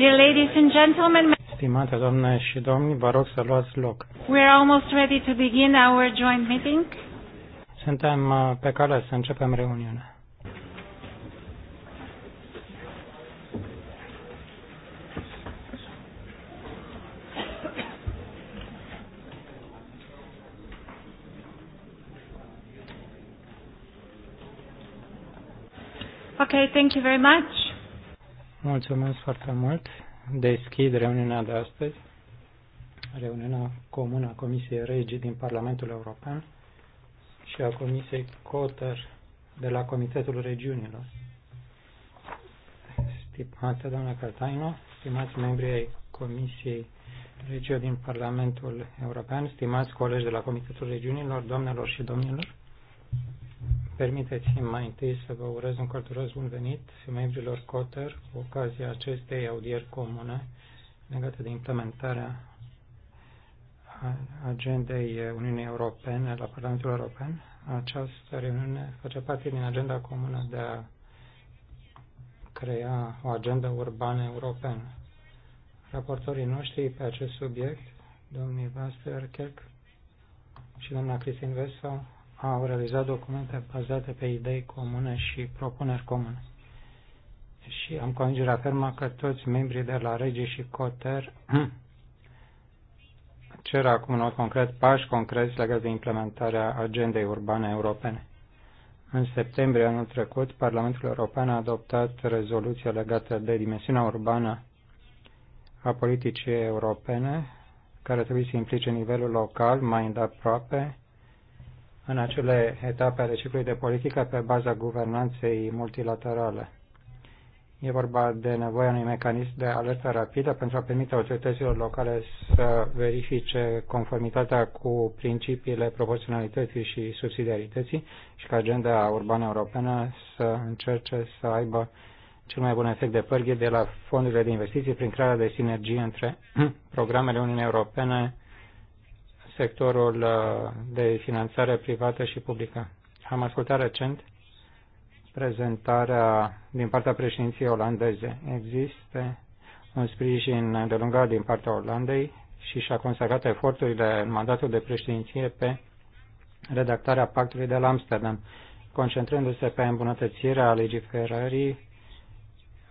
Dear ladies and gentlemen, Stimate doamne și domni, vă rog să luați loc. We are almost ready to begin our joint meeting. Suntem uh, pe cale să începem reuniunea. Okay, thank you very much. Mulțumesc foarte mult. Deschid reuniunea de astăzi, reuniunea comună a Comisiei Regi din Parlamentul European și a Comisiei Coter de la Comitetul Regiunilor. Stimată doamna Cartaino, stimați membri ai Comisiei Regio din Parlamentul European, stimați colegi de la Comitetul Regiunilor, doamnelor și domnilor, Permiteți-mi mai întâi să vă urez un călduros bun venit membrilor COTER cu ocazia acestei audieri comune legate de implementarea agendei Uniunii Europene la Parlamentul European. Această reuniune face parte din agenda comună de a crea o agendă urbană europeană. Raportorii noștri pe acest subiect, domnii Vaster Kerk și doamna Christine Vesel, au realizat documente bazate pe idei comune și propuneri comune. Și am convingerea fermă că toți membrii de la Regi și Coter cer acum în mod concret pași concreți legate de implementarea agendei urbane europene. În septembrie anul trecut, Parlamentul European a adoptat rezoluția legată de dimensiunea urbană a politicii europene, care trebuie să implice nivelul local mai îndeaproape în acele etape ale ciclului de politică pe baza guvernanței multilaterale. E vorba de nevoia unui mecanism de alertă rapidă pentru a permite autorităților locale să verifice conformitatea cu principiile proporționalității și subsidiarității și ca agenda urbană europeană să încerce să aibă cel mai bun efect de pârghie de la fondurile de investiții prin crearea de sinergie între programele Uniunii Europene sectorul uh, de finanțare privată și publică. Am ascultat recent prezentarea din partea președinției olandeze. Există un sprijin de lungă din partea Olandei și și-a consacrat eforturile în mandatul de președinție pe redactarea pactului de la Amsterdam, concentrându-se pe îmbunătățirea legiferării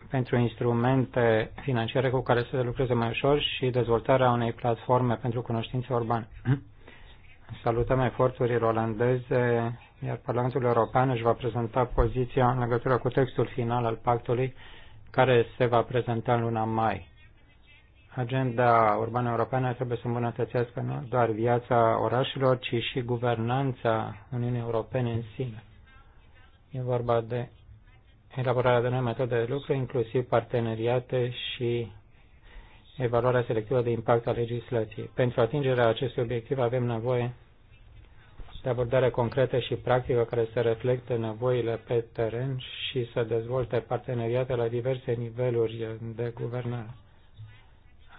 pentru instrumente financiare cu care să lucreze mai ușor și dezvoltarea unei platforme pentru cunoștințe urbane. Salutăm eforturile olandeze, iar Parlamentul European își va prezenta poziția în legătură cu textul final al pactului, care se va prezenta în luna mai. Agenda urbană europeană trebuie să îmbunătățească nu doar viața orașelor, ci și guvernanța Uniunii Europene în sine. E vorba de elaborarea de noi metode de lucru, inclusiv parteneriate și evaluarea selectivă de impact a legislației. Pentru atingerea acestui obiectiv avem nevoie de abordare concretă și practică care să reflecte nevoile pe teren și să dezvolte parteneriate la diverse niveluri de guvernare.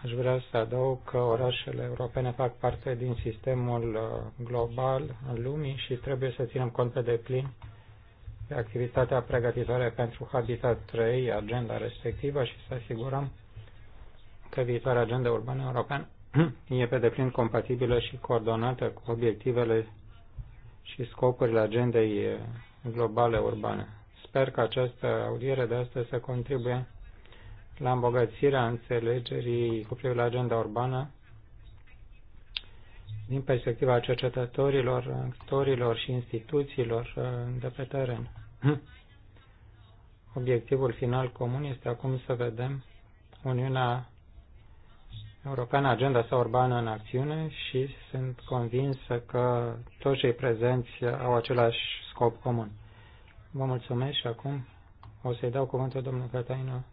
Aș vrea să adaug că orașele europene fac parte din sistemul uh, global al lumii și trebuie să ținem cont pe deplin activitatea pregătitoare pentru Habitat 3, agenda respectivă și să asigurăm că viitoarea agenda urbană europeană e pe deplin compatibilă și coordonată cu obiectivele și scopurile agendei globale urbane. Sper că această audiere de astăzi să contribuie la îmbogățirea înțelegerii cu privire la agenda urbană din perspectiva cercetătorilor, actorilor și instituțiilor uh, de pe teren. Obiectivul final comun este acum să vedem Uniunea Europeană, agenda sa urbană în acțiune și sunt convins că toți cei prezenți au același scop comun. Vă mulțumesc și acum o să-i dau cuvântul domnului Cataină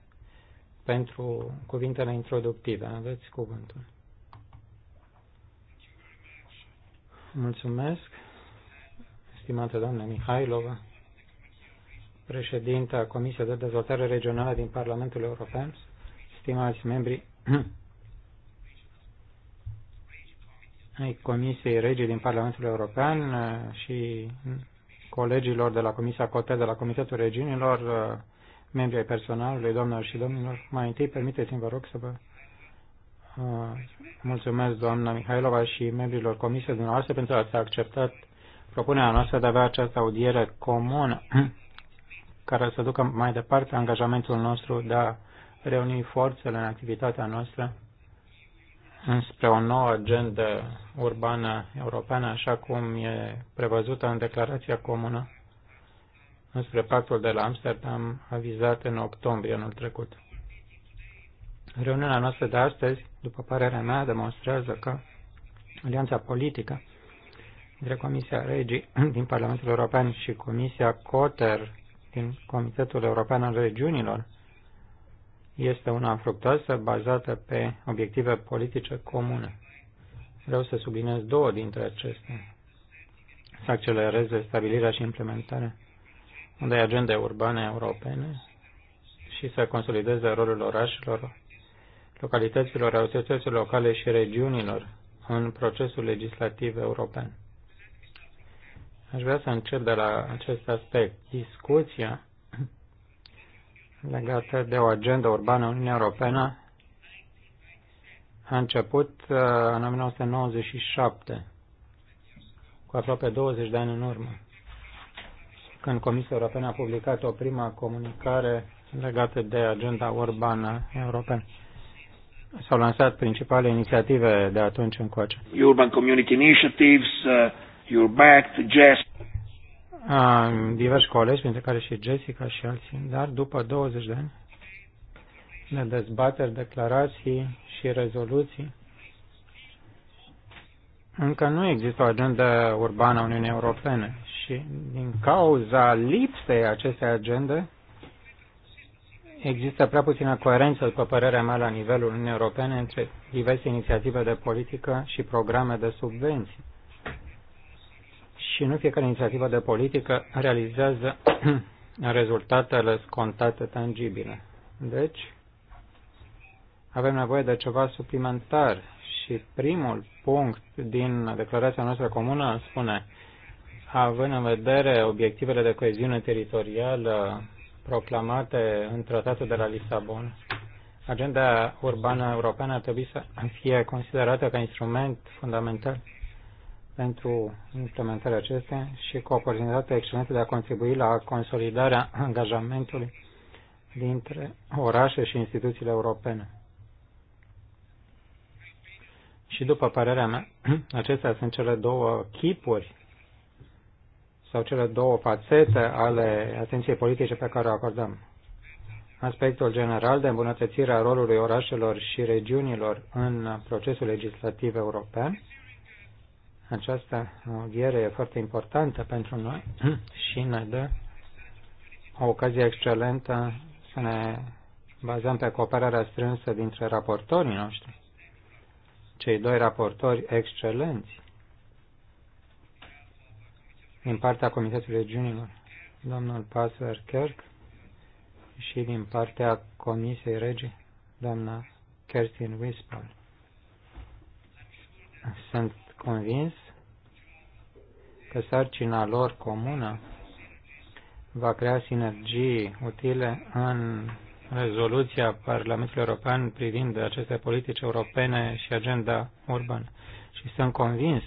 pentru cuvintele introductive. Aveți cuvântul. Mulțumesc, stimată doamnă Mihailova, președinta Comisiei de Dezvoltare Regională din Parlamentul European, stimați membri ai Comisiei Regii din Parlamentul European uh, și colegilor de la Comisia COTE, de la Comitetul Regiunilor, uh, membri ai personalului, doamnelor și domnilor, mai întâi permiteți-mi, vă rog, să vă Mulțumesc, doamna Mihailova și membrilor comisiei dumneavoastră pentru că ați acceptat propunerea noastră de a avea această audiere comună care să ducă mai departe angajamentul nostru de a reuni forțele în activitatea noastră spre o nouă agendă urbană europeană, așa cum e prevăzută în declarația comună înspre pactul de la Amsterdam avizat în octombrie anul trecut. Reuniunea noastră de astăzi după părerea mea, demonstrează că alianța politică între Comisia Regii din Parlamentul European și Comisia Coter din Comitetul European al Regiunilor este una fructoasă bazată pe obiective politice comune. Vreau să subliniez două dintre acestea. Să accelereze stabilirea și implementarea unei agende urbane europene și să consolideze rolul orașelor localităților, autorităților locale și regiunilor în procesul legislativ european. Aș vrea să încep de la acest aspect. Discuția legată de o agendă urbană în Uniunea Europeană a început uh, în 1997, cu aproape 20 de ani în urmă, când Comisia Europeană a publicat o prima comunicare legată de agenda urbană europeană s-au lansat principale inițiative de atunci încoace. Urban Community Initiatives, uh, Urbact, Jazz. Am diversi colegi, printre care și Jessica și alții, dar după 20 de ani de dezbateri, declarații și rezoluții, încă nu există o agendă urbană a Uniunii Europene și din cauza lipsei acestei agende, există prea puțină coerență, după părerea mea, la nivelul Uniunii Europene între diverse inițiative de politică și programe de subvenții. Și nu fiecare inițiativă de politică realizează rezultatele scontate tangibile. Deci, avem nevoie de ceva suplimentar și primul punct din declarația noastră comună spune, având în vedere obiectivele de coeziune teritorială proclamate în tratatul de la Lisabon, agenda urbană europeană ar trebui să fie considerată ca instrument fundamental pentru implementarea acestea și cu oportunitatea excelentă de a contribui la consolidarea angajamentului dintre orașe și instituțiile europene. Și după părerea mea, acestea sunt cele două chipuri sau cele două fațete ale atenției politice pe care o acordăm. Aspectul general de îmbunătățire a rolului orașelor și regiunilor în procesul legislativ european. Această audiere e foarte importantă pentru noi și ne dă o ocazie excelentă să ne bazăm pe cooperarea strânsă dintre raportorii noștri, cei doi raportori excelenți din partea Comitetului Regiunilor, domnul Pastor Kirk, și din partea Comisiei Regii, doamna Kerstin Wispel. Sunt convins că sarcina lor comună va crea sinergii utile în rezoluția Parlamentului European privind aceste politici europene și agenda urbană. Și sunt convins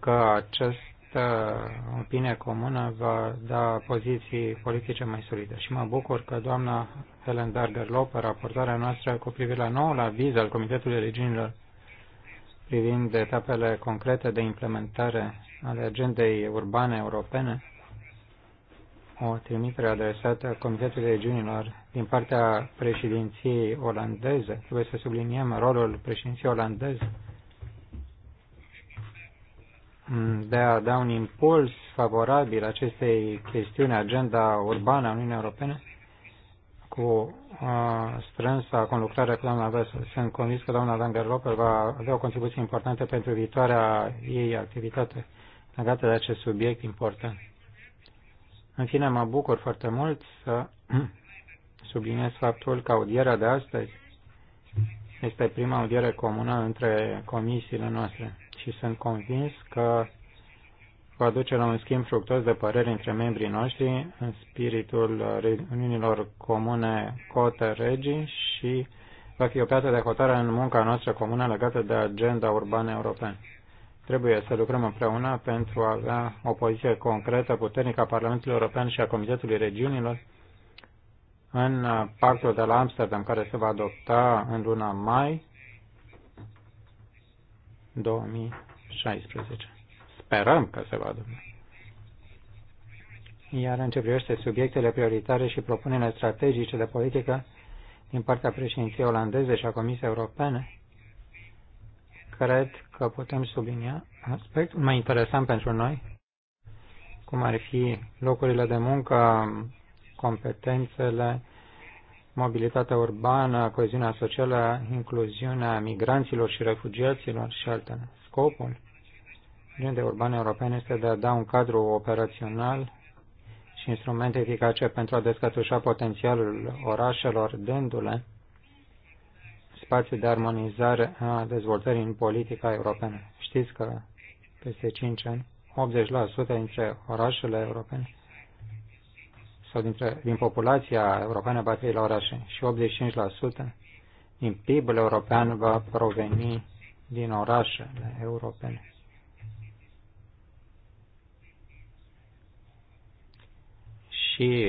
că această opinie comună va da poziții politice mai solide. Și mă bucur că doamna Helen Darger-Loper, raportarea noastră cu privire la noul aviz al Comitetului Regiunilor privind etapele concrete de implementare ale agendei urbane europene, o trimitere adresată Comitetului Regiunilor din partea președinției olandeze. Trebuie să subliniem rolul președinției olandeze de a da un impuls favorabil acestei chestiuni, agenda urbană a Uniunii Europene, cu uh, strânsa conlucrare cu doamna Vesel. Sunt convins că doamna Langer Loper va avea o contribuție importantă pentru viitoarea ei activitate legată de acest subiect important. În fine, mă bucur foarte mult să subliniez faptul că audierea de astăzi este prima audiere comună între comisiile noastre și sunt convins că va duce la un schimb fructos de păreri între membrii noștri în spiritul reuniunilor comune cote regii și va fi o piață de hotare în munca noastră comună legată de agenda urbană europeană. Trebuie să lucrăm împreună pentru a avea o poziție concretă puternică a Parlamentului European și a Comitetului Regiunilor în pactul de la Amsterdam, care se va adopta în luna mai 2016. Sperăm că se va adopta. Iar în ce privește subiectele prioritare și propunerile strategice de politică din partea președinției olandeze și a Comisiei Europene, cred că putem sublinia aspectul mai interesant pentru noi, cum ar fi locurile de muncă, competențele, mobilitatea urbană, coeziunea socială, incluziunea migranților și refugiaților și altele. Scopul agendei urbane europene este de a da un cadru operațional și instrumente eficace pentru a descătușa potențialul orașelor, dându-le spațiu de armonizare a dezvoltării în politica europeană. Știți că peste 5 ani, 80% dintre orașele europene sau dintre, din populația europeană va trăi la orașe și 85% din PIB-ul european va proveni din orașele europene. Și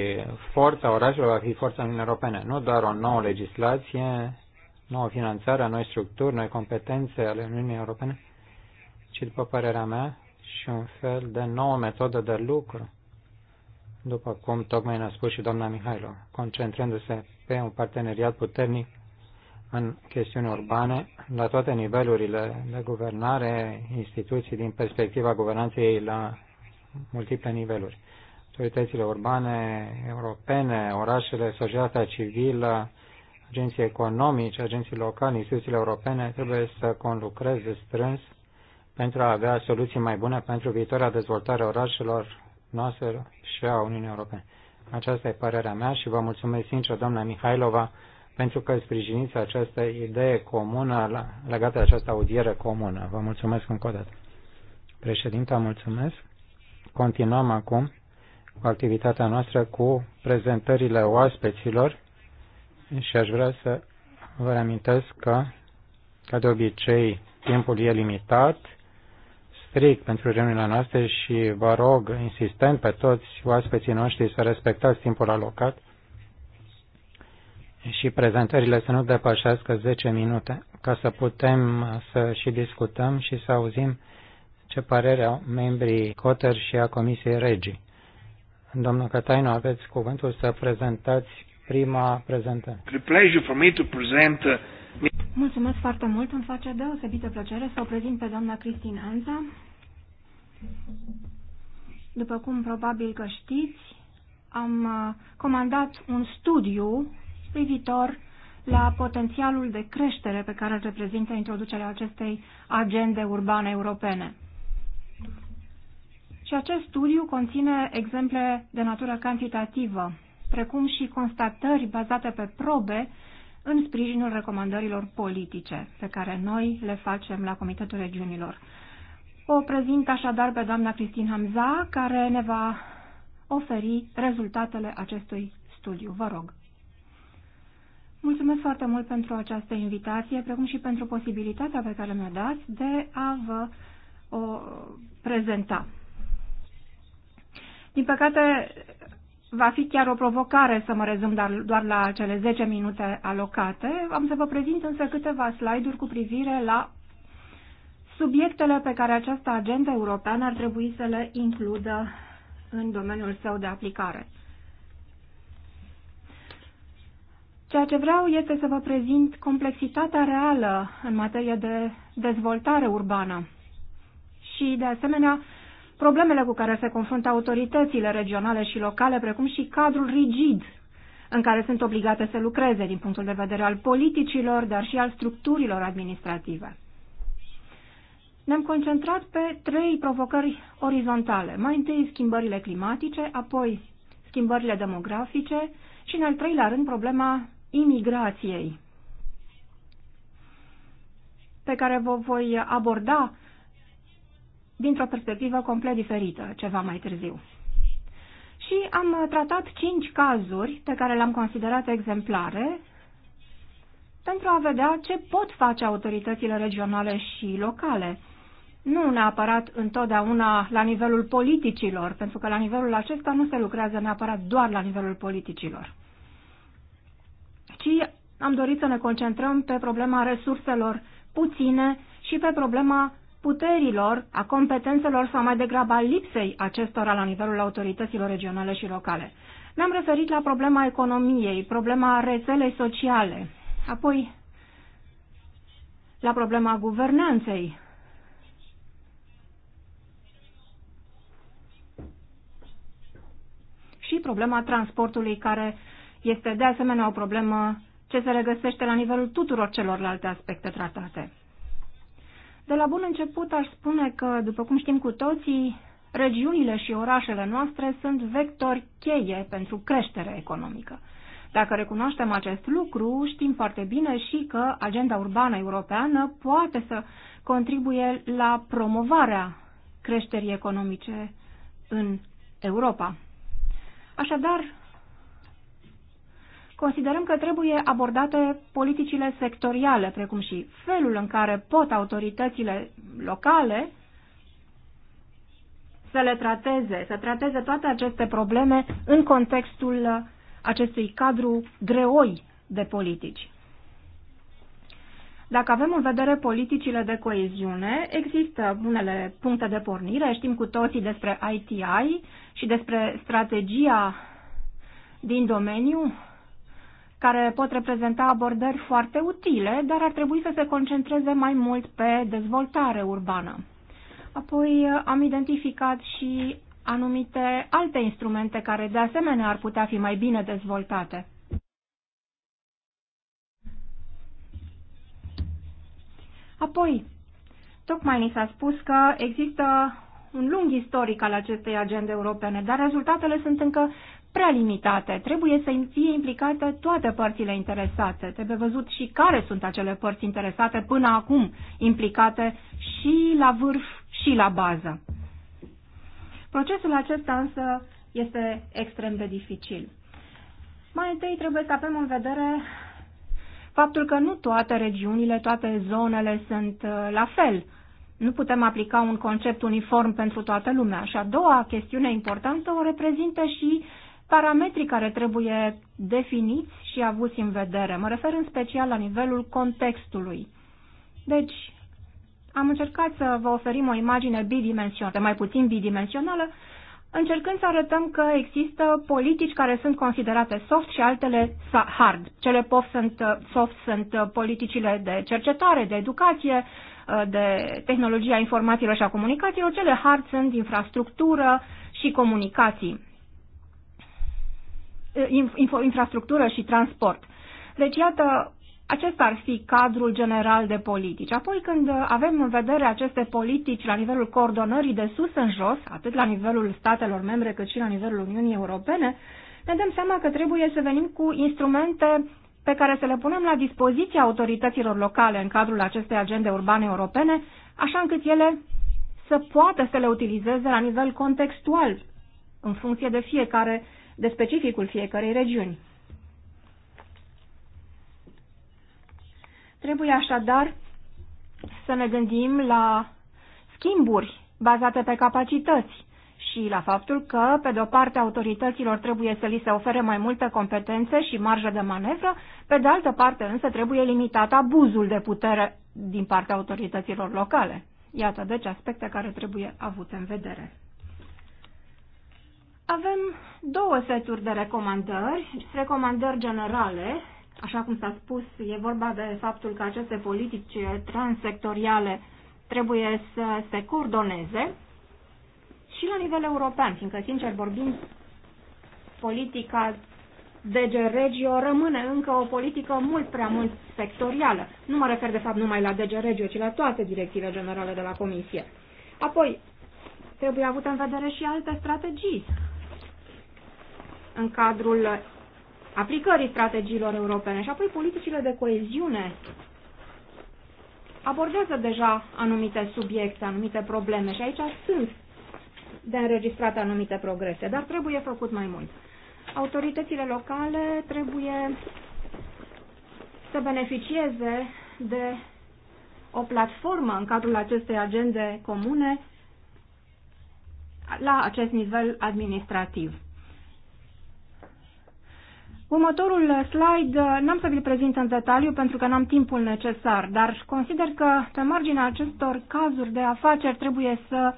forța orașelor va fi forța Uniunii Europene, nu doar o nouă legislație, nouă finanțare, noi structuri, noi competențe ale Uniunii Europene, ci, după părerea mea, și un fel de nouă metodă de lucru după cum tocmai ne-a spus și doamna Mihailo, concentrându-se pe un parteneriat puternic în chestiuni urbane, la toate nivelurile de guvernare, instituții din perspectiva guvernanței la multiple niveluri. Autoritățile urbane, europene, orașele, societatea civilă, agenții economici, agenții locali, instituțiile europene trebuie să conlucreze strâns pentru a avea soluții mai bune pentru viitoarea dezvoltare orașelor, noastră și a Uniunii Europene. Aceasta e părerea mea și vă mulțumesc sincer, doamna Mihailova, pentru că sprijiniți această idee comună legată de această audiere comună. Vă mulțumesc încă o dată. Președinte, mulțumesc. Continuăm acum cu activitatea noastră cu prezentările oaspeților și aș vrea să vă reamintesc că, ca de obicei, timpul e limitat strict pentru reuniunile noastre și vă rog insistent pe toți oaspeții noștri să respectați timpul alocat și prezentările să nu depășească 10 minute, ca să putem să și discutăm și să auzim ce părere au membrii Coter și a Comisiei Regii. Domnul Cătainu, aveți cuvântul să prezentați prima prezentare. pleasure for me to present uh, Mulțumesc foarte mult. Îmi face deosebită plăcere să o prezint pe doamna Cristin Anza. După cum probabil că știți, am uh, comandat un studiu privitor la potențialul de creștere pe care îl reprezintă introducerea acestei agende urbane europene. Și acest studiu conține exemple de natură cantitativă, precum și constatări bazate pe probe în sprijinul recomandărilor politice pe care noi le facem la Comitetul Regiunilor. O prezint așadar pe doamna Cristin Hamza, care ne va oferi rezultatele acestui studiu. Vă rog. Mulțumesc foarte mult pentru această invitație, precum și pentru posibilitatea pe care mi-o dați de a vă o prezenta. Din păcate, va fi chiar o provocare să mă rezum doar la cele 10 minute alocate. Am să vă prezint însă câteva slide-uri cu privire la subiectele pe care această agenda europeană ar trebui să le includă în domeniul său de aplicare. Ceea ce vreau este să vă prezint complexitatea reală în materie de dezvoltare urbană și, de asemenea, problemele cu care se confruntă autoritățile regionale și locale, precum și cadrul rigid în care sunt obligate să lucreze din punctul de vedere al politicilor, dar și al structurilor administrative. Ne-am concentrat pe trei provocări orizontale. Mai întâi schimbările climatice, apoi schimbările demografice și, în al treilea rând, problema imigrației, pe care vă voi aborda dintr-o perspectivă complet diferită, ceva mai târziu. Și am tratat cinci cazuri pe care le-am considerat exemplare pentru a vedea ce pot face autoritățile regionale și locale. Nu neapărat întotdeauna la nivelul politicilor, pentru că la nivelul acesta nu se lucrează neapărat doar la nivelul politicilor, ci am dorit să ne concentrăm pe problema resurselor puține și pe problema puterilor, a competențelor sau mai degrabă a lipsei acestora la nivelul autorităților regionale și locale. Ne-am referit la problema economiei, problema rețelei sociale, apoi la problema guvernanței. Și problema transportului, care este de asemenea o problemă ce se regăsește la nivelul tuturor celorlalte aspecte tratate. De la bun început aș spune că, după cum știm cu toții, regiunile și orașele noastre sunt vectori cheie pentru creștere economică. Dacă recunoaștem acest lucru, știm foarte bine și că agenda urbană europeană poate să contribuie la promovarea creșterii economice în Europa. Așadar, considerăm că trebuie abordate politicile sectoriale, precum și felul în care pot autoritățile locale să le trateze, să trateze toate aceste probleme în contextul acestui cadru greoi de politici. Dacă avem în vedere politicile de coeziune, există unele puncte de pornire, știm cu toții despre ITI și despre strategia din domeniu, care pot reprezenta abordări foarte utile, dar ar trebui să se concentreze mai mult pe dezvoltare urbană. Apoi uh, am identificat și anumite alte instrumente care de asemenea ar putea fi mai bine dezvoltate. Apoi, tocmai ni s-a spus că există un lung istoric al acestei agende europene, dar rezultatele sunt încă prea limitate. Trebuie să fie implicate toate părțile interesate. Trebuie văzut și care sunt acele părți interesate până acum implicate și la vârf și la bază. Procesul acesta însă este extrem de dificil. Mai întâi trebuie să avem în vedere faptul că nu toate regiunile, toate zonele sunt uh, la fel. Nu putem aplica un concept uniform pentru toată lumea. Și a doua chestiune importantă o reprezintă și parametrii care trebuie definiți și avuți în vedere. Mă refer în special la nivelul contextului. Deci, am încercat să vă oferim o imagine bidimensională, mai puțin bidimensională, încercând să arătăm că există politici care sunt considerate soft și altele hard. Cele sunt, uh, soft sunt uh, politicile de cercetare, de educație, uh, de tehnologia informațiilor și a comunicațiilor, cele hard sunt infrastructură și comunicații. Eh, infrastructură și transport. Deci, iată, acesta ar fi cadrul general de politici. Apoi, când avem în vedere aceste politici la nivelul coordonării de sus în jos, atât la nivelul statelor membre cât și la nivelul Uniunii Europene, ne dăm seama că trebuie să venim cu instrumente pe care să le punem la dispoziția autorităților locale în cadrul acestei agende urbane europene, așa încât ele să poată să le utilizeze la nivel contextual, în funcție de fiecare uh, de specificul fiecărei regiuni. Trebuie așadar să ne gândim la schimburi bazate pe capacități și la faptul că, pe de-o parte, autorităților trebuie să li se ofere mai multe competențe și marjă de manevră, pe de altă parte însă trebuie limitat abuzul de putere din partea autorităților locale. Iată, deci, aspecte care trebuie avute în vedere. Avem două seturi de recomandări, recomandări generale, așa cum s-a spus, e vorba de faptul că aceste politici transsectoriale trebuie să se coordoneze și la nivel european, fiindcă, sincer vorbind, politica DG Regio rămâne încă o politică mult prea mult sectorială. Nu mă refer, de fapt, numai la DG Regio, ci la toate directivele generale de la Comisie. Apoi, trebuie avut în vedere și alte strategii, în cadrul aplicării strategiilor europene și apoi politicile de coeziune abordează deja anumite subiecte, anumite probleme și aici sunt de înregistrat anumite progrese, dar trebuie făcut mai mult. Autoritățile locale trebuie să beneficieze de o platformă în cadrul acestei agende comune la acest nivel administrativ. Următorul slide uh, n-am să vi-l prezint în detaliu pentru că n-am timpul necesar, dar consider că pe marginea acestor cazuri de afaceri trebuie să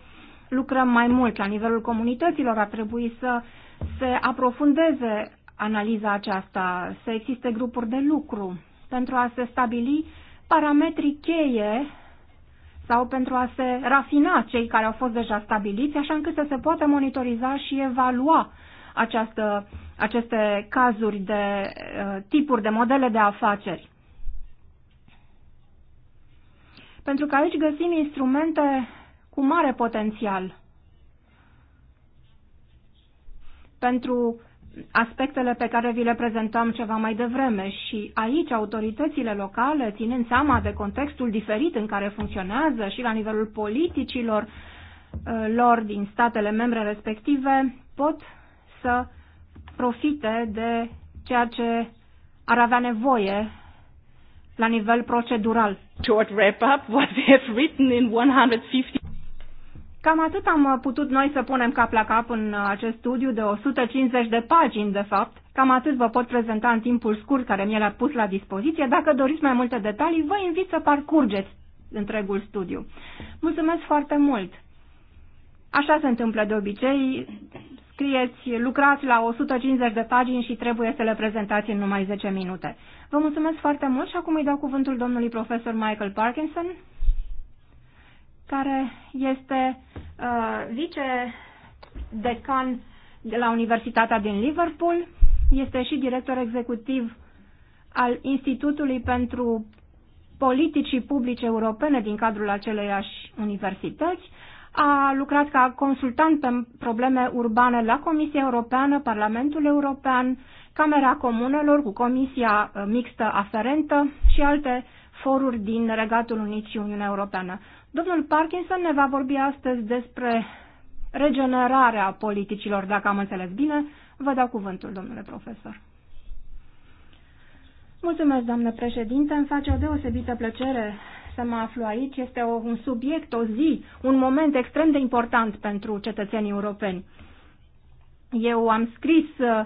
lucrăm mai mult. La nivelul comunităților ar trebui să se aprofundeze analiza aceasta, să existe grupuri de lucru pentru a se stabili parametrii cheie sau pentru a se rafina cei care au fost deja stabiliți, așa încât să se poată monitoriza și evalua această aceste cazuri de uh, tipuri, de modele de afaceri. Pentru că aici găsim instrumente cu mare potențial pentru aspectele pe care vi le prezentam ceva mai devreme și aici autoritățile locale, ținând seama de contextul diferit în care funcționează și la nivelul politicilor uh, lor din statele membre respective, pot să profite de ceea ce ar avea nevoie la nivel procedural. Short wrap up what we have written in 150 Cam atât am putut noi să punem cap la cap în acest studiu de 150 de pagini, de fapt. Cam atât vă pot prezenta în timpul scurt care mi l-a pus la dispoziție. Dacă doriți mai multe detalii, vă invit să parcurgeți întregul studiu. Mulțumesc foarte mult! Așa se întâmplă de obicei, scrieți, lucrați la 150 de pagini și trebuie să le prezentați în numai 10 minute. Vă mulțumesc foarte mult și acum îi dau cuvântul domnului profesor Michael Parkinson, care este uh, vice-decan de la Universitatea din Liverpool, este și director executiv al Institutului pentru Politicii Publice Europene din cadrul aceleiași universități, a lucrat ca consultant pe probleme urbane la Comisia Europeană, Parlamentul European, Camera Comunelor cu Comisia uh, Mixtă Aferentă și alte foruri din Regatul Unit și Uniunea Europeană. Domnul Parkinson ne va vorbi astăzi despre regenerarea politicilor, dacă am înțeles bine. Vă dau cuvântul, domnule profesor. Mulțumesc, doamnă președinte. Îmi face o deosebită plăcere să mă aflu aici. Este o, un subiect, o zi, un moment extrem de important pentru cetățenii europeni. Eu am scris uh,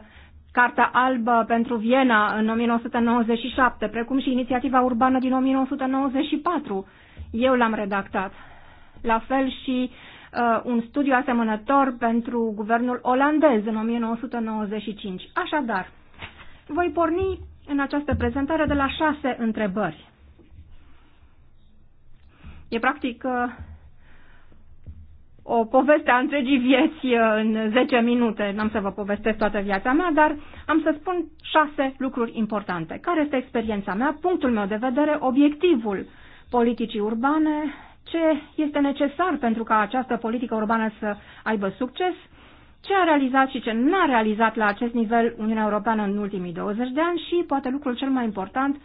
Carta Albă pentru Viena în 1997, precum și Inițiativa Urbană din 1994. Eu l-am redactat. La fel și uh, un studiu asemănător pentru guvernul olandez în 1995. Așadar, voi porni în această prezentare de la șase întrebări. E practic uh, o poveste a întregii vieți uh, în 10 minute. N-am să vă povestesc toată viața mea, dar am să spun șase lucruri importante. Care este experiența mea, punctul meu de vedere, obiectivul politicii urbane, ce este necesar pentru ca această politică urbană să aibă succes, ce a realizat și ce n-a realizat la acest nivel Uniunea Europeană în ultimii 20 de ani și, poate lucrul cel mai important,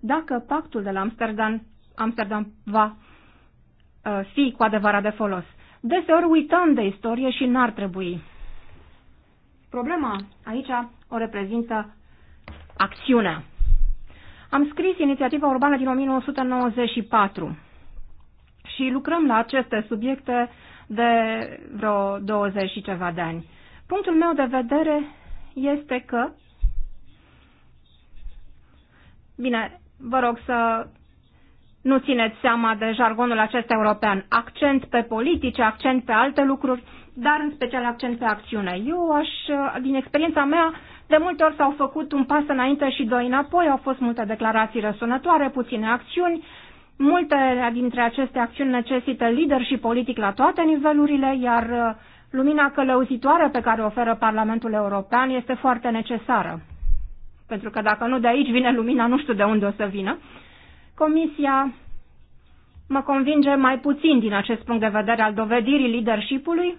dacă pactul de la Amsterdam, Amsterdam va Uh, fi cu adevărat de folos. Deseori uităm de istorie și n-ar trebui. Problema aici o reprezintă acțiunea. Am scris inițiativa urbană din 1994 și lucrăm la aceste subiecte de vreo 20 și ceva de ani. Punctul meu de vedere este că Bine, vă rog să nu țineți seama de jargonul acesta european. Accent pe politice, accent pe alte lucruri, dar în special accent pe acțiune. Eu aș, din experiența mea, de multe ori s-au făcut un pas înainte și doi înapoi, au fost multe declarații răsunătoare, puține acțiuni. Multe dintre aceste acțiuni necesită lider și politic la toate nivelurile, iar uh, lumina călăuzitoare pe care o oferă Parlamentul European este foarte necesară. Pentru că dacă nu de aici vine lumina, nu știu de unde o să vină. Comisia mă convinge mai puțin din acest punct de vedere al dovedirii leadership-ului.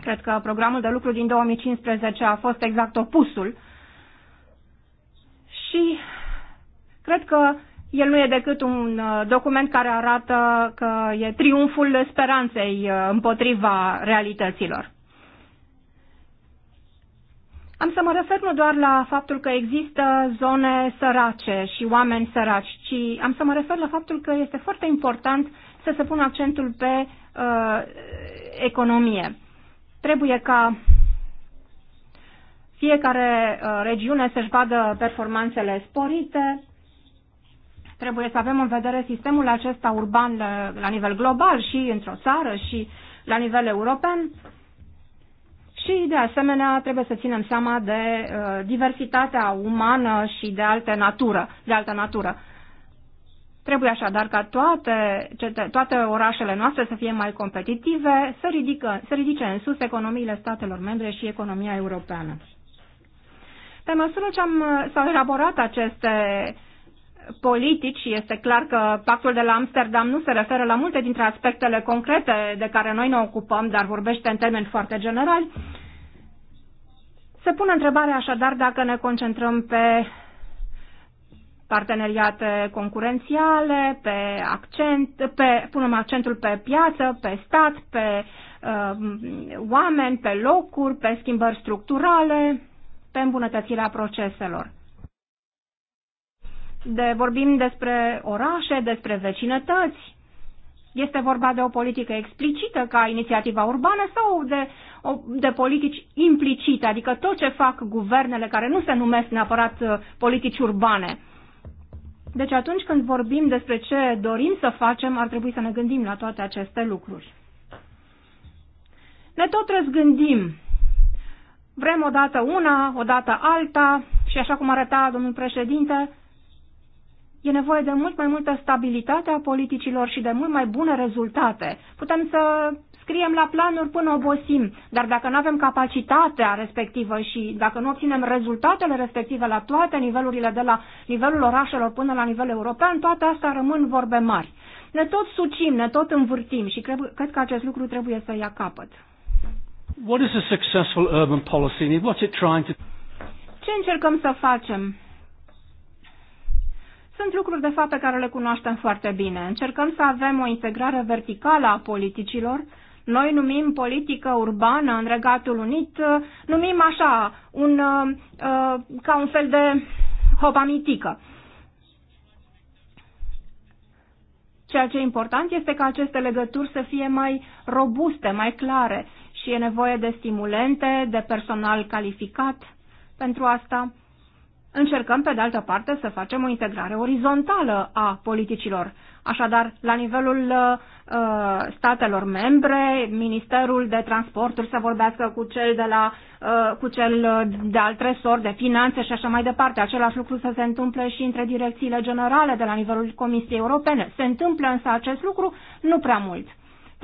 Cred că programul de lucru din 2015 a fost exact opusul. Și cred că el nu e decât un uh, document care arată că e triumful speranței uh, împotriva realităților. Am să mă refer nu doar la faptul că există zone sărace și oameni săraci, ci am să mă refer la faptul că este foarte important să se pună accentul pe uh, economie. Trebuie ca fiecare uh, regiune să-și vadă performanțele sporite, trebuie să avem în vedere sistemul acesta urban la, la nivel global și într-o țară și la nivel european. Și, de asemenea, trebuie să ținem seama de uh, diversitatea umană și de altă natură. De altă natură. Trebuie așadar ca toate, toate orașele noastre să fie mai competitive, să, ridică, să ridice în sus economiile statelor membre și economia europeană. Pe măsură ce uh, s-au elaborat aceste uh, politici, este clar că pactul de la Amsterdam nu se referă la multe dintre aspectele concrete de care noi ne ocupăm, dar vorbește în termeni foarte generali. Se pune întrebarea așadar dacă ne concentrăm pe parteneriate concurențiale, pe accent, pe, punem accentul pe piață, pe stat, pe uh, oameni, pe locuri, pe schimbări structurale, pe îmbunătățirea proceselor de, vorbim despre orașe, despre vecinătăți. Este vorba de o politică explicită ca inițiativa urbană sau de, o, de politici implicite, adică tot ce fac guvernele care nu se numesc neapărat uh, politici urbane. Deci atunci când vorbim despre ce dorim să facem, ar trebui să ne gândim la toate aceste lucruri. Ne tot răzgândim. Vrem odată una, odată alta și așa cum arăta domnul președinte, E nevoie de mult mai multă stabilitate a politicilor și de mult mai bune rezultate. Putem să scriem la planuri până obosim, dar dacă nu avem capacitatea respectivă și dacă nu obținem rezultatele respective la toate nivelurile, de la nivelul orașelor până la nivel european, toate astea rămân vorbe mari. Ne tot sucim, ne tot învârtim și cred, cred că acest lucru trebuie să ia capăt. What is a successful urban policy? What's it trying to... Ce încercăm să facem? sunt lucruri, de fapt, pe care le cunoaștem foarte bine. Încercăm să avem o integrare verticală a politicilor. Noi numim politică urbană în Regatul Unit, numim așa, un, uh, ca un fel de hopamitică. Ceea ce e important este ca aceste legături să fie mai robuste, mai clare și e nevoie de stimulente, de personal calificat pentru asta încercăm, pe de altă parte, să facem o integrare orizontală a politicilor. Așadar, la nivelul uh, uh, statelor membre, Ministerul de Transporturi să vorbească cu cel de la uh, cu cel de alt resort, de finanțe și așa mai departe. Același lucru să se întâmple și între direcțiile generale de la nivelul Comisiei Europene. Se întâmplă însă acest lucru nu prea mult.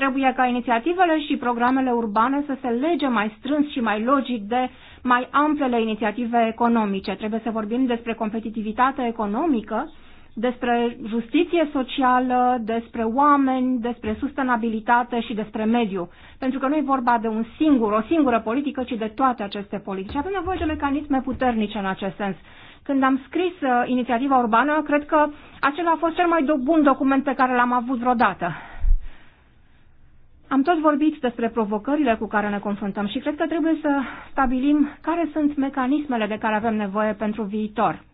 Trebuie ca inițiativele și programele urbane să se lege mai strâns și mai logic de mai amplele inițiative economice. Trebuie să vorbim despre competitivitate economică, despre justiție socială, despre oameni, despre sustenabilitate și despre mediu. Pentru că nu e vorba de un singur, o singură politică, ci de toate aceste politici. Avem nevoie de mecanisme puternice în acest sens. Când am scris uh, inițiativa urbană, cred că acela a fost cel mai bun document pe care l-am avut vreodată. Am tot vorbit despre provocările cu care ne confruntăm și cred că trebuie să stabilim care sunt mecanismele de care avem nevoie pentru viitor.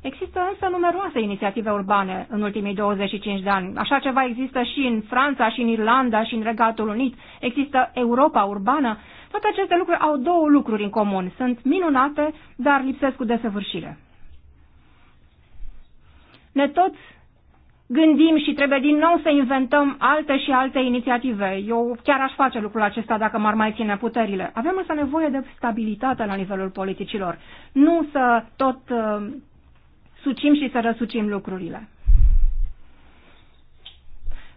Există însă numeroase inițiative urbane în ultimii 25 de ani. Așa ceva există și în Franța, și în Irlanda, și în Regatul Unit. Există Europa urbană. Toate aceste lucruri au două lucruri în comun. Sunt minunate, dar lipsesc cu desăvârșire. Ne toți gândim și trebuie din nou să inventăm alte și alte inițiative. Eu chiar aș face lucrul acesta dacă m-ar mai ține puterile. Avem însă nevoie de stabilitate la nivelul politicilor, nu să tot uh, sucim și să răsucim lucrurile.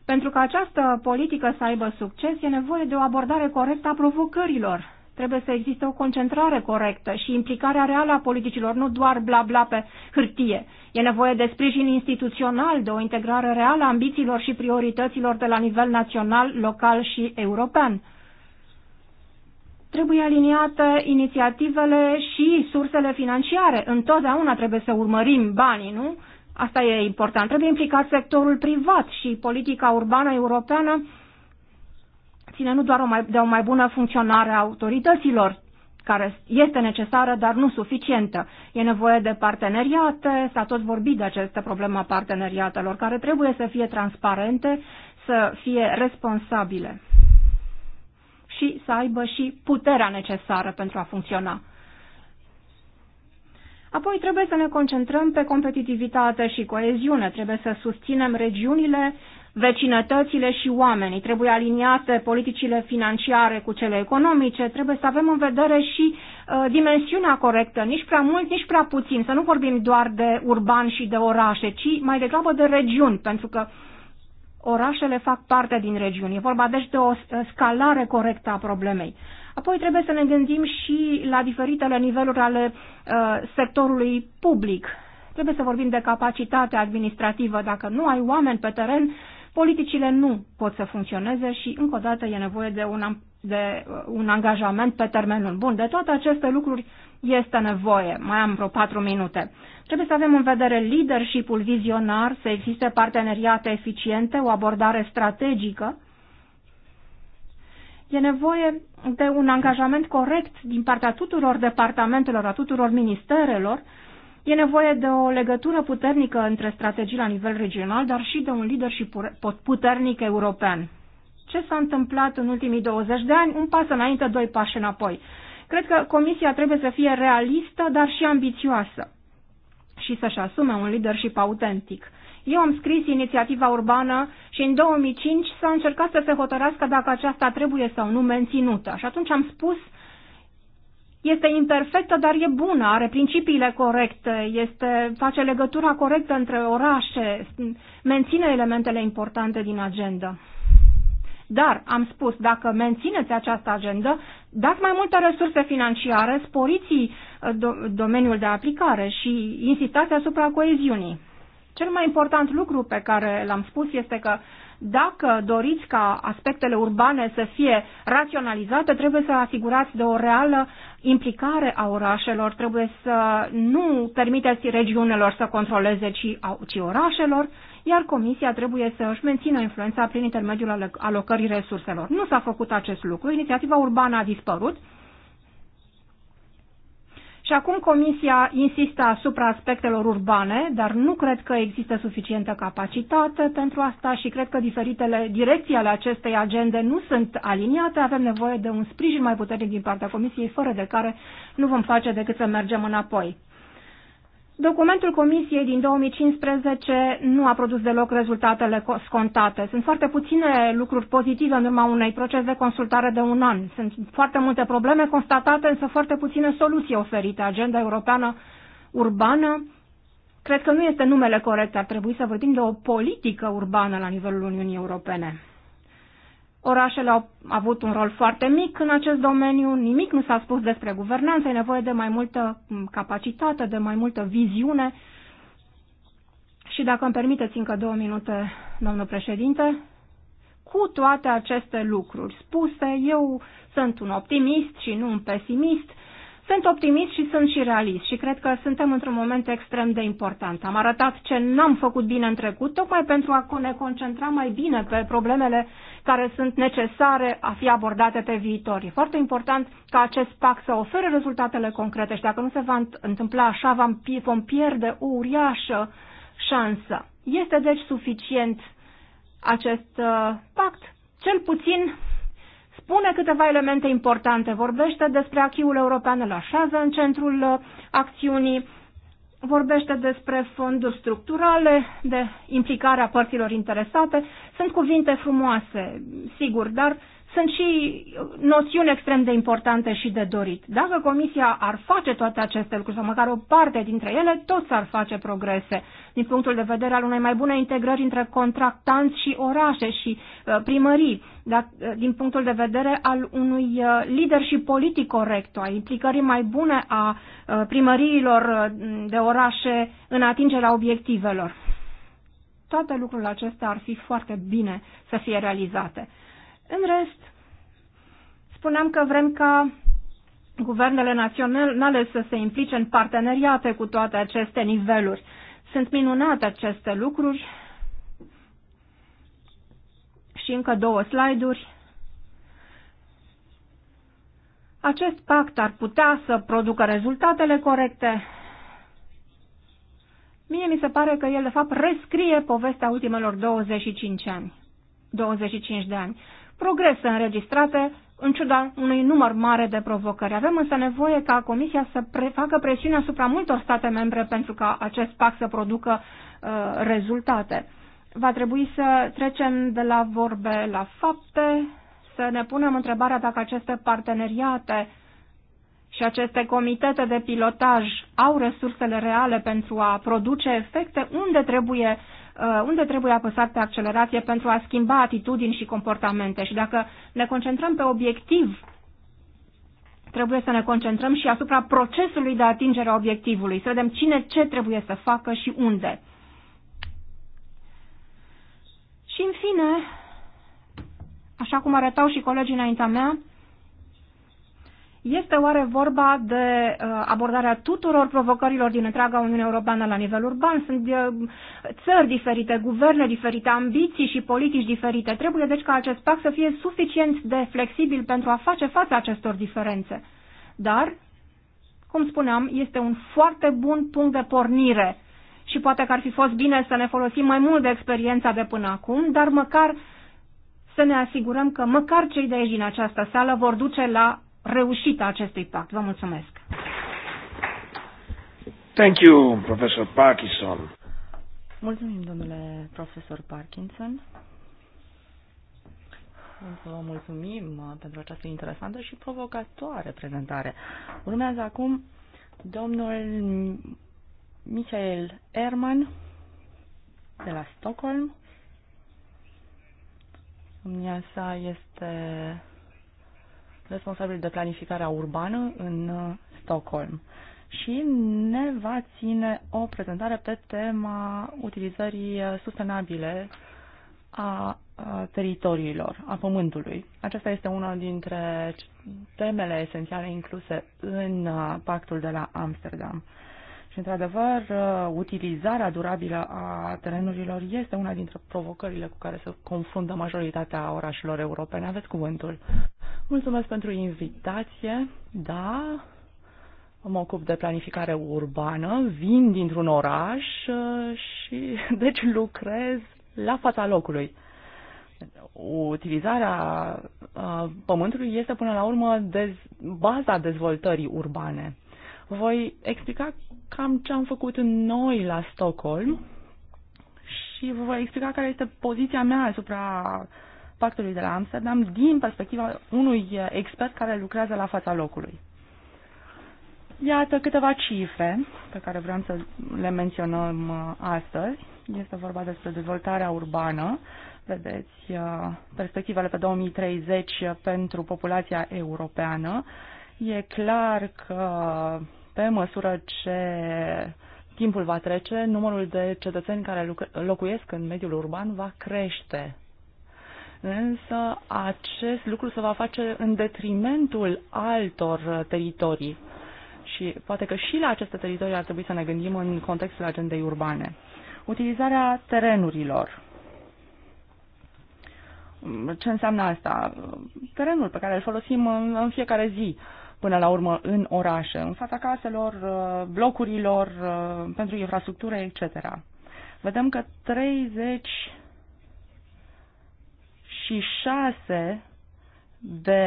Pentru că această politică să aibă succes, e nevoie de o abordare corectă a provocărilor Trebuie să existe o concentrare corectă și implicarea reală a politicilor, nu doar bla bla pe hârtie. E nevoie de sprijin instituțional, de o integrare reală a ambițiilor și priorităților de la nivel național, local și european trebuie aliniate inițiativele și sursele financiare. Întotdeauna trebuie să urmărim banii, nu? Asta e important. Trebuie implicat sectorul privat și politica urbană europeană ține nu doar o mai, de o mai bună funcționare a autorităților, care este necesară, dar nu suficientă. E nevoie de parteneriate, s-a tot vorbit de această problemă a parteneriatelor, care trebuie să fie transparente, să fie responsabile și să aibă și puterea necesară pentru a funcționa. Apoi trebuie să ne concentrăm pe competitivitate și coeziune, trebuie să susținem regiunile vecinătățile și oamenii. Trebuie aliniate politicile financiare cu cele economice, trebuie să avem în vedere și uh, dimensiunea corectă, nici prea mult, nici prea puțin. Să nu vorbim doar de urban și de orașe, ci mai degrabă de regiuni, pentru că orașele fac parte din regiuni. E vorba deci de o scalare corectă a problemei. Apoi trebuie să ne gândim și la diferitele niveluri ale uh, sectorului public. Trebuie să vorbim de capacitatea administrativă. Dacă nu ai oameni pe teren, politicile nu pot să funcționeze și, încă o dată, e nevoie de un, de uh, un angajament pe termen lung. Bun, de toate aceste lucruri este nevoie. Mai am vreo patru minute. Trebuie să avem în vedere leadership-ul vizionar, să existe parteneriate eficiente, o abordare strategică. E nevoie de un angajament corect din partea tuturor departamentelor, a tuturor ministerelor, E nevoie de o legătură puternică între strategii la nivel regional, dar și de un leadership puternic european. Ce s-a întâmplat în ultimii 20 de ani? Un pas înainte, doi pași înapoi. Cred că Comisia trebuie să fie realistă, dar și ambițioasă și să-și asume un leadership autentic. Eu am scris inițiativa urbană și în 2005 s-a încercat să se hotărească dacă aceasta trebuie sau nu menținută. Și atunci am spus este imperfectă, dar e bună, are principiile corecte, este, face legătura corectă între orașe, menține elementele importante din agenda. Dar, am spus, dacă mențineți această agendă, dați mai multe resurse financiare, sporiți uh, do domeniul de aplicare și insistați asupra coeziunii. Cel mai important lucru pe care l-am spus este că dacă doriți ca aspectele urbane să fie raționalizate, trebuie să asigurați de o reală implicare a orașelor, trebuie să nu permiteți regiunilor să controleze, ci, ci orașelor, iar Comisia trebuie să își mențină influența prin intermediul alocării resurselor. Nu s-a făcut acest lucru, inițiativa urbană a dispărut, și acum Comisia insistă asupra aspectelor urbane, dar nu cred că există suficientă capacitate pentru asta și cred că diferitele direcții ale acestei agende nu sunt aliniate. Avem nevoie de un sprijin mai puternic din partea Comisiei, fără de care nu vom face decât să mergem înapoi. Documentul Comisiei din 2015 nu a produs deloc rezultatele scontate. Sunt foarte puține lucruri pozitive în urma unei proces de consultare de un an. Sunt foarte multe probleme constatate, însă foarte puține soluții oferite. Agenda europeană urbană, cred că nu este numele corect, ar trebui să vorbim de o politică urbană la nivelul Uniunii Europene. Orașele au avut un rol foarte mic în acest domeniu, nimic nu s-a spus despre guvernanță, e nevoie de mai multă mm, capacitate, de mai multă viziune. Și dacă îmi permiteți încă două minute, domnul președinte, cu toate aceste lucruri spuse, eu sunt un optimist și nu un pesimist, sunt optimist și sunt și realist și cred că suntem într-un moment extrem de important. Am arătat ce n-am făcut bine în trecut, tocmai pentru a ne concentra mai bine pe problemele care sunt necesare a fi abordate pe viitor. E foarte important ca acest pact să ofere rezultatele concrete și dacă nu se va întâmpla așa, vom pierde o uriașă șansă. Este deci suficient acest uh, pact? Cel puțin spune câteva elemente importante. Vorbește despre achiul european, îl așează în centrul uh, acțiunii, vorbește despre fonduri structurale, de implicarea părților interesate. Sunt cuvinte frumoase, sigur, dar uh, sunt și noțiuni extrem de importante și de dorit. Dacă Comisia ar face toate aceste lucruri, sau măcar o parte dintre ele, tot s ar face progrese din punctul de vedere al unei mai bune integrări între contractanți și orașe și uh, primării, dar uh, din punctul de vedere al unui uh, lider și politic corect, a implicării mai bune a primăriilor de orașe în atingerea obiectivelor. Toate lucrurile acestea ar fi foarte bine să fie realizate. În rest, spuneam că vrem ca guvernele naționale să se implice în parteneriate cu toate aceste niveluri. Sunt minunate aceste lucruri. Și încă două slide-uri. Acest pact ar putea să producă rezultatele corecte. Mie mi se pare că el, de fapt, rescrie povestea ultimelor 25 ani. 25 de ani progrese înregistrate în ciuda unui număr mare de provocări. Avem însă nevoie ca Comisia să pre- facă presiune asupra multor state membre pentru ca acest pact să producă uh, rezultate. Va trebui să trecem de la vorbe la fapte, să ne punem întrebarea dacă aceste parteneriate și aceste comitete de pilotaj au resursele reale pentru a produce efecte, unde trebuie Uh, unde trebuie apăsat pe accelerație pentru a schimba atitudini și comportamente. Și dacă ne concentrăm pe obiectiv, trebuie să ne concentrăm și asupra procesului de atingere a obiectivului, să vedem cine ce trebuie să facă și unde. Și în fine, așa cum arătau și colegii înaintea mea, este oare vorba de uh, abordarea tuturor provocărilor din întreaga Uniune Europeană la nivel urban? Sunt uh, țări diferite, guverne diferite, ambiții și politici diferite. Trebuie deci ca acest pact să fie suficient de flexibil pentru a face față acestor diferențe. Dar, cum spuneam, este un foarte bun punct de pornire și poate că ar fi fost bine să ne folosim mai mult de experiența de până acum, dar măcar să ne asigurăm că măcar cei de aici din această sală vor duce la reușită a acestui pact. Vă mulțumesc! Thank you, Professor Parkinson. Mulțumim, domnule profesor Parkinson. Vă mulțumim pentru această interesantă și provocatoare prezentare. Urmează acum domnul Michael Erman de la Stockholm. Domnia sa este responsabil de planificarea urbană în uh, Stockholm și ne va ține o prezentare pe tema utilizării uh, sustenabile a teritoriilor, a pământului. Aceasta este una dintre temele esențiale incluse în uh, pactul de la Amsterdam. Și, deci, într-adevăr, uh, utilizarea durabilă a terenurilor este una dintre provocările cu care se confruntă majoritatea orașelor europene. Aveți cuvântul. Mulțumesc pentru invitație. Da, mă ocup de planificare urbană, vin dintr-un oraș uh, și, deci, lucrez la fața locului utilizarea uh, pământului este până la urmă dez, baza dezvoltării urbane. Voi explica cam ce am făcut noi la Stockholm și vă voi explica care este poziția mea asupra pactului de la Amsterdam din perspectiva unui expert care lucrează la fața locului. Iată câteva cifre pe care vreau să le menționăm uh, astăzi. Este vorba despre dezvoltarea urbană. Vedeți uh, perspectivele pe 2030 pentru populația europeană. E clar că pe măsură ce timpul va trece, numărul de cetățeni care locuiesc în mediul urban va crește. Însă acest lucru se va face în detrimentul altor teritorii. Și poate că și la aceste teritorii ar trebui să ne gândim în contextul agendei urbane. Utilizarea terenurilor. Ce înseamnă asta? Terenul pe care îl folosim în fiecare zi. Uh, până la urmă în orașe, în fața caselor, uh, blocurilor, uh, pentru infrastructură, etc. Vedem că 30 și 6 de,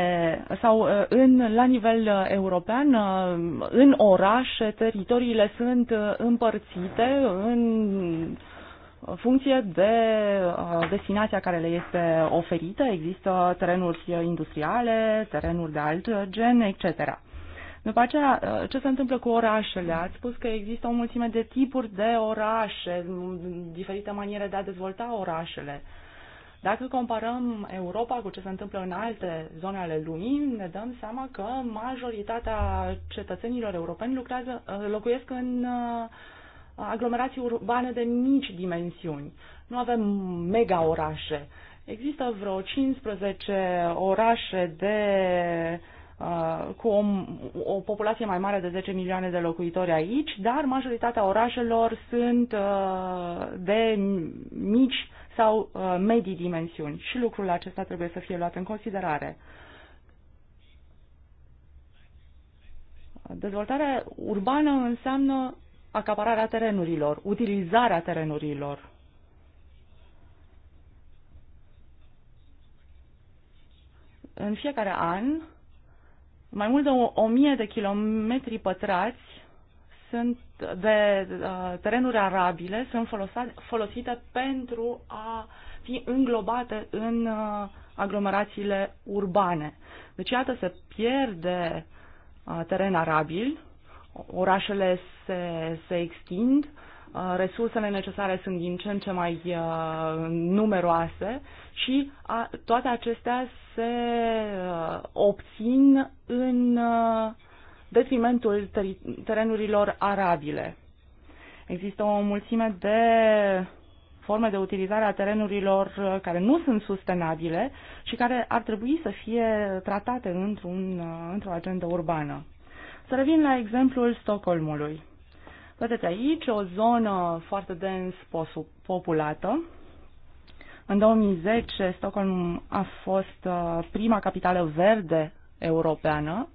sau uh, în, la nivel european, în orașe, teritoriile sunt împărțite în funcție de uh, destinația care le este oferită, există terenuri industriale, terenuri de alt gen, etc. După aceea, uh, ce se întâmplă cu orașele? Ați spus că există o mulțime de tipuri de orașe, diferite maniere de a dezvolta orașele. Dacă comparăm Europa cu ce se întâmplă în alte zone ale lumii, ne dăm seama că majoritatea cetățenilor europeni lucrează, uh, locuiesc în uh, aglomerații urbane de mici dimensiuni. Nu avem mega orașe. Există vreo 15 orașe de uh, cu o, o populație mai mare de 10 milioane de locuitori aici, dar majoritatea orașelor sunt uh, de mici sau uh, medii dimensiuni și lucrul acesta trebuie să fie luat în considerare. Dezvoltarea urbană înseamnă acapararea terenurilor, utilizarea terenurilor. În fiecare an, mai mult de o mie de kilometri pătrați sunt de uh, terenuri arabile sunt folosate, folosite pentru a fi înglobate în uh, aglomerațiile urbane. Deci, iată, se pierde uh, teren arabil orașele se, se extind, uh, resursele necesare sunt din ce în ce mai uh, numeroase și toate acestea se uh, obțin în detrimentul terenurilor arabile. Există o mulțime de forme de utilizare a terenurilor care nu sunt sustenabile și care ar trebui să fie tratate într într-o agendă urbană. Să revin la exemplul Stockholmului. Vedeți aici o zonă foarte dens populată. În 2010, Stockholm a fost uh, prima capitală verde europeană.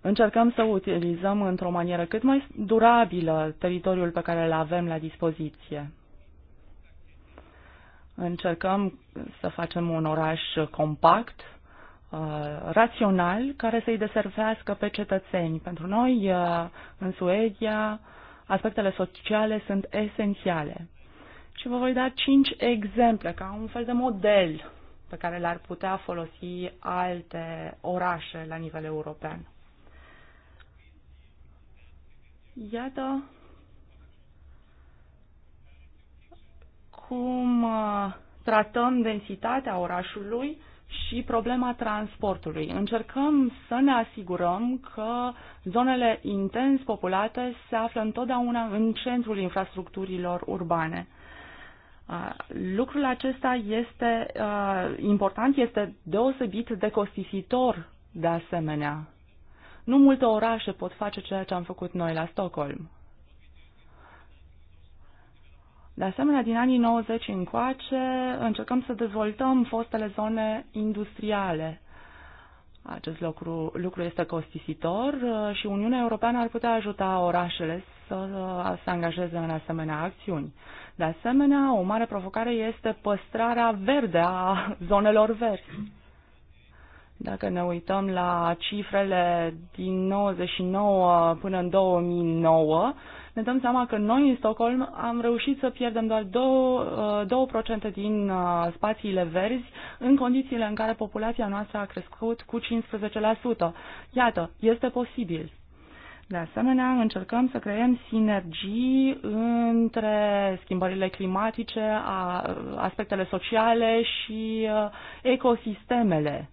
Încercăm să utilizăm într-o manieră cât mai durabilă teritoriul pe care îl avem la dispoziție. Încercăm să facem un oraș compact, Uh, rațional care să-i deservească pe cetățeni. Pentru noi, uh, în Suedia, aspectele sociale sunt esențiale. Și vă voi da cinci exemple ca un fel de model pe care l-ar putea folosi alte orașe la nivel european. Iată cum uh, tratăm densitatea orașului și problema transportului. Încercăm să ne asigurăm că zonele intens populate se află întotdeauna în centrul infrastructurilor urbane. Lucrul acesta este important, este deosebit de costisitor de asemenea. Nu multe orașe pot face ceea ce am făcut noi la Stockholm. De asemenea, din anii 90 încoace încercăm să dezvoltăm fostele zone industriale. Acest lucru, lucru este costisitor uh, și Uniunea Europeană ar putea ajuta orașele să uh, se angajeze în asemenea acțiuni. De asemenea, o mare provocare este păstrarea verde a zonelor verzi. Dacă ne uităm la cifrele din 99 până în 2009, ne dăm seama că noi în Stockholm am reușit să pierdem doar 2%, 2 uh, din uh, spațiile verzi în condițiile în care populația noastră a crescut cu 15%. Iată, este posibil. De asemenea, încercăm să creăm sinergii între schimbările climatice, aspectele sociale și uh, ecosistemele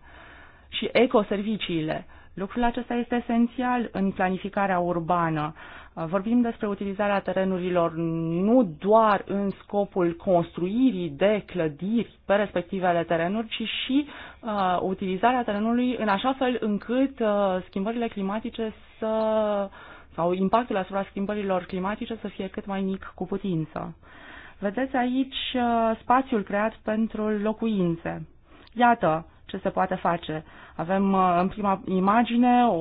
și ecoserviciile. Lucrul acesta este esențial în planificarea urbană. Vorbim despre utilizarea terenurilor nu doar în scopul construirii de clădiri pe respectivele terenuri, ci și uh, utilizarea terenului în așa fel încât uh, schimbările climatice să sau impactul asupra schimbărilor climatice să fie cât mai mic cu putință. Vedeți aici uh, spațiul creat pentru locuințe. Iată ce se poate face. Avem uh, în prima imagine o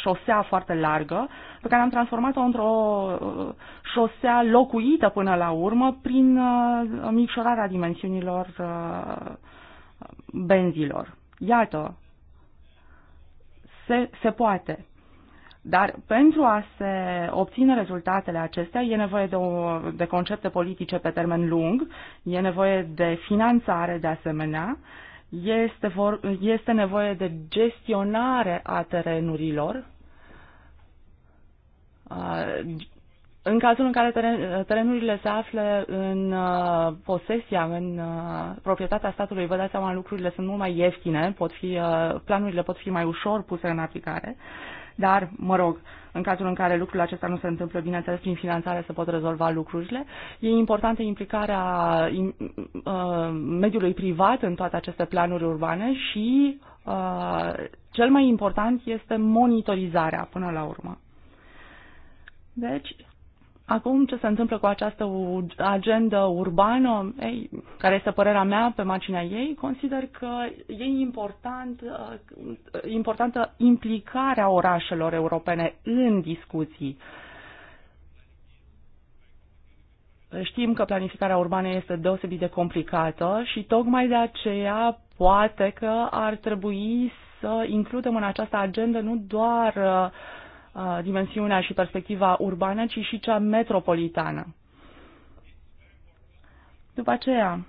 șosea foarte largă, pe care am transformat-o într-o uh, șosea locuită până la urmă prin uh, micșorarea dimensiunilor uh, benzilor. Iată, se, se poate. Dar pentru a se obține rezultatele acestea e nevoie de, o, de concepte politice pe termen lung, e nevoie de finanțare de asemenea este, vor, este nevoie de gestionare a terenurilor. În cazul în care teren, terenurile se află în posesia, în proprietatea statului, vă dați seama, lucrurile sunt mult mai ieftine, pot fi, planurile pot fi mai ușor puse în aplicare dar, mă rog, în cazul în care lucrul acesta nu se întâmplă, bineînțeles, prin finanțare se pot rezolva lucrurile. E importantă implicarea uh, mediului privat în toate aceste planuri urbane și uh, cel mai important este monitorizarea până la urmă. Deci, Acum, ce se întâmplă cu această agendă urbană, ei, care este părerea mea pe marginea ei, consider că e important, uh, importantă implicarea orașelor europene în discuții. Știm că planificarea urbană este deosebit de complicată și tocmai de aceea poate că ar trebui să includem în această agendă nu doar uh, Uh, dimensiunea și perspectiva urbană, ci și cea metropolitană. După aceea,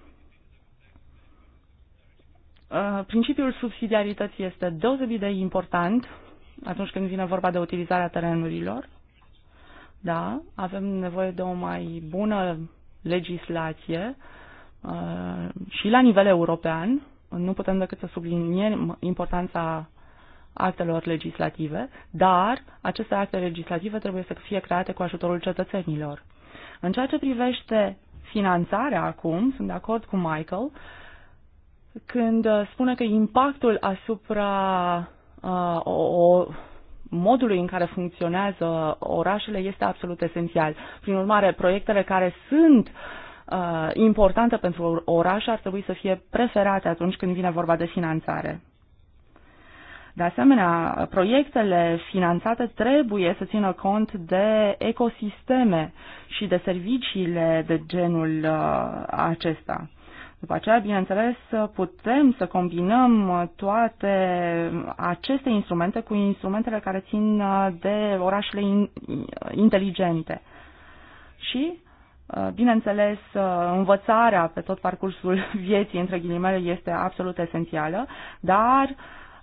uh, principiul subsidiarității este deosebit de important atunci când vine vorba de utilizarea terenurilor. Da, avem nevoie de o mai bună legislație uh, și la nivel european. Nu putem decât să subliniem importanța actelor legislative, dar aceste acte legislative trebuie să fie create cu ajutorul cetățenilor. În ceea ce privește finanțarea acum, sunt de acord cu Michael, când spune că impactul asupra uh, o, o, modului în care funcționează orașele este absolut esențial. Prin urmare, proiectele care sunt uh, importante pentru oraș ar trebui să fie preferate atunci când vine vorba de finanțare. De asemenea, proiectele finanțate trebuie să țină cont de ecosisteme și de serviciile de genul uh, acesta. După aceea, bineînțeles, putem să combinăm toate aceste instrumente cu instrumentele care țin uh, de orașele inteligente. Și, uh, bineînțeles, învățarea pe tot parcursul vieții, între ghilimele, este absolut esențială, dar uh,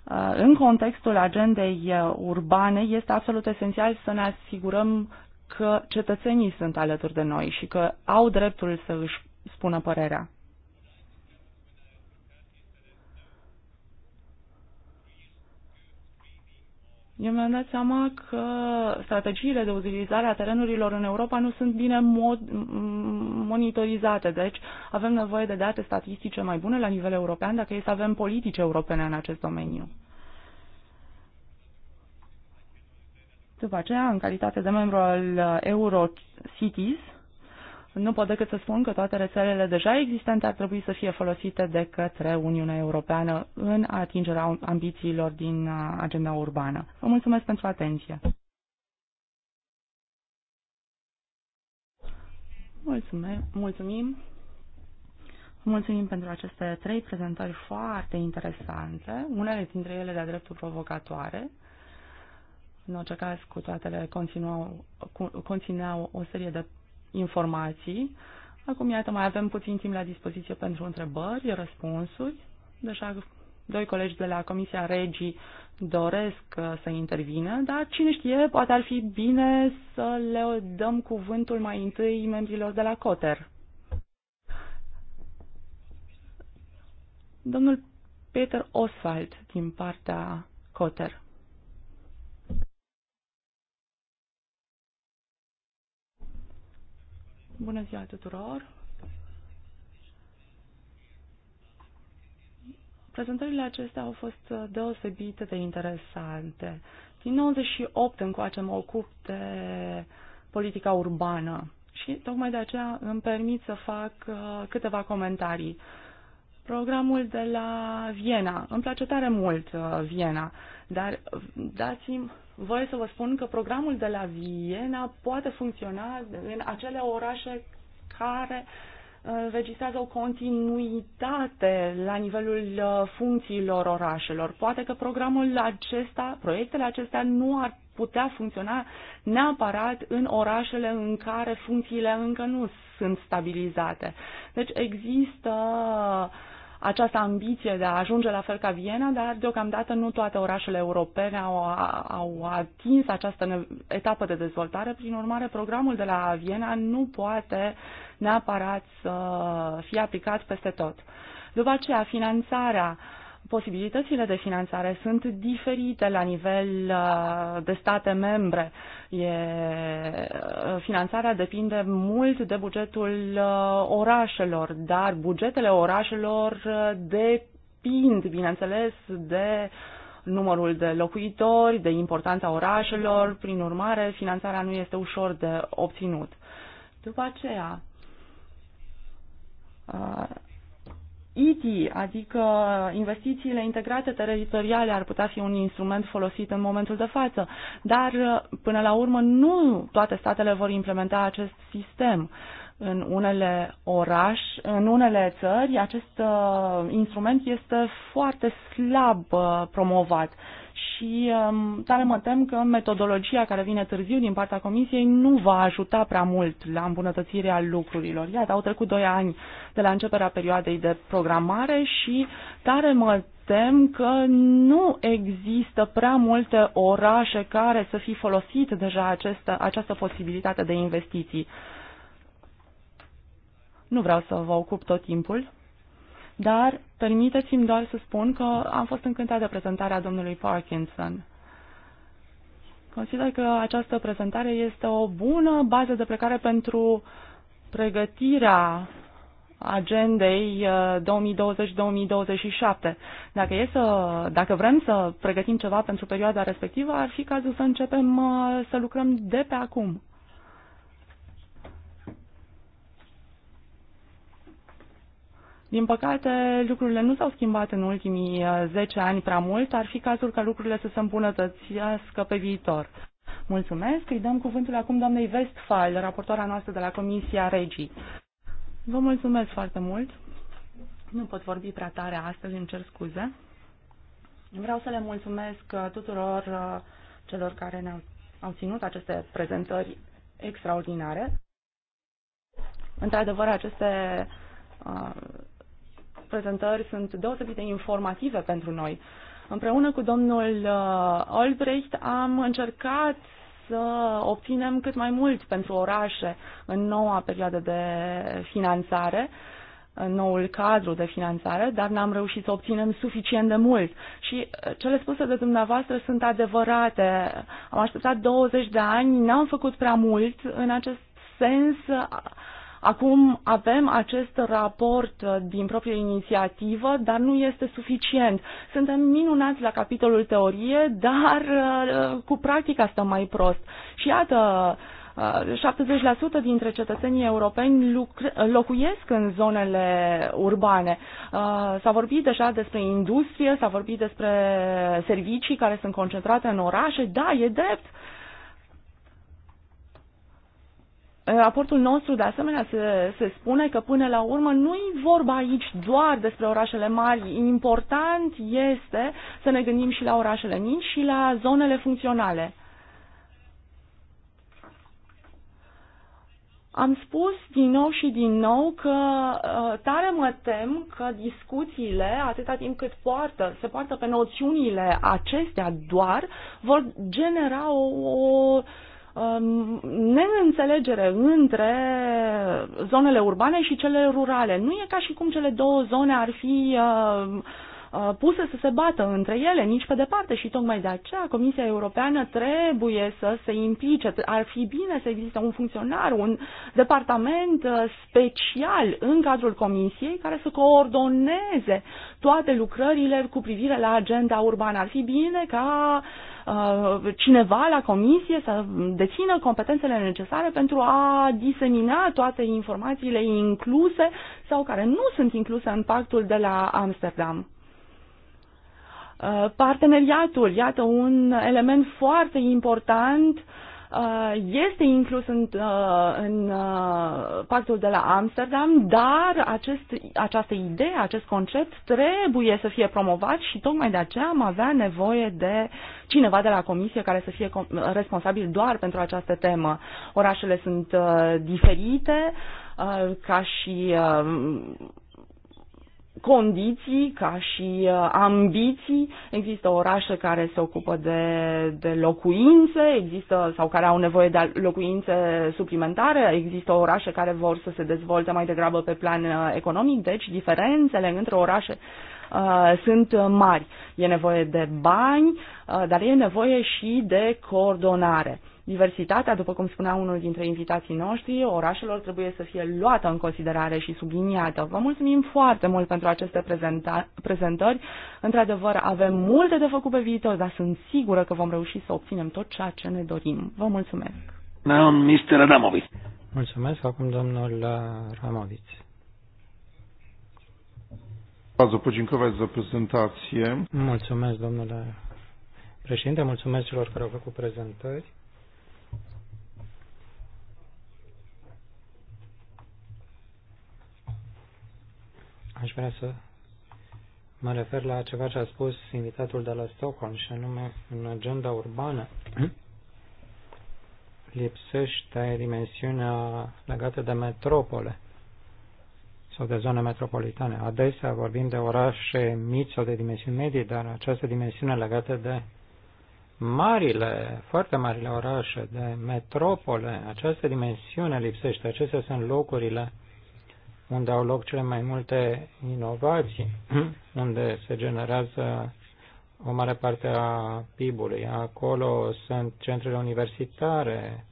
Uh, în contextul agendei uh, urbane este absolut esențial să ne asigurăm că cetățenii sunt alături de noi și că au dreptul să își spună părerea. Eu mi-am dat seama că strategiile de utilizare a terenurilor în Europa nu sunt bine mod- monitorizate, deci avem nevoie de date statistice mai bune la nivel european dacă e să avem politici europene în acest domeniu. După aceea, în calitate de membru al Eurocities, nu pot decât să spun că toate rețelele deja existente ar trebui să fie folosite de către Uniunea Europeană în atingerea ambițiilor din uh, agenda urbană. Vă mulțumesc pentru atenție. Mulțumim. Mulțumim. Mulțumim pentru aceste trei prezentări foarte interesante, unele dintre ele de-a dreptul provocatoare. În orice caz, cu toate le conțineau, conțineau o serie de informații. Acum, iată, mai avem puțin timp la dispoziție pentru întrebări, răspunsuri. Deja doi colegi de la Comisia Regii doresc uh, să intervină, dar cine știe, poate ar fi bine să le dăm cuvântul mai întâi membrilor de la Coter. Domnul Peter Oswald din partea Coter. Bună ziua tuturor! Prezentările acestea au fost deosebite de interesante. Din 98 încoace mă ocup de politica urbană și tocmai de aceea îmi permit să fac uh, câteva comentarii. Programul de la Viena. Îmi place tare mult uh, Viena, dar uh, dați-mi voi să vă spun că programul de la Viena poate funcționa în acele orașe care uh, înregistrează o continuitate la nivelul uh, funcțiilor orașelor. Poate că programul acesta, proiectele acestea nu ar putea funcționa neapărat în orașele în care funcțiile încă nu sunt stabilizate. Deci există uh, această ambiție de a ajunge la fel ca Viena, dar deocamdată nu toate orașele europene au, au atins această etapă de dezvoltare. Prin urmare, programul de la Viena nu poate neapărat să fie aplicat peste tot. După aceea, finanțarea uh, posibilitățile de finanțare sunt diferite la nivel uh, de state membre. E, uh, finanțarea depinde mult de bugetul uh, orașelor, dar bugetele orașelor depind, bineînțeles, de numărul de locuitori, de importanța orașelor, prin urmare, finanțarea nu este ușor de obținut. După aceea, ITI, adică investițiile integrate teritoriale, ar putea fi un instrument folosit în momentul de față, dar până la urmă nu toate statele vor implementa acest sistem. În unele oraș, în unele țări, acest uh, instrument este foarte slab uh, promovat și um, tare mă tem că metodologia care vine târziu din partea Comisiei nu va ajuta prea mult la îmbunătățirea lucrurilor. Iată, au trecut doi ani de la începerea perioadei de programare și tare mă tem că nu există prea multe orașe care să fi folosit deja această, această posibilitate de investiții. Nu vreau să vă ocup tot timpul dar permiteți-mi doar să spun că am fost încântat de prezentarea domnului Parkinson. Consider că această prezentare este o bună bază de plecare pentru pregătirea agendei 2020-2027. Uh, dacă, e să, dacă vrem să pregătim ceva pentru perioada respectivă, ar fi cazul să începem uh, să lucrăm de pe acum. Din păcate, lucrurile nu s-au schimbat în ultimii 10 uh, ani prea mult, ar fi cazul ca lucrurile să se îmbunătățească pe viitor. Mulțumesc, îi dăm cuvântul acum doamnei Westphal, raportoarea noastră de la Comisia Regii. Vă mulțumesc foarte mult. Nu pot vorbi prea tare astăzi, îmi cer scuze. Vreau să le mulțumesc uh, tuturor uh, celor care ne-au au ținut aceste prezentări extraordinare. Într-adevăr, aceste prezentări sunt deosebit de informative pentru noi. Împreună cu domnul uh, Albrecht am încercat să obținem cât mai mult pentru orașe în noua perioadă de finanțare, în noul cadru de finanțare, dar n-am reușit să obținem suficient de mult. Și uh, cele spuse de dumneavoastră sunt adevărate. Am așteptat 20 de ani, n-am făcut prea mult în acest sens uh, Acum avem acest raport uh, din proprie inițiativă, dar nu este suficient. Suntem minunați la capitolul teorie, dar uh, uh, cu practica stăm mai prost. Și iată, 70% dintre cetățenii europeni locuiesc în zonele urbane. S-a vorbit deja despre industrie, s-a vorbit despre servicii care sunt concentrate în orașe. Da, e drept raportul nostru, de asemenea, se, se spune că până la urmă nu e vorba aici doar despre orașele mari. Important este să ne gândim și la orașele mici și la zonele funcționale. Am spus din nou și din nou că uh, tare mă tem că discuțiile, atâta timp cât poartă, se poartă pe noțiunile acestea doar, vor genera o, o Um, neînțelegere între zonele urbane și cele rurale. Nu e ca și cum cele două zone ar fi um, uh, puse să se bată între ele, nici pe departe și tocmai de aceea Comisia Europeană trebuie să se implice. Ar fi bine să existe un funcționar, un departament uh, special în cadrul Comisiei care să coordoneze toate lucrările cu privire la agenda urbană. Ar fi bine ca uh, Uh, cineva la comisie să dețină competențele necesare pentru a disemina toate informațiile incluse sau care nu sunt incluse în pactul de la Amsterdam. Uh, parteneriatul, iată un element foarte important uh, Uh, este inclus în, uh, în uh, pactul de la Amsterdam, dar acest, această idee, acest concept trebuie să fie promovat și tocmai de aceea am avea nevoie de cineva de la comisie care să fie responsabil doar pentru această temă. Orașele sunt diferite ca și condiții, ca și uh, ambiții. Există orașe care se ocupă de, de locuințe, există sau care au nevoie de locuințe suplimentare, există orașe care vor să se dezvolte mai degrabă pe plan uh, economic, deci diferențele între orașe uh, sunt mari. E nevoie de bani, uh, dar e nevoie și de coordonare. Uh, Diversitatea, după cum spunea unul dintre invitații noștri, orașelor trebuie să fie luată în considerare și subliniată. Vă mulțumim foarte mult pentru aceste prezenta- prezentări. Într-adevăr, avem multe de făcut pe viitor, dar sunt sigură că vom reuși să obținem tot ceea ce ne dorim. Vă mulțumesc! Mr. Adamovic. Mulțumesc. Acum domnul uh, Ramovic. Bardzo podziękować za prezentację. Mulțumesc, domnule președinte. Mulțumesc celor care au făcut prezentări. vrea să mă refer la ceva ce a spus invitatul de la Stockholm și anume în agenda urbană lipsește dimensiunea legată de metropole sau de zone metropolitane. Adesea vorbim de orașe mici sau de dimensiuni medii, dar această dimensiune legată de marile, foarte marile orașe, de metropole, această dimensiune lipsește. Acestea sunt locurile unde au loc cele mai multe inovații, unde se generează o mare parte a PIB-ului. Acolo sunt centrele universitare.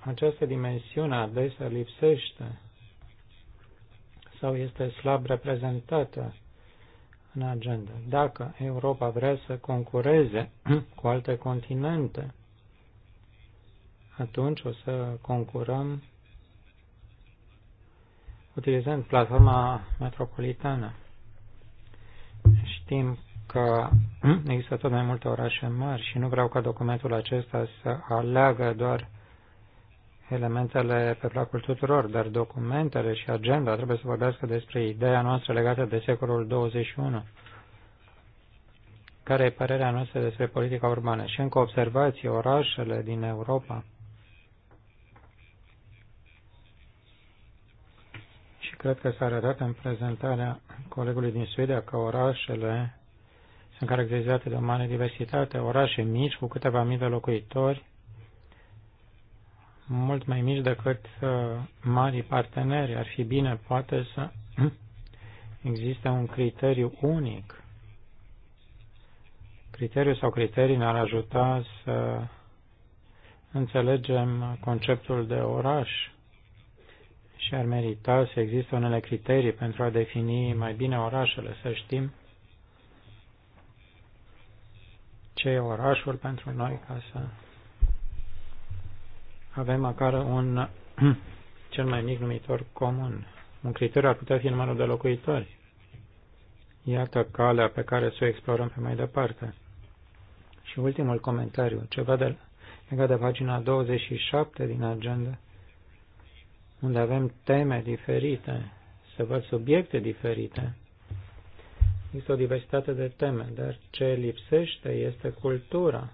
Această dimensiune adesea lipsește sau este slab reprezentată în agenda. Dacă Europa vrea să concureze cu alte continente, atunci o să concurăm utilizând platforma metropolitană. Știm că există tot mai multe orașe mari și nu vreau ca documentul acesta să aleagă doar elementele pe placul tuturor, dar documentele și agenda trebuie să vorbească despre ideea noastră legată de secolul 21. Care e părerea noastră despre politica urbană? Și încă observații, orașele din Europa Cred că s-a arătat în prezentarea colegului din Suedia că orașele sunt caracterizate de o mare diversitate, orașe mici cu câteva mii de locuitori, mult mai mici decât uh, mari parteneri. Ar fi bine, poate, să existe un criteriu unic. Criteriul sau criterii ne-ar ajuta să înțelegem conceptul de oraș și ar merita să există unele criterii pentru a defini mai bine orașele, să știm ce e orașul pentru noi ca să avem măcar un cel mai mic numitor comun. Un criteriu ar putea fi numărul de locuitori. Iată calea pe care să o explorăm pe mai departe. Și ultimul comentariu, ceva de, legat de pagina 27 din agenda unde avem teme diferite, se văd subiecte diferite. Există o diversitate de teme, dar ce lipsește este cultura.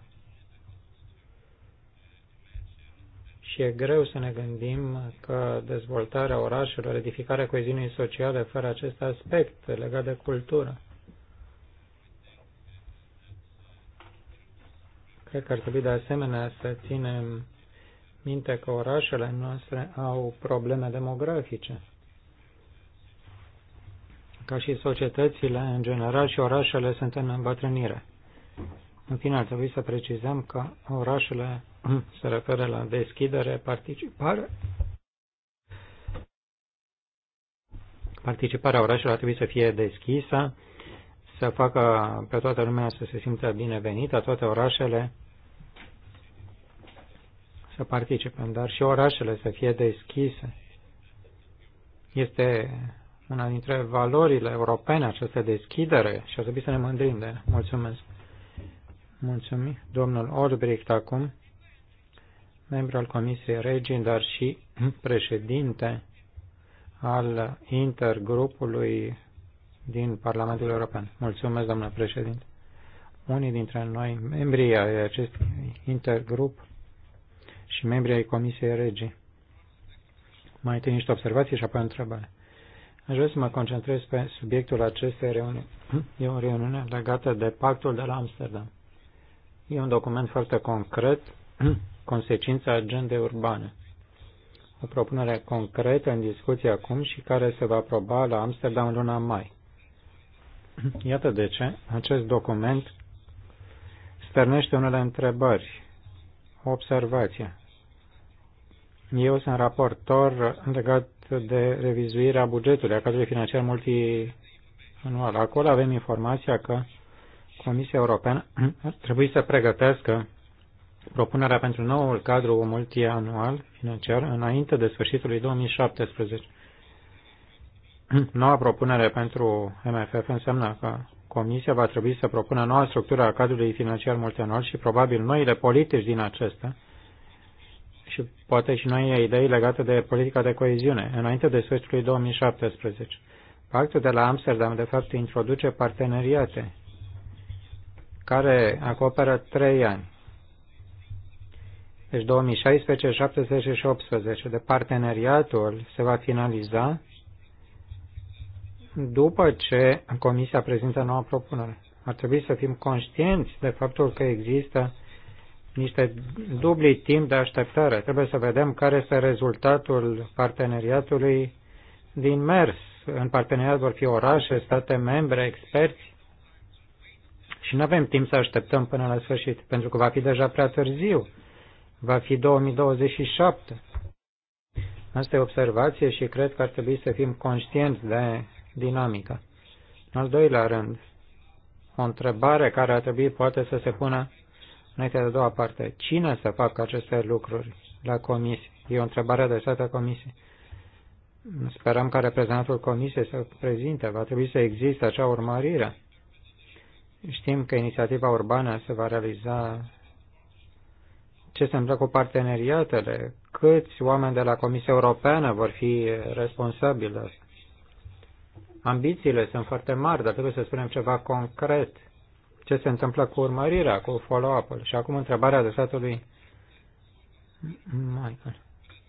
Și e greu să ne gândim că dezvoltarea orașelor, edificarea coeziunii sociale fără acest aspect legat de cultură. Cred că ar trebui de asemenea să ținem minte că orașele noastre au probleme demografice. Ca și societățile, în general, și orașele sunt în îmbătrânire. În final, trebuie să precizăm că orașele se referă la deschidere, participare. Participarea orașelor ar trebui să fie deschisă, să facă pe toată lumea să se simtă binevenită, toate orașele să participăm, dar și orașele să fie deschise. Este una dintre valorile europene, această deschidere și ar trebui să ne mândrim de Mulțumesc! Mulțumim! Domnul Orbricht, acum, membru al Comisiei Regii, dar și președinte al intergrupului din Parlamentul European. Mulțumesc, domnule președinte! Unii dintre noi, membrii acestui intergrup, și membrii ai Comisiei Regii. Mai întâi niște observații și apoi întrebare. Aș vrea să mă concentrez pe subiectul acestei reuniuni. E o reuniune legată de pactul de la Amsterdam. E un document foarte concret, consecința agendei urbane. O propunere concretă în discuție acum și care se va aproba la Amsterdam luna mai. Iată de ce acest document stârnește unele întrebări observația. observație. Eu sunt raportor legat de revizuirea bugetului a cadrului financiar multianual. Acolo avem informația că Comisia Europeană ar trebui să pregătească propunerea pentru noul cadru multianual financiar înainte de sfârșitul 2017. Noua propunere pentru MFF înseamnă că Comisia va trebui să propună noua structură a cadrului financiar multianual și probabil noile politici din acesta și poate și noi idei legate de politica de coeziune, înainte de sfârșitul 2017. Pactul de la Amsterdam, de fapt, introduce parteneriate care acoperă trei ani. Deci 2016, 17 și 18. De parteneriatul se va finaliza după ce Comisia prezintă noua propunere. Ar trebui să fim conștienți de faptul că există niște dubli timp de așteptare. Trebuie să vedem care este rezultatul parteneriatului din mers. În parteneriat vor fi orașe, state membre, experți și nu avem timp să așteptăm până la sfârșit, pentru că va fi deja prea târziu. Va fi 2027. Asta e observație și cred că ar trebui să fim conștienți de dinamică. În al doilea rând, o întrebare care ar trebui poate să se pună înainte de a doua parte. Cine să facă aceste lucruri la comisie? E o întrebare adresată comisiei. Sperăm ca reprezentantul comisiei să prezinte. Va trebui să existe acea urmărire. Știm că inițiativa urbană se va realiza ce se întâmplă cu parteneriatele, câți oameni de la Comisia Europeană vor fi responsabili de asta. Ambițiile sunt foarte mari, dar trebuie să spunem ceva concret. Ce se întâmplă cu urmărirea, cu follow-up-ul? Și acum întrebarea adresată lui Michael.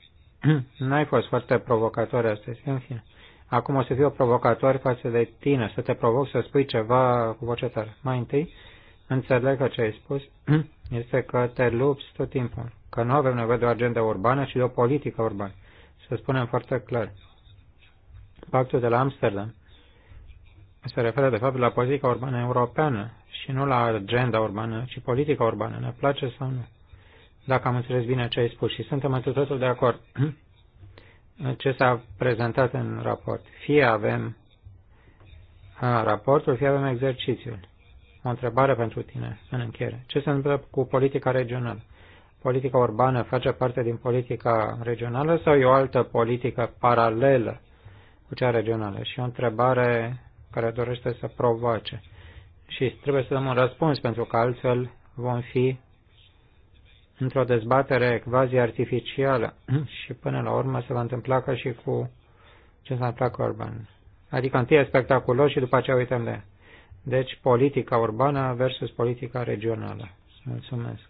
N-ai fost foarte provocator astăzi, în fine. Acum o să fiu provocator față de tine, să te provoc să spui ceva cu voce tare. Mai întâi, înțeleg că ce ai spus este că te lupți tot timpul, că nu avem nevoie de o agenda urbană, ci de o politică urbană. Să spunem foarte clar. Pactul de la Amsterdam se referă de fapt la politica urbană europeană și nu la agenda urbană, ci politica urbană, ne place sau nu. Dacă am înțeles bine ce ai spus și suntem într totul de acord ce s-a prezentat în raport. Fie avem raportul, fie avem exercițiul. O întrebare pentru tine în încheiere. Ce se întâmplă cu politica regională? Politica urbană face parte din politica regională sau e o altă politică paralelă cu cea regională? Și o întrebare care dorește să provoace. Și trebuie să dăm un răspuns, pentru că altfel vom fi într-o dezbatere quasi artificială și până la urmă se va întâmpla ca și cu ce s-a întâmplat cu Orban. Adică întâi e spectaculos și după aceea uităm de Deci politica urbană versus politica regională. Mulțumesc.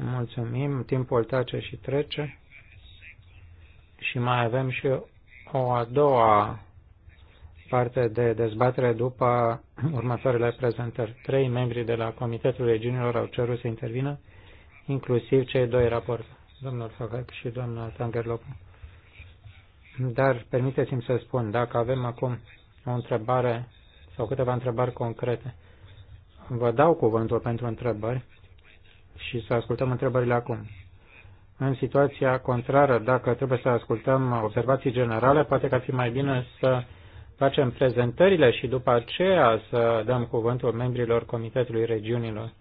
Mulțumim. Timpul tace și trece. Și mai avem și o a doua parte de dezbatere după următoarele prezentări. Trei membri de la Comitetul Regiunilor au cerut să intervină, inclusiv cei doi raport, domnul Făgăc și doamna Tangerlop. Dar permiteți-mi să spun, dacă avem acum o întrebare sau câteva întrebări concrete, vă dau cuvântul pentru întrebări și să ascultăm întrebările acum. În situația contrară, dacă trebuie să ascultăm observații generale, poate că ar fi mai bine să facem prezentările și după aceea să dăm cuvântul membrilor Comitetului Regiunilor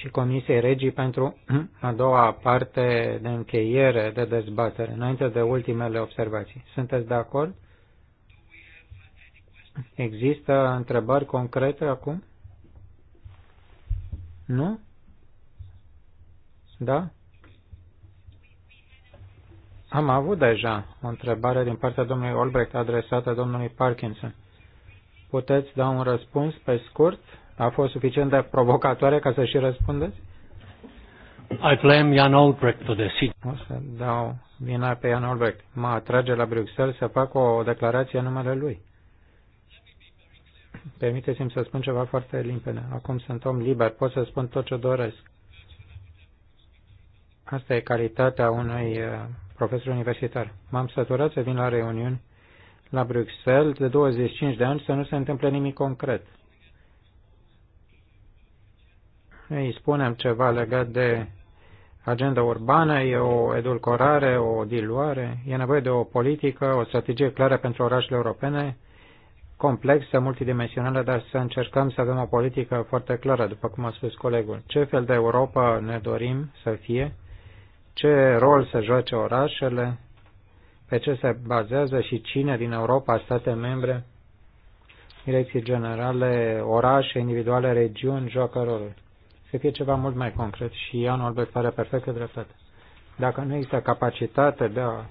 și Comisiei Regii pentru a doua parte de încheiere de dezbatere, înainte de ultimele observații. Sunteți de acord? Există întrebări concrete acum? Nu? Da? Am avut deja o întrebare din partea domnului Olbrecht adresată domnului Parkinson. Puteți da un răspuns pe scurt? A fost suficient de provocatoare ca să și răspundeți? I blame Jan Olbrecht for this. O să dau vina pe Jan Olbrecht. Mă atrage la Bruxelles să fac o declarație în numele lui. Permiteți-mi să spun ceva foarte limpede. Acum sunt om liber, pot să spun tot ce doresc. Asta e calitatea unui uh, profesor universitar. M-am săturat să vin la reuniuni la Bruxelles de 25 de ani să nu se întâmple nimic concret. Îi spunem ceva legat de agenda urbană, e o edulcorare, o diluare, e nevoie de o politică, o strategie clară pentru orașele europene, complexă, multidimensională, dar să încercăm să avem o politică foarte clară, după cum a spus colegul. Ce fel de Europa ne dorim să fie? ce rol să joace orașele, pe ce se bazează și cine din Europa, state membre, direcții generale, orașe, individuale, regiuni, joacă rolul. Să fie ceva mult mai concret și Ian în pare perfectă dreptate. Dacă nu există capacitate de a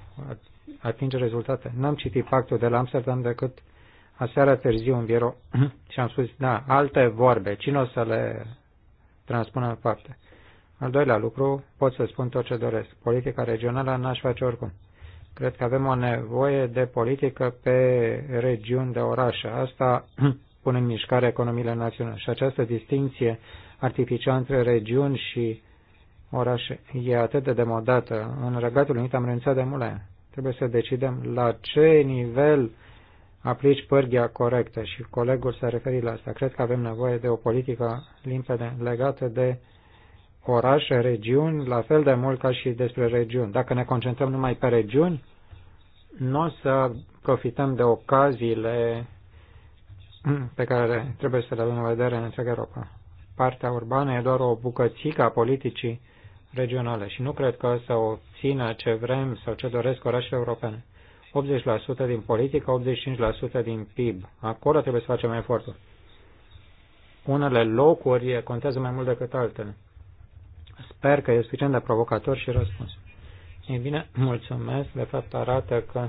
atinge rezultate, n-am citit pactul de la Amsterdam decât aseară târziu în birou și am spus, da, alte vorbe, cine o să le transpună în fapte? Al doilea lucru, pot să spun tot ce doresc. Politica regională n-aș face oricum. Cred că avem o nevoie de politică pe regiuni de orașe. Asta pune în mișcare economiile naționale. Și această distinție artificială între regiuni și orașe e atât de demodată. În Regatul Unit am renunțat de mult la ea. Trebuie să decidem la ce nivel aplici pârghia corectă și colegul s-a referit la asta. Cred că avem nevoie de o politică limpede legată de orașe, regiuni, la fel de mult ca și despre regiuni. Dacă ne concentrăm numai pe regiuni, nu o să profităm de ocaziile pe care trebuie să le avem în vedere în întreaga Europa. Partea urbană e doar o bucățică a politicii regionale și nu cred că o să obțină ce vrem sau ce doresc orașele europene. 80% din politică, 85% din PIB. Acolo trebuie să facem eforturi. Unele locuri contează mai mult decât altele. Sper că e suficient de provocator și răspuns. Ei bine, mulțumesc. De fapt, arată că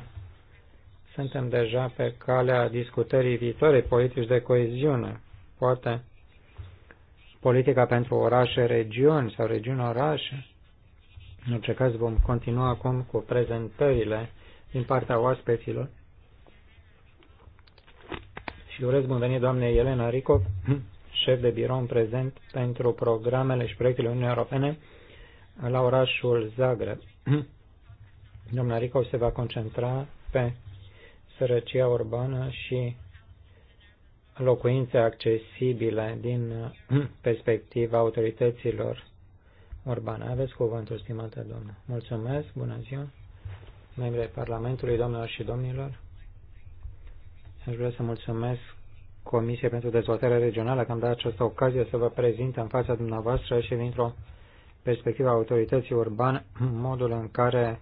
suntem deja pe calea discutării viitoarei politici de coeziune. Poate politica pentru orașe-regiuni sau regiuni-orașe. În orice caz, vom continua acum cu prezentările din partea oaspeților. Și urez bun venit doamnei Elena Ricov, șef de birou în prezent pentru programele și proiectele Uniunii Europene la orașul Zagreb. Domnul Rico se va concentra pe sărăcia urbană și locuințe accesibile din perspectiva autorităților urbane. Aveți cuvântul, stimată doamnă. Mulțumesc, bună ziua, membrii Parlamentului, domnilor și domnilor. Aș vrea să mulțumesc Comisie pentru Dezvoltare Regională când am dat această ocazie să vă prezint în fața dumneavoastră și dintr-o perspectivă a autorității urbane modul în care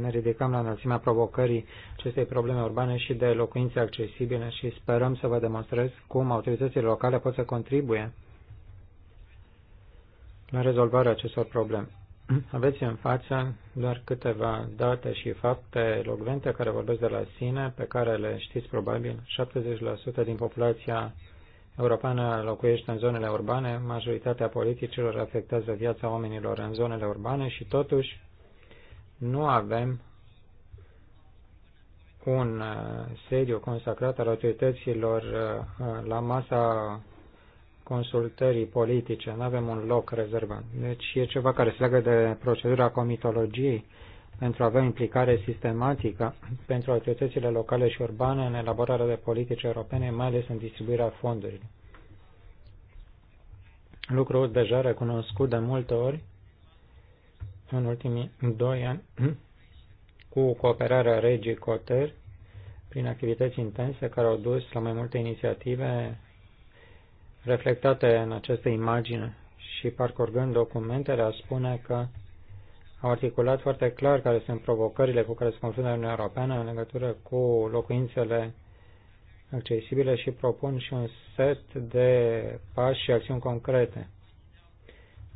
ne ridicăm la înălțimea provocării acestei probleme urbane și de locuințe accesibile și sperăm să vă demonstrez cum autoritățile locale pot să contribuie la rezolvarea acestor probleme. Aveți în față doar câteva date și fapte elogvente care vorbesc de la sine, pe care le știți probabil. 70% din populația europeană locuiește în zonele urbane, majoritatea politicilor afectează viața oamenilor în zonele urbane și totuși nu avem un uh, sediu consacrat al autorităților uh, la masa consultării politice, nu avem un loc rezervat. Deci e ceva care se legă de procedura comitologiei pentru a avea implicare sistematică pentru autoritățile locale și urbane în elaborarea de politici europene, mai ales în distribuirea fondurilor. Lucru deja recunoscut de multe ori în ultimii doi ani cu cooperarea regii Coter prin activități intense care au dus la mai multe inițiative reflectate în această imagine și parcurgând documentele, a spune că au articulat foarte clar care sunt provocările cu care se confruntă Uniunea Europeană în legătură cu locuințele accesibile și propun și un set de pași și acțiuni concrete.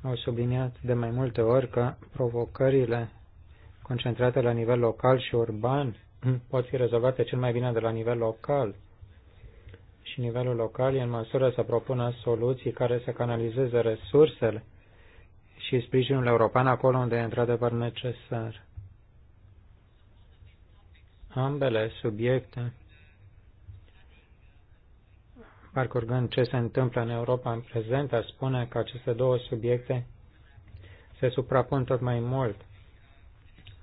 Au subliniat de mai multe ori că provocările concentrate la nivel local și urban pot fi rezolvate cel mai bine de la nivel local, și nivelul local e în măsură să propună soluții care să canalizeze resursele și sprijinul european acolo unde e într-adevăr necesar. Ambele subiecte, parcurgând ce se întâmplă în Europa în prezent, aș spune că aceste două subiecte se suprapun tot mai mult,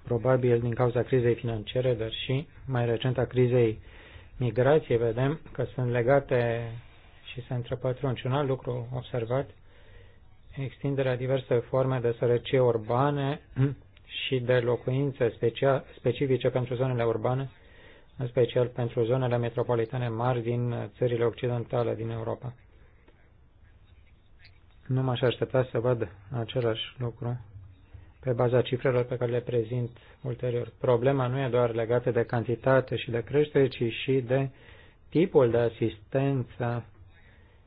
probabil din cauza crizei financiare, dar și mai recent a crizei migrației vedem că sunt legate și se întrepătrun. Și un alt lucru observat, extinderea diverse forme de sărăcie urbane și de locuințe specia, specifice pentru zonele urbane, în special pentru zonele metropolitane mari din țările occidentale din Europa. Nu m-aș aștepta să văd același lucru pe baza cifrelor pe care le prezint ulterior. Problema nu e doar legată de cantitate și de creștere, ci și de tipul de asistență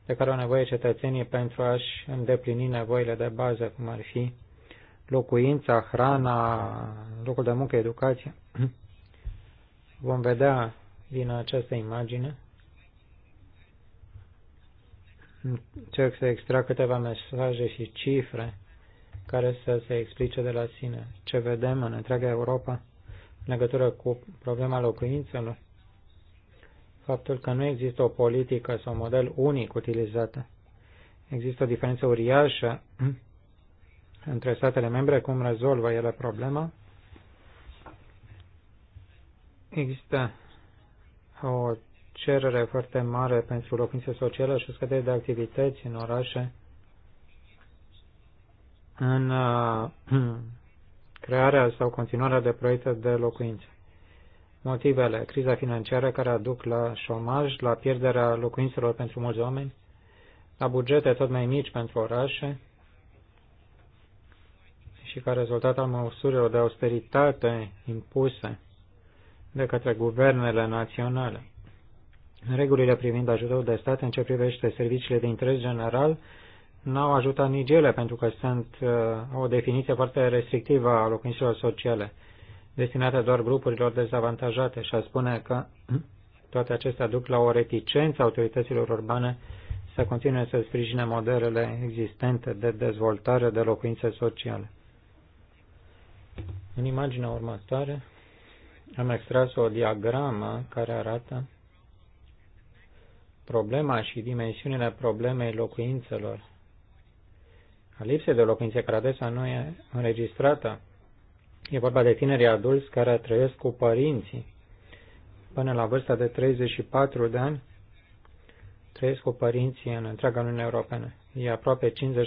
de care au nevoie cetățenii pentru a-și îndeplini nevoile de bază, cum ar fi locuința, hrana, locul de muncă, educație. Vom vedea din această imagine. Încerc să extrag câteva mesaje și cifre care să se explice de la sine. Ce vedem în întreaga Europa în legătură cu problema locuințelor, faptul că nu există o politică sau un model unic utilizată. Există o diferență uriașă între statele membre, cum rezolvă ele problema. Există o cerere foarte mare pentru locuințe sociale și o scădere de activități în orașe în uh, crearea sau continuarea de proiecte de locuințe. Motivele, criza financiară care aduc la șomaj, la pierderea locuințelor pentru mulți oameni, la bugete tot mai mici pentru orașe și ca rezultat al măsurilor de austeritate impuse de către guvernele naționale. Regulile privind ajutorul de stat în ce privește serviciile de interes general n-au ajutat nici ele pentru că sunt uh, o definiție foarte restrictivă a locuințelor sociale, destinate doar grupurilor dezavantajate și a spune că toate acestea duc la o reticență autorităților urbane să continue să sprijine modelele existente de dezvoltare de locuințe sociale. În imaginea următoare am extras o diagramă care arată problema și dimensiunile problemei locuințelor a lipsei de locuințe, care adesea nu e înregistrată. E vorba de tineri adulți care trăiesc cu părinții până la vârsta de 34 de ani, trăiesc cu părinții în întreaga Uniune Europeană. E aproape 50%.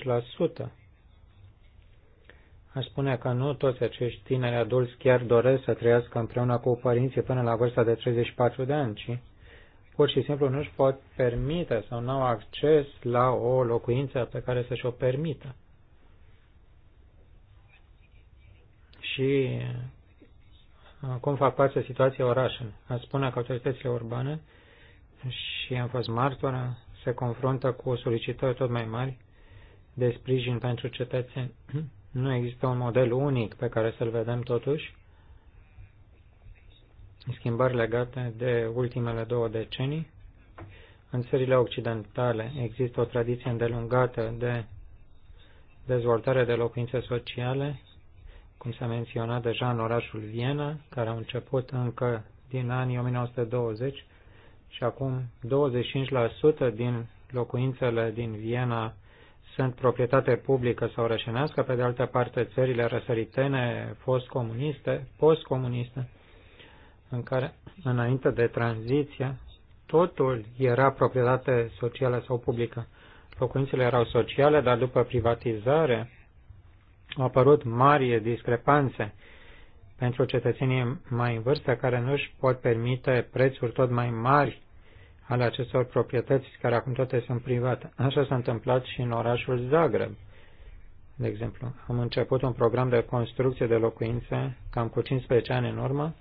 Aș spune că nu toți acești tineri adulți chiar doresc să trăiască împreună cu părinții până la vârsta de 34 de ani, ci pur și simplu nu își pot permite sau nu au acces la o locuință pe care să și-o permită. și uh, cum fac față situația orașului. A spune că autoritățile urbane și am fost martoră, se confruntă cu solicitări tot mai mari de sprijin pentru cetățeni. Nu există un model unic pe care să-l vedem totuși. Schimbări legate de ultimele două decenii. În țările occidentale există o tradiție îndelungată de dezvoltare de locuințe sociale cum s-a menționat deja în orașul Viena, care a început încă din anii 1920 și acum 25% din locuințele din Viena sunt proprietate publică sau rășenească, pe de altă parte țările răsăritene, fost comuniste, postcomuniste, în care înainte de tranziție totul era proprietate socială sau publică. Locuințele erau sociale, dar după privatizare au apărut mari discrepanțe pentru cetățenii mai în vârstă care nu își pot permite prețuri tot mai mari ale acestor proprietăți care acum toate sunt private. Așa s-a întâmplat și în orașul Zagreb. De exemplu, am început un program de construcție de locuințe cam cu 15 ani în urmă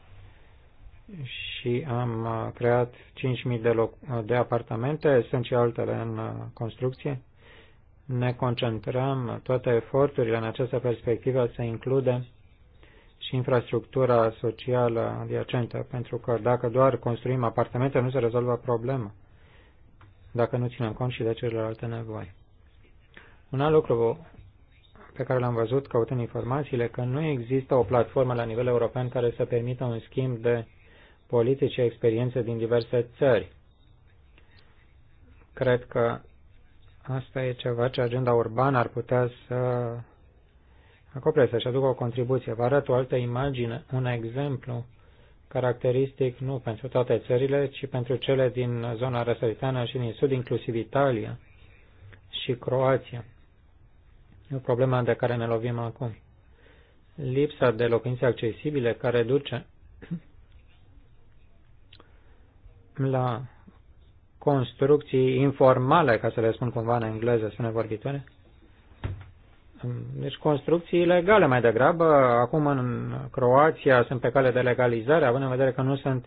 și am uh, creat 5.000 de, de apartamente, sunt și altele în uh, construcție ne concentrăm toate eforturile în această perspectivă să includem și infrastructura socială adiacentă, pentru că dacă doar construim apartamente, nu se rezolvă problema, dacă nu ținem cont și de celelalte nevoi. Un alt lucru pe care l-am văzut căutând informațiile, că nu există o platformă la nivel european care să permită un schimb de politici și experiențe din diverse țări. Cred că Asta e ceva ce agenda urbană ar putea să acopere, să-și aducă o contribuție. Vă arăt o altă imagine, un exemplu caracteristic nu pentru toate țările, ci pentru cele din zona răsăritană și din sud, inclusiv Italia și Croația. E o problemă de care ne lovim acum. Lipsa de locuințe accesibile care duce la construcții informale, ca să le spun cumva în engleză, spune vorbitoare. Deci construcții legale mai degrabă. Acum în Croația sunt pe cale de legalizare, având în vedere că nu sunt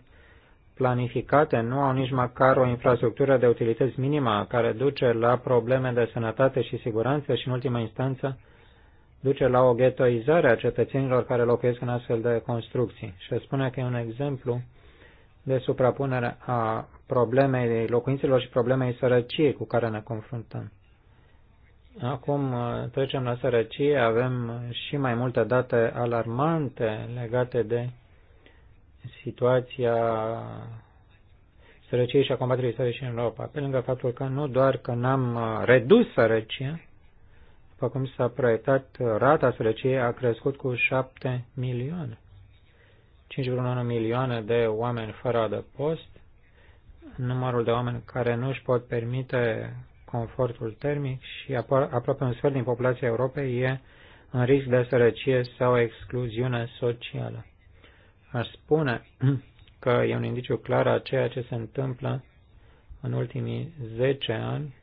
planificate, nu au nici măcar o infrastructură de utilități minimă care duce la probleme de sănătate și siguranță și, în ultima instanță, duce la o ghettoizare a cetățenilor care locuiesc în astfel de construcții. Și spune că e un exemplu de suprapunere a problemei locuințelor și problemei sărăciei cu care ne confruntăm. Acum uh, trecem la sărăcie, avem și mai multe date alarmante legate de situația sărăciei și a combaterii sărăciei în Europa. Pe lângă faptul că nu doar că n-am uh, redus sărăcia, după cum s-a proiectat, rata sărăciei a crescut cu 7 milioane. 5,1 milioane de oameni fără adăpost numărul de oameni care nu își pot permite confortul termic și aproape un sfert din populația Europei e în risc de sărăcie sau excluziune socială. Aș spune că e un indiciu clar a ceea ce se întâmplă în ultimii 10 ani,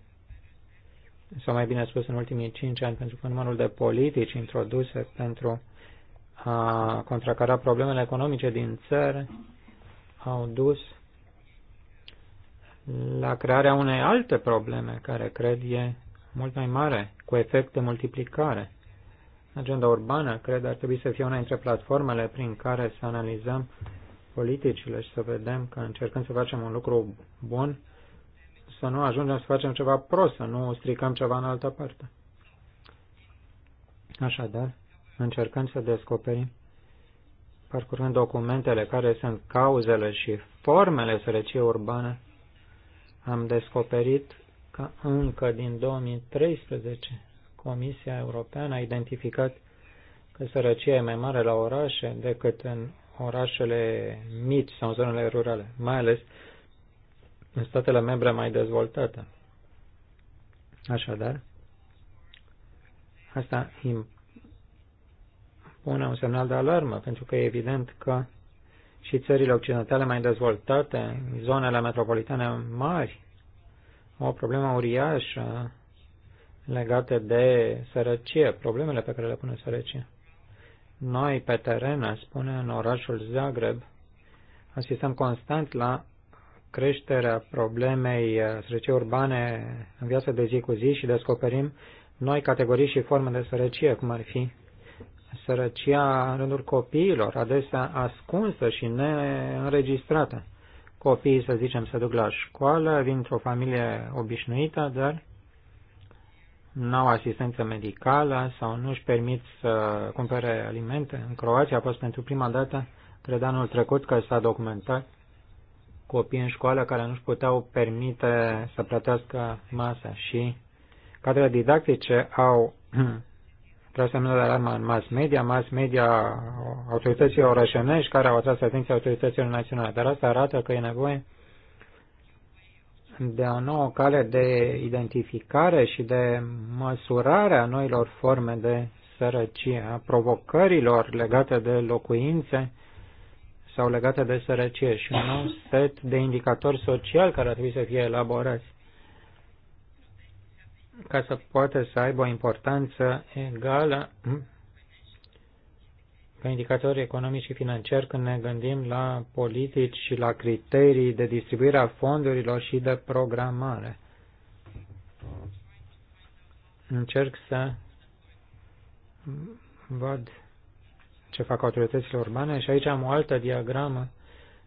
sau mai bine spus în ultimii 5 ani, pentru că numărul de politici introduse pentru a contracara problemele economice din țări au dus la crearea unei alte probleme care, cred, e mult mai mare, cu efect de multiplicare. Agenda urbană, cred, ar trebui să fie una dintre platformele prin care să analizăm politicile și să vedem că încercând să facem un lucru bun, să nu ajungem să facem ceva prost, să nu stricăm ceva în altă parte. Așadar, încercăm să descoperim, parcurând documentele, care sunt cauzele și formele sărăciei urbane am descoperit că încă din 2013 Comisia Europeană a identificat că sărăcia e mai mare la orașe decât în orașele mici sau în zonele rurale, mai ales în statele membre mai dezvoltate. Așadar, asta impune un semnal de alarmă, pentru că e evident că și țările occidentale mai dezvoltate, zonele metropolitane mari, o problemă uriașă legată de sărăcie, problemele pe care le pune sărăcie. Noi, pe teren, spune, în orașul Zagreb, asistăm constant la creșterea problemei sărăciei urbane în viața de zi cu zi și descoperim noi categorii și forme de sărăcie, cum ar fi sărăcia în rândul copiilor, adesea ascunsă și neînregistrată. Copiii, să zicem, se duc la școală, vin într-o familie obișnuită, dar nu au asistență medicală sau nu își permit să cumpere alimente. În Croația a fost pentru prima dată, cred anul trecut, că s-a documentat copii în școală care nu-și puteau permite să plătească masa și cadrele didactice au Vreau să de alarmă în mass media, mass media autorităților orășenești care au atras atenția autorităților naționale. Dar asta arată că e nevoie de o nouă cale de identificare și de măsurare a noilor forme de sărăcie, a provocărilor legate de locuințe sau legate de sărăcie și un nou set de indicatori sociali care ar trebui să fie elaborați ca să poată să aibă o importanță egală ca indicatori economici și financiari când ne gândim la politici și la criterii de distribuire a fondurilor și de programare. Încerc să văd ce fac autoritățile urbane și aici am o altă diagramă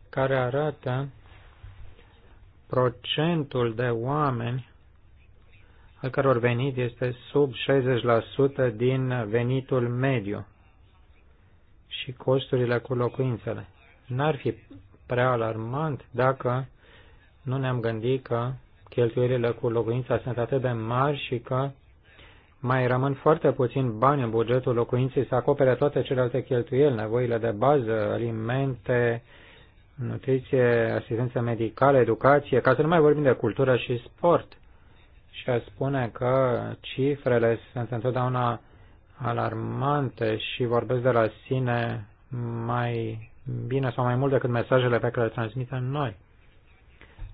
care arată procentul de oameni al căror venit este sub 60% din venitul mediu și costurile cu locuințele. N-ar fi prea alarmant dacă nu ne-am gândit că cheltuielile cu locuința sunt atât de mari și că mai rămân foarte puțin bani în bugetul locuinței să acopere toate celelalte cheltuieli, nevoile de bază, alimente, nutriție, asistență medicală, educație, ca să nu mai vorbim de cultură și sport și spune că cifrele sunt întotdeauna alarmante și vorbesc de la sine mai bine sau mai mult decât mesajele pe care le transmitem noi.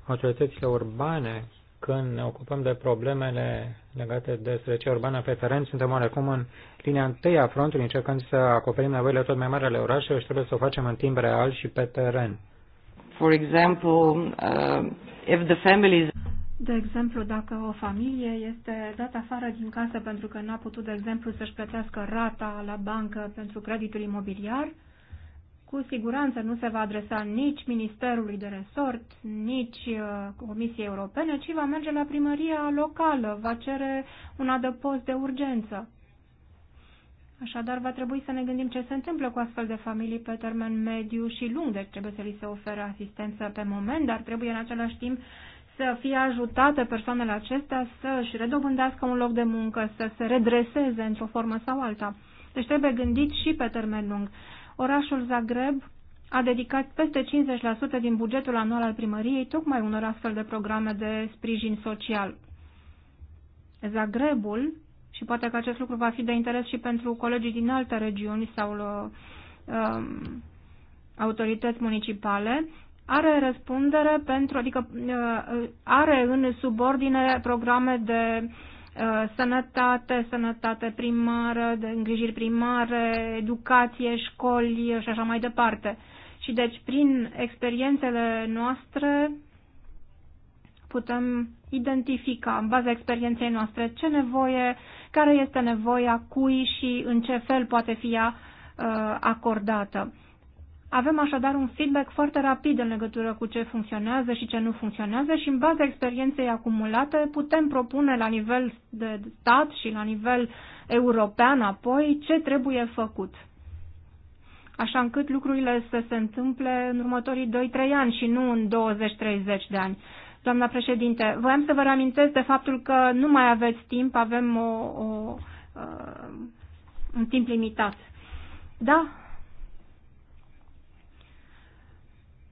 Autoritățile urbane, când ne ocupăm de problemele legate de strecea urbană pe teren, suntem oarecum în linia întâi a frontului, încercând să acoperim nevoile tot mai mari ale orașelor și trebuie să o facem în timp real și pe teren. For example, uh, if the families de exemplu, dacă o familie este dată afară din casă pentru că n-a putut, de exemplu, să-și plătească rata la bancă pentru creditul imobiliar, cu siguranță nu se va adresa nici Ministerului de Resort, nici uh, Comisiei Europene, ci va merge la primăria locală, va cere un adăpost de urgență. Așadar, va trebui să ne gândim ce se întâmplă cu astfel de familii pe termen mediu și lung, deci trebuie să li se oferă asistență pe moment, dar trebuie în același timp să fie ajutate persoanele acestea să își redobândească un loc de muncă, să se redreseze într-o formă sau alta. Deci trebuie gândit și pe termen lung. Orașul Zagreb a dedicat peste 50% din bugetul anual al primăriei tocmai unor astfel de programe de sprijin social. Zagrebul, și poate că acest lucru va fi de interes și pentru colegii din alte regiuni sau uh, um, autorități municipale, are răspundere pentru, adică uh, are în subordine programe de uh, sănătate, sănătate primară, de îngrijiri primare, educație, școli și așa mai departe. Și deci prin experiențele noastre putem identifica în baza experienței noastre ce nevoie, care este nevoia cui și în ce fel poate fi ea uh, acordată. Avem așadar un feedback foarte rapid în legătură cu ce funcționează și ce nu funcționează și în baza experienței acumulate putem propune la nivel de stat și la nivel european apoi ce trebuie făcut. Așa încât lucrurile să se întâmple în următorii 2-3 ani și nu în 20-30 de ani. Doamna președinte, voiam să vă reamintesc de faptul că nu mai aveți timp, avem o, o, uh, un timp limitat. Da,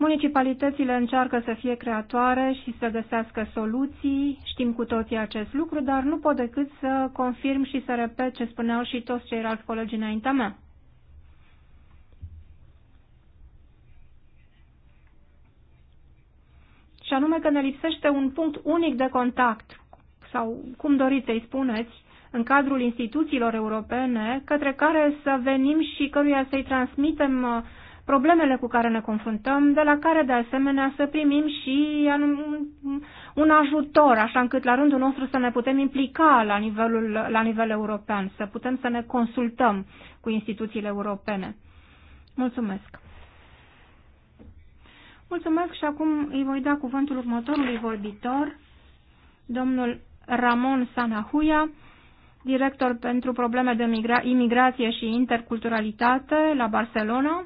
Municipalitățile încearcă să fie creatoare și să găsească soluții, știm cu toții acest lucru, dar nu pot decât să confirm și să repet ce spuneau și toți ceilalți colegi înaintea mea. Și anume că ne lipsește un punct unic de contact, sau cum doriți să-i spuneți, în cadrul instituțiilor europene, către care să venim și căruia să-i transmitem uh, problemele cu care ne confruntăm, de la care de asemenea să primim și un ajutor, așa încât la rândul nostru să ne putem implica la, nivelul, la nivel european, să putem să ne consultăm cu instituțiile europene. Mulțumesc! Mulțumesc și acum îi voi da cuvântul următorului vorbitor, domnul Ramon Sanahuia, director pentru probleme de imigrație și interculturalitate la Barcelona,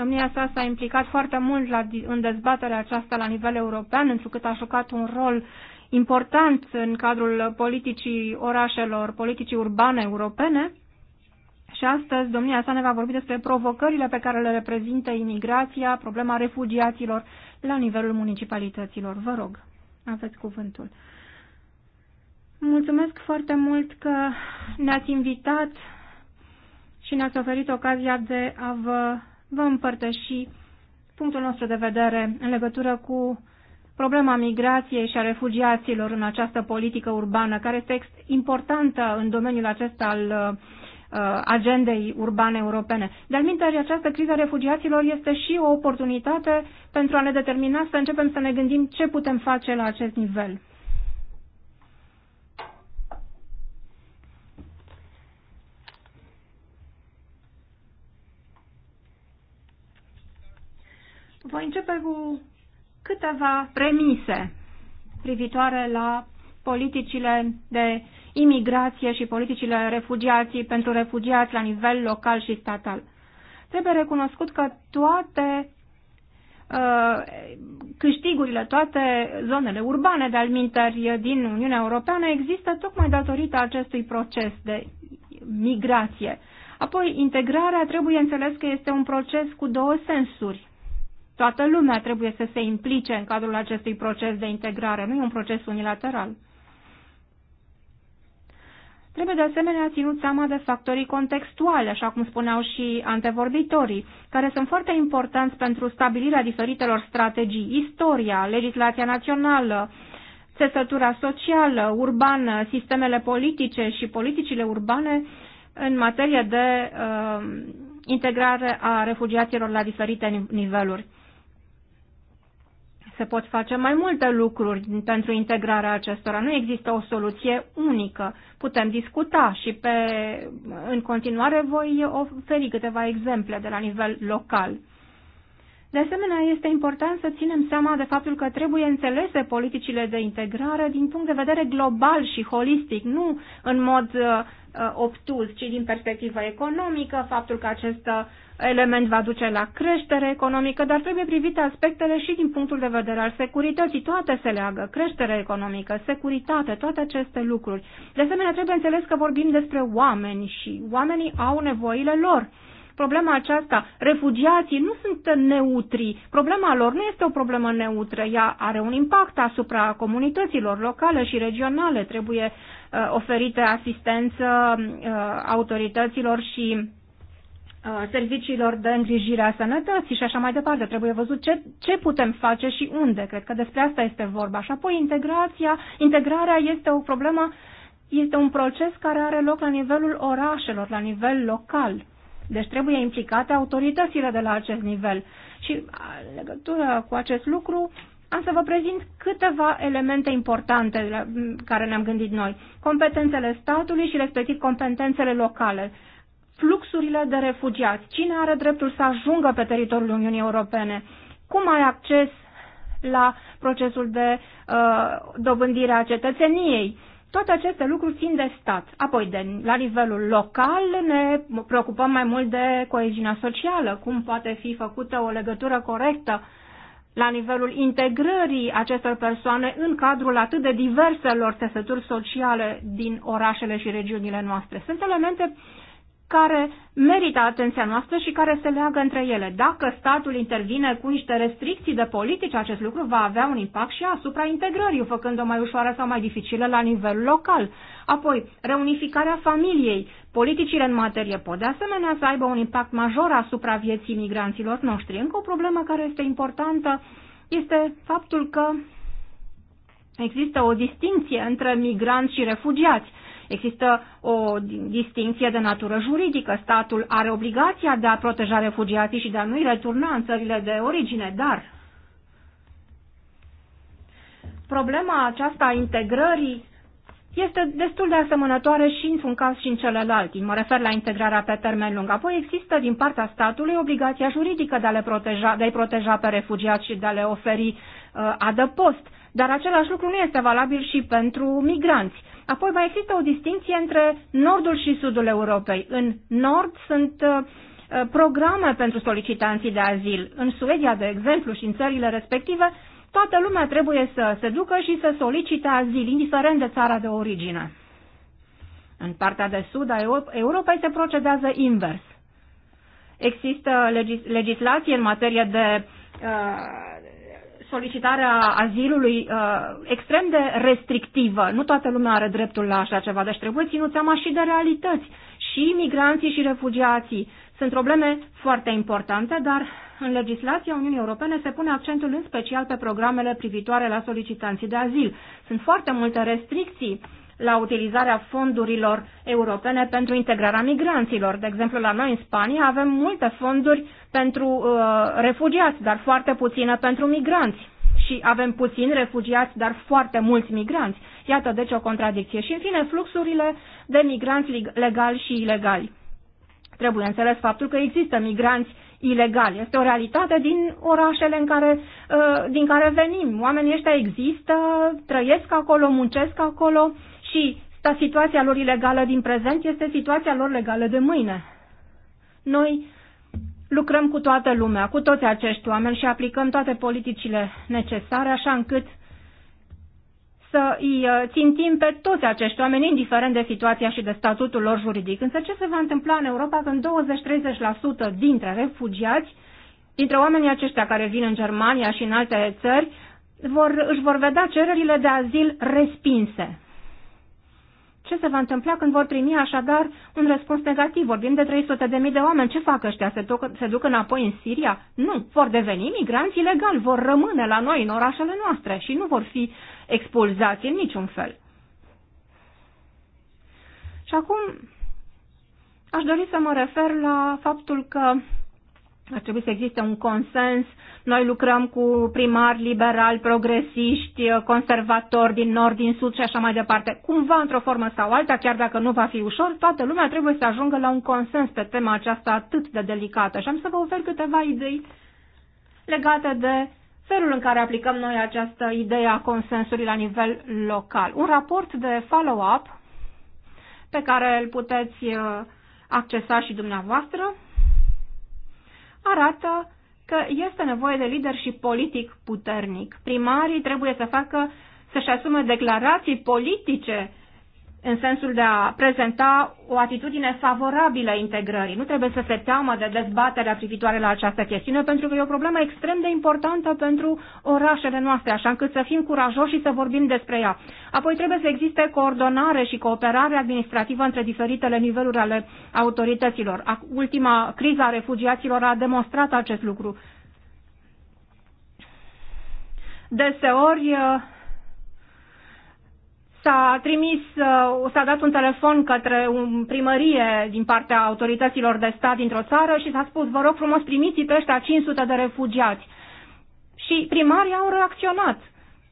Domnia sa s-a implicat foarte mult la, în dezbaterea aceasta la nivel european, întrucât a jucat un rol important în cadrul politicii orașelor, politicii urbane europene. Și astăzi domnia sa ne va vorbi despre provocările pe care le reprezintă imigrația, problema refugiaților la nivelul municipalităților. Vă rog, aveți cuvântul. Mulțumesc foarte mult că ne-ați invitat și ne-ați oferit ocazia de a vă vă împărtăși punctul nostru de vedere în legătură cu problema migrației și a refugiaților în această politică urbană, care este importantă în domeniul acesta al uh, agendei urbane europene. De-al această criză a refugiaților este și o oportunitate pentru a ne determina să începem să ne gândim ce putem face la acest nivel. Voi începe cu câteva premise privitoare la politicile de imigrație și politicile refugiații pentru refugiați la nivel local și statal. Trebuie recunoscut că toate uh, câștigurile, toate zonele urbane de alminteri din Uniunea Europeană există tocmai datorită acestui proces de migrație. Apoi, integrarea trebuie înțeles că este un proces cu două sensuri. Toată lumea trebuie să se implice în cadrul acestui proces de integrare, nu e un proces unilateral. Trebuie de asemenea ținut seama de factorii contextuali, așa cum spuneau și antevorbitorii, care sunt foarte importanți pentru stabilirea diferitelor strategii, istoria, legislația națională, țesătura socială, urbană, sistemele politice și politicile urbane în materie de uh, integrare a refugiaților la diferite niveluri. Se pot face mai multe lucruri pentru integrarea acestora. Nu există o soluție unică. Putem discuta și pe, în continuare voi oferi câteva exemple de la nivel local. De asemenea, este important să ținem seama de faptul că trebuie înțelese politicile de integrare din punct de vedere global și holistic, nu în mod uh, Uh, obtuz, ci din perspectivă economică, faptul că acest uh, element va duce la creștere economică, dar trebuie privite aspectele și din punctul de vedere al securității. Toate se leagă, creștere economică, securitate, toate aceste lucruri. De asemenea, trebuie înțeles că vorbim despre oameni și oamenii au nevoile lor. Problema aceasta, refugiații nu sunt neutri, problema lor nu este o problemă neutră, ea are un impact asupra comunităților locale și regionale, trebuie Uh, oferită asistență uh, autorităților și uh, serviciilor de îngrijire a sănătății și așa mai departe. Trebuie văzut ce, ce putem face și unde. Cred că despre asta este vorba. Și apoi integrația, integrarea este o problemă, este un proces care are loc la nivelul orașelor, la nivel local. Deci trebuie implicate autoritățile de la acest nivel. Și în legătură cu acest lucru, am să vă prezint câteva elemente importante la care ne-am gândit noi. Competențele statului și respectiv competențele locale. Fluxurile de refugiați. Cine are dreptul să ajungă pe teritoriul Uniunii Europene? Cum ai acces la procesul de uh, dobândire a cetățeniei? Toate aceste lucruri țin de stat. Apoi, de, la nivelul local, ne preocupăm mai mult de coeziunea socială, cum poate fi făcută o legătură corectă la nivelul integrării acestor persoane în cadrul atât de diverselor tesături sociale din orașele și regiunile noastre. Sunt elemente care merită atenția noastră și care se leagă între ele. Dacă statul intervine cu niște restricții de politici, acest lucru va avea un impact și asupra integrării, făcând-o mai ușoară sau mai dificilă la nivel local. Apoi, reunificarea familiei Politicile în materie pot de asemenea să aibă un impact major asupra vieții migranților noștri. Încă o problemă care este importantă este faptul că există o distinție între migranți și refugiați. Există o distinție de natură juridică. Statul are obligația de a proteja refugiații și de a nu-i returna în țările de origine, dar problema aceasta a integrării este destul de asemănătoare și într-un caz și în celălalt. Mă refer la integrarea pe termen lung. Apoi există din partea statului obligația juridică de, a le proteja, de a proteja pe refugiați și de a le oferi uh, adăpost. Dar același lucru nu este valabil și pentru migranți. Apoi mai există o distinție între nordul și sudul Europei. În nord sunt uh, uh programe pentru solicitanții de azil. În Suedia, de exemplu, și în țările respective, toată lumea trebuie să se ducă și să solicite azil, indiferent de țara de origine. În partea de sud a Europei se procedează invers. Există legis legislație în materie de uh, solicitarea azilului uh, extrem de restrictivă. Nu toată lumea are dreptul la așa ceva, deci trebuie ținut seama și de realități. Și migranții și refugiații sunt probleme foarte importante, dar în legislația Uniunii Europene se pune accentul în special pe programele privitoare la solicitanții de azil. Sunt foarte multe restricții la utilizarea fondurilor europene pentru integrarea migranților. De exemplu, la noi în Spania avem multe fonduri pentru uh, refugiați, dar foarte puține pentru migranți. Și avem puțini refugiați, dar foarte mulți migranți. Iată deci o contradicție. Și în fine, fluxurile de migranți legali și ilegali. Trebuie înțeles faptul că există migranți ilegali. Este o realitate din orașele în care, uh, din care venim. Oamenii ăștia există, trăiesc acolo, muncesc acolo și sta situația lor ilegală din prezent este situația lor legală de mâine. Noi lucrăm cu toată lumea, cu toți acești oameni și aplicăm toate politicile necesare, așa încât să îi uh, țintim pe toți acești oameni, indiferent de situația și de statutul lor juridic. Însă ce se va întâmpla în Europa când 20-30% dintre refugiați, dintre oamenii aceștia care vin în Germania și în alte țări, vor, își vor vedea cererile de azil respinse? Ce se va întâmpla când vor primi așadar un răspuns negativ? Vorbim de 300.000 de oameni. Ce fac ăștia? Se, duc, se duc înapoi în Siria? Nu. Vor deveni migranți ilegali, vor rămâne la noi, în orașele noastre și nu vor fi expulzați în niciun fel. Și acum aș dori să mă refer la faptul că ar trebui să existe un consens. Noi lucrăm cu primari liberali, progresiști, conservatori din nord, din sud și așa mai departe. Cumva, într-o formă sau alta, chiar dacă nu va fi ușor, toată lumea trebuie să ajungă la un consens pe tema aceasta atât de delicată. Și am să vă ofer câteva idei legate de felul în care aplicăm noi această idee a consensului la nivel local. Un raport de follow-up pe care îl puteți uh, accesa și dumneavoastră arată că este nevoie de lider și politic puternic. Primarii trebuie să facă să-și asume declarații politice în sensul de a prezenta o atitudine favorabilă integrării. Nu trebuie să se teamă de dezbaterea privitoare la această chestiune, pentru că e o problemă extrem de importantă pentru orașele noastre, așa încât să fim curajoși și să vorbim despre ea. Apoi trebuie să existe coordonare și cooperare administrativă între diferitele niveluri ale autorităților. Ultima criza a refugiaților a demonstrat acest lucru. Deseori, uh, s-a trimis, uh, s-a dat un telefon către o primărie din partea autorităților de stat dintr-o țară și s-a spus, vă rog frumos, primiți pe ăștia 500 de refugiați. Și primarii au reacționat.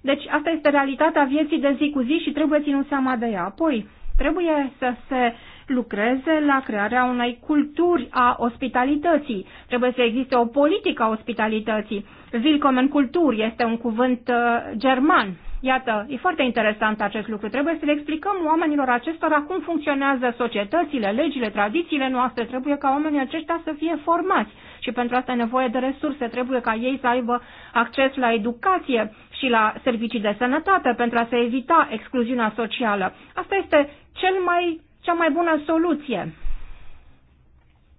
Deci asta este realitatea vieții de zi cu zi și trebuie ținut seama de ea. Apoi, trebuie să se lucreze la crearea unei culturi a ospitalității. Trebuie să existe o politică a ospitalității. Willkommen cultur este un cuvânt uh, german Iată, e foarte interesant acest lucru. Trebuie să le explicăm oamenilor acestora cum funcționează societățile, legile, tradițiile noastre. Trebuie ca oamenii aceștia să fie formați și pentru asta e nevoie de resurse. Trebuie ca ei să aibă acces la educație și la servicii de sănătate pentru a se evita excluziunea socială. Asta este cel mai, cea mai bună soluție.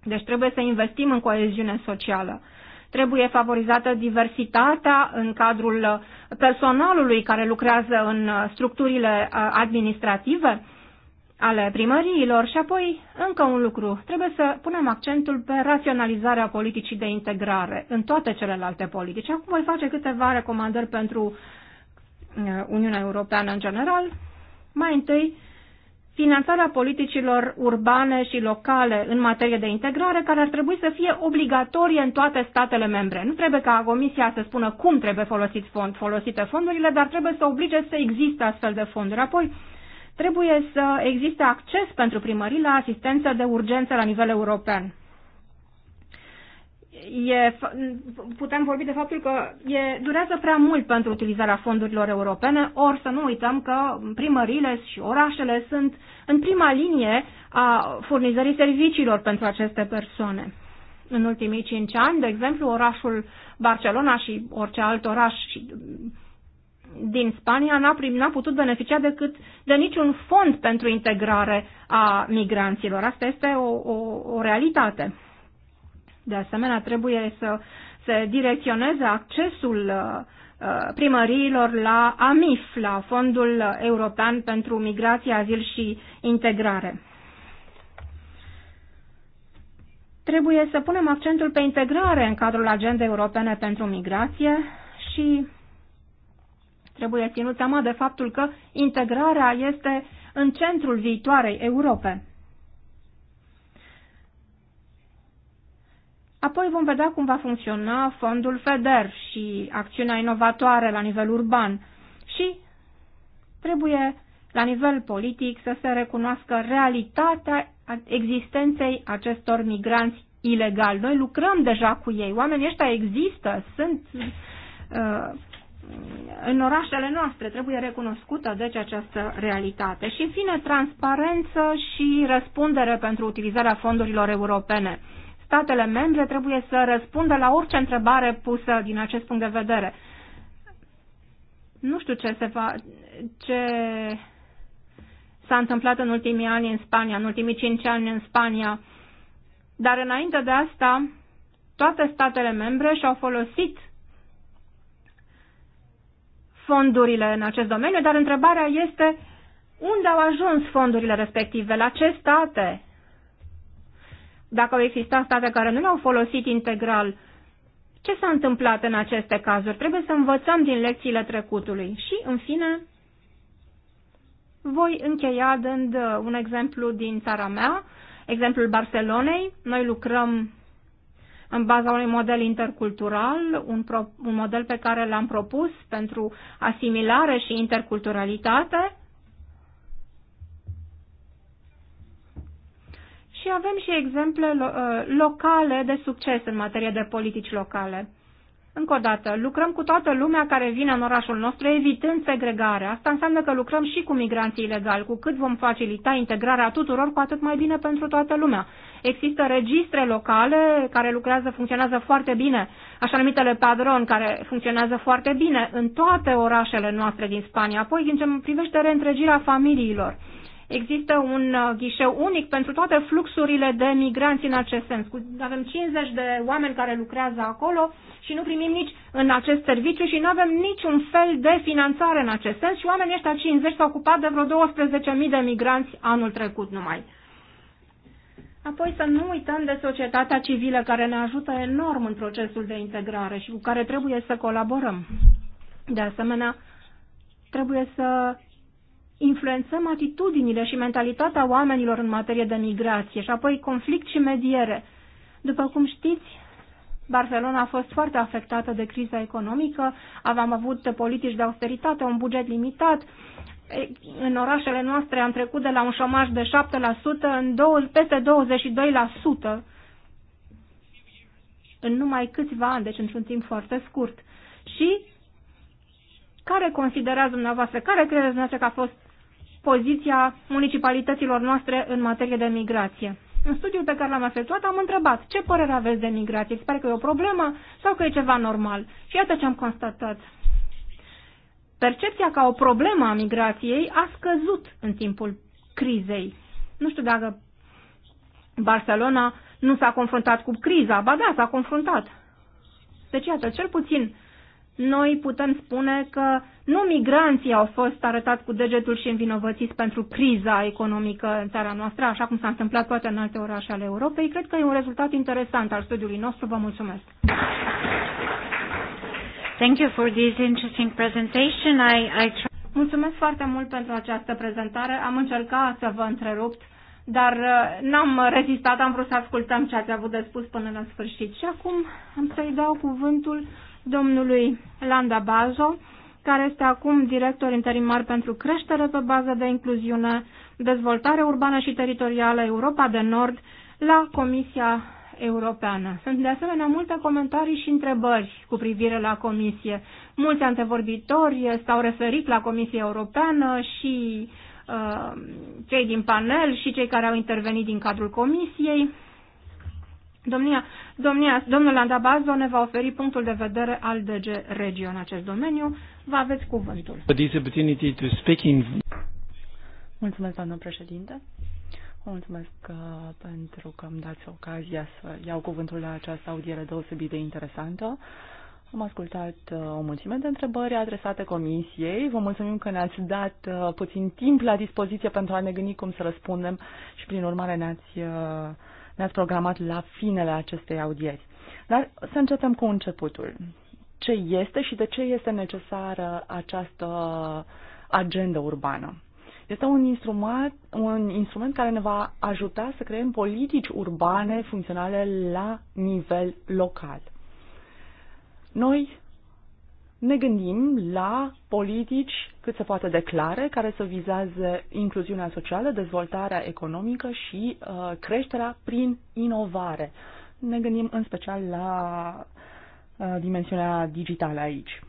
Deci trebuie să investim în coeziune socială. Trebuie favorizată diversitatea în cadrul personalului care lucrează în structurile uh, administrative ale primăriilor și apoi încă un lucru. Trebuie să punem accentul pe raționalizarea politicii de integrare în toate celelalte politici. Acum voi face câteva recomandări pentru uh, Uniunea Europeană în general. Mai întâi, finanțarea politicilor urbane și locale în materie de integrare, care ar trebui să fie obligatorie în toate statele membre. Nu trebuie ca Comisia să spună cum trebuie folosit fond, folosite fondurile, dar trebuie să oblige să existe astfel de fonduri. Apoi, trebuie să existe acces pentru primării la asistență de urgență la nivel european e, putem vorbi de faptul că e, durează prea mult pentru utilizarea fondurilor europene, ori să nu uităm că primările și orașele sunt în prima linie a furnizării serviciilor pentru aceste persoane. În ultimii cinci ani, de exemplu, orașul Barcelona și orice alt oraș din Spania n-a, n-a putut beneficia decât de niciun fond pentru integrare a migranților. Asta este o, o, o realitate. De asemenea, trebuie să se direcționeze accesul uh, uh, primăriilor la AMIF, la Fondul European pentru Migrație, Azil și Integrare. Trebuie să punem accentul pe integrare în cadrul agendei europene pentru migrație și trebuie ținut seama de faptul că integrarea este în centrul viitoarei Europe. Apoi vom vedea cum va funcționa fondul FEDER și acțiunea inovatoare la nivel urban și trebuie la nivel politic să se recunoască realitatea existenței acestor migranți ilegali. Noi lucrăm deja cu ei, oamenii ăștia există, sunt uh, în orașele noastre, trebuie recunoscută deci această realitate. Și în fine, transparență și răspundere pentru utilizarea fondurilor europene statele membre trebuie să răspundă la orice întrebare pusă din acest punct de vedere. Nu știu ce se va, ce s-a întâmplat în ultimii ani în Spania, în ultimii cinci ani în Spania, dar înainte de asta, toate statele membre și-au folosit fondurile în acest domeniu, dar întrebarea este unde au ajuns fondurile respective, la ce state, dacă au existat state care nu le-au folosit integral, ce s-a întâmplat în aceste cazuri? Trebuie să învățăm din lecțiile trecutului. Și, în fine, voi încheia dând uh, un exemplu din țara mea, exemplul Barcelonei. Noi lucrăm în baza unui model intercultural, un, pro, un model pe care l-am propus pentru asimilare și interculturalitate. Și avem și exemple uh, locale de succes în materie de politici locale. Încă o dată, lucrăm cu toată lumea care vine în orașul nostru, evitând segregarea. Asta înseamnă că lucrăm și cu migranții ilegali. Cu cât vom facilita integrarea tuturor, cu atât mai bine pentru toată lumea. Există registre locale care lucrează, funcționează foarte bine, așa numitele padron, care funcționează foarte bine în toate orașele noastre din Spania. Apoi, în ce privește reîntregirea familiilor există un uh, ghișeu unic pentru toate fluxurile de migranți în acest sens. Avem 50 de oameni care lucrează acolo și nu primim nici în acest serviciu și nu avem niciun fel de finanțare în acest sens și oamenii ăștia 50 s-au ocupat de vreo 12.000 de migranți anul trecut numai. Apoi să nu uităm de societatea civilă care ne ajută enorm în procesul de integrare și cu care trebuie să colaborăm. De asemenea, trebuie să influențăm atitudinile și mentalitatea oamenilor în materie de migrație și apoi conflict și mediere. După cum știți, Barcelona a fost foarte afectată de criza economică, aveam avut politici de austeritate, un buget limitat. În orașele noastre am trecut de la un șomaj de 7% în două, peste 22% în numai câțiva ani, deci într-un timp foarte scurt. Și care considerați dumneavoastră, care credeți dumneavoastră că a fost poziția municipalităților noastre în materie de migrație. În studiul pe care l-am efectuat am întrebat ce părere aveți de migrație, îți pare că e o problemă sau că e ceva normal? Și iată ce am constatat. Percepția ca o problemă a migrației a scăzut în timpul crizei. Nu știu dacă Barcelona nu s-a confruntat cu criza, ba da, s-a confruntat. Deci, iată, cel puțin noi putem spune că nu migranții au fost arătați cu degetul și învinovățiți pentru criza economică în țara noastră, așa cum s-a întâmplat poate în alte orașe ale Europei. Cred că e un rezultat interesant al studiului nostru. Vă mulțumesc! Thank you for this interesting presentation. I, I try... Mulțumesc foarte mult pentru această prezentare. Am încercat să vă întrerup, dar uh, n-am rezistat, am vrut să ascultăm ce ați avut de spus până la sfârșit. Și acum am să-i dau cuvântul domnului Landa Bazo, care este acum director interimar pentru creștere pe bază de incluziune, dezvoltare urbană și teritorială Europa de Nord la Comisia Europeană. Sunt de asemenea multe comentarii și întrebări cu privire la Comisie. Mulți antevorbitori s-au referit la Comisia Europeană și uh, cei din panel și cei care au intervenit din cadrul Comisiei. Domnia, domnia, domnul Andabazo ne va oferi punctul de vedere al DG Regio în acest domeniu. Vă aveți cuvântul. Mulțumesc, doamnă președinte. Mulțumesc mulțumesc uh, pentru că îmi dați ocazia să iau cuvântul la această audiere deosebit de interesantă. Am ascultat uh, o mulțime de întrebări adresate comisiei. Vă mulțumim că ne-ați dat uh, puțin timp la dispoziție pentru a ne gândi cum să răspundem și, prin urmare, ne-ați ne-ați programat la finele acestei audieri. Dar să începem cu începutul. Ce este și de ce este necesară această agendă urbană? Este un instrument, un instrument care ne va ajuta să creăm politici urbane funcționale la nivel local. Noi ne gândim la politici cât se poate de clare, care să vizeze incluziunea socială, dezvoltarea economică și uh, creșterea prin inovare. Ne gândim în special la uh, dimensiunea digitală aici.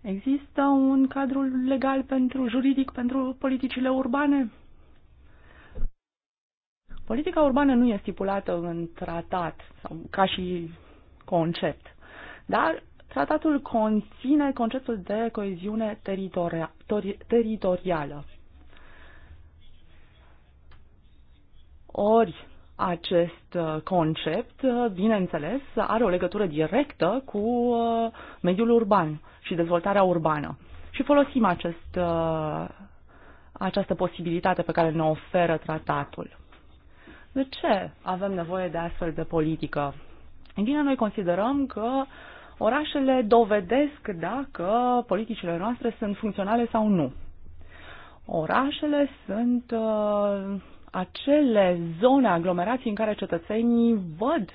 Există un cadru legal pentru juridic pentru politicile urbane? Politica urbană nu este stipulată în tratat, sau ca și concept. Dar tratatul conține conceptul de coeziune teritoria, teritorială. Ori acest uh, concept, uh, bineînțeles, are o legătură directă cu uh, mediul urban și dezvoltarea urbană. Și folosim acest, această posibilitate pe care ne oferă tratatul. De ce avem nevoie de astfel de politică? Ei bine, noi considerăm că uh, orașele dovedesc dacă politicile noastre sunt funcționale sau nu. Orașele sunt uh, acele zone aglomerații în care cetățenii văd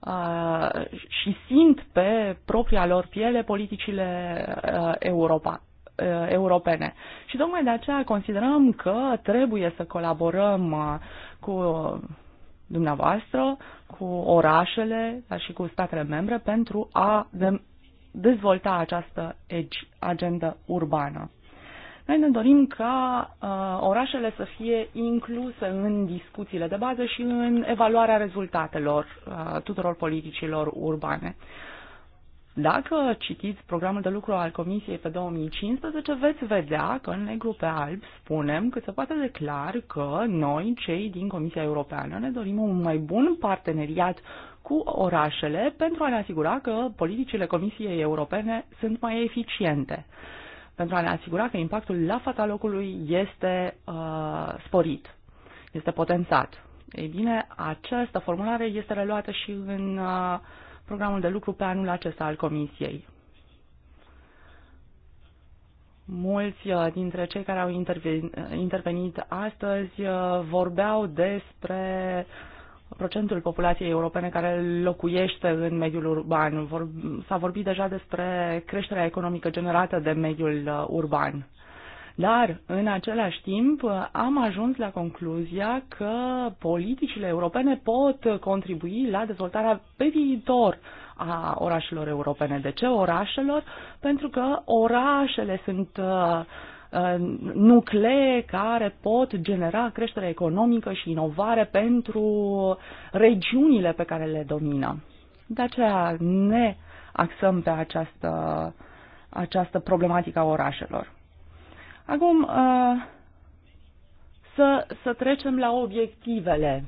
uh, și simt pe propria lor piele politicile uh, Europa, uh, europene. Și tocmai de aceea considerăm că trebuie să colaborăm uh, cu dumneavoastră, cu orașele, dar și cu statele membre pentru a dezvolta această agendă urbană. Noi ne dorim ca uh, orașele să fie incluse în discuțiile de bază și în evaluarea rezultatelor uh, tuturor politicilor urbane. Uh, dacă citiți programul de lucru al Comisiei pe 2015, veți vedea că în negru pe alb spunem că se poate declar că noi, cei din Comisia Europeană, ne dorim un mai bun parteneriat cu orașele pentru a ne asigura că politicile Comisiei Europene sunt mai eficiente, pentru a ne asigura că impactul la fața locului este uh, sporit, este potențat. Ei bine, această formulare este reluată și în uh, programul de lucru pe anul acesta al Comisiei. Mulți uh, dintre cei care au uh, intervenit astăzi uh, vorbeau despre procentul populației europene care locuiește în mediul urban. S-a vorbit deja despre creșterea economică generată de mediul urban. Dar, în același timp, am ajuns la concluzia că politicile europene pot contribui la dezvoltarea pe viitor a orașelor europene. De ce orașelor? Pentru că orașele sunt uh, nuclee care pot genera creștere economică și inovare pentru regiunile pe care le domină. De aceea ne axăm pe această, această problematică a orașelor. Acum, uh, să, să trecem la obiectivele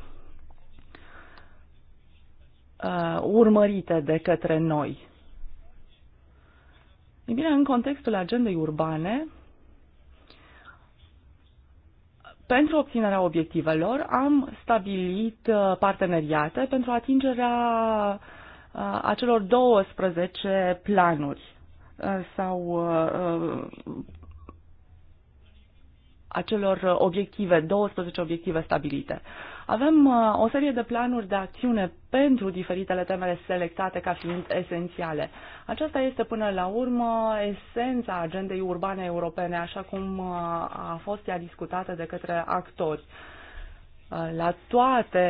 uh, urmărite de către noi. Ei bine, în contextul agendei urbane, pentru obținerea obiectivelor am stabilit uh, parteneriate pentru atingerea acelor 12 planuri sau acelor obiective, 12 obiective stabilite. Avem uh, o serie de planuri de acțiune pentru diferitele temele selectate ca fiind esențiale. Aceasta este până la urmă esența agendei urbane europene, așa cum uh, a fost ea discutată de către actori. Uh, la toate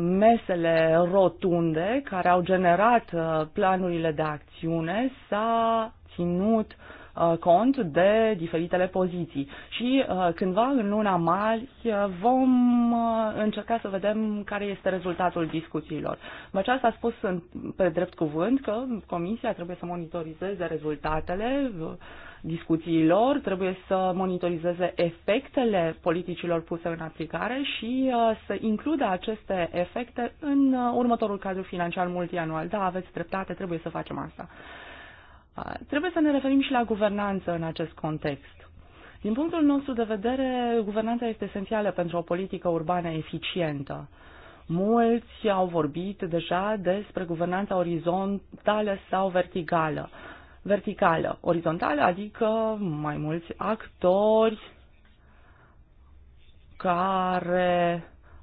mesele rotunde care au generat planurile de acțiune s-a ținut uh, Uh, cont de diferitele poziții. Și uh, cândva în luna mai uh, vom încerca să vedem care este rezultatul discuțiilor. s a spus pe drept cuvânt că Comisia trebuie să monitorizeze rezultatele discuțiilor, trebuie să monitorizeze efectele politicilor puse în aplicare și să includă aceste efecte în următorul cadru financiar multianual. Da, aveți dreptate, trebuie să facem asta. Trebuie să ne referim și la guvernanță în acest context. Din punctul nostru de vedere, guvernanța este esențială pentru o politică urbană eficientă. Mulți au vorbit deja despre guvernanța orizontală sau verticală. Verticală, orizontală, adică mai mulți actori care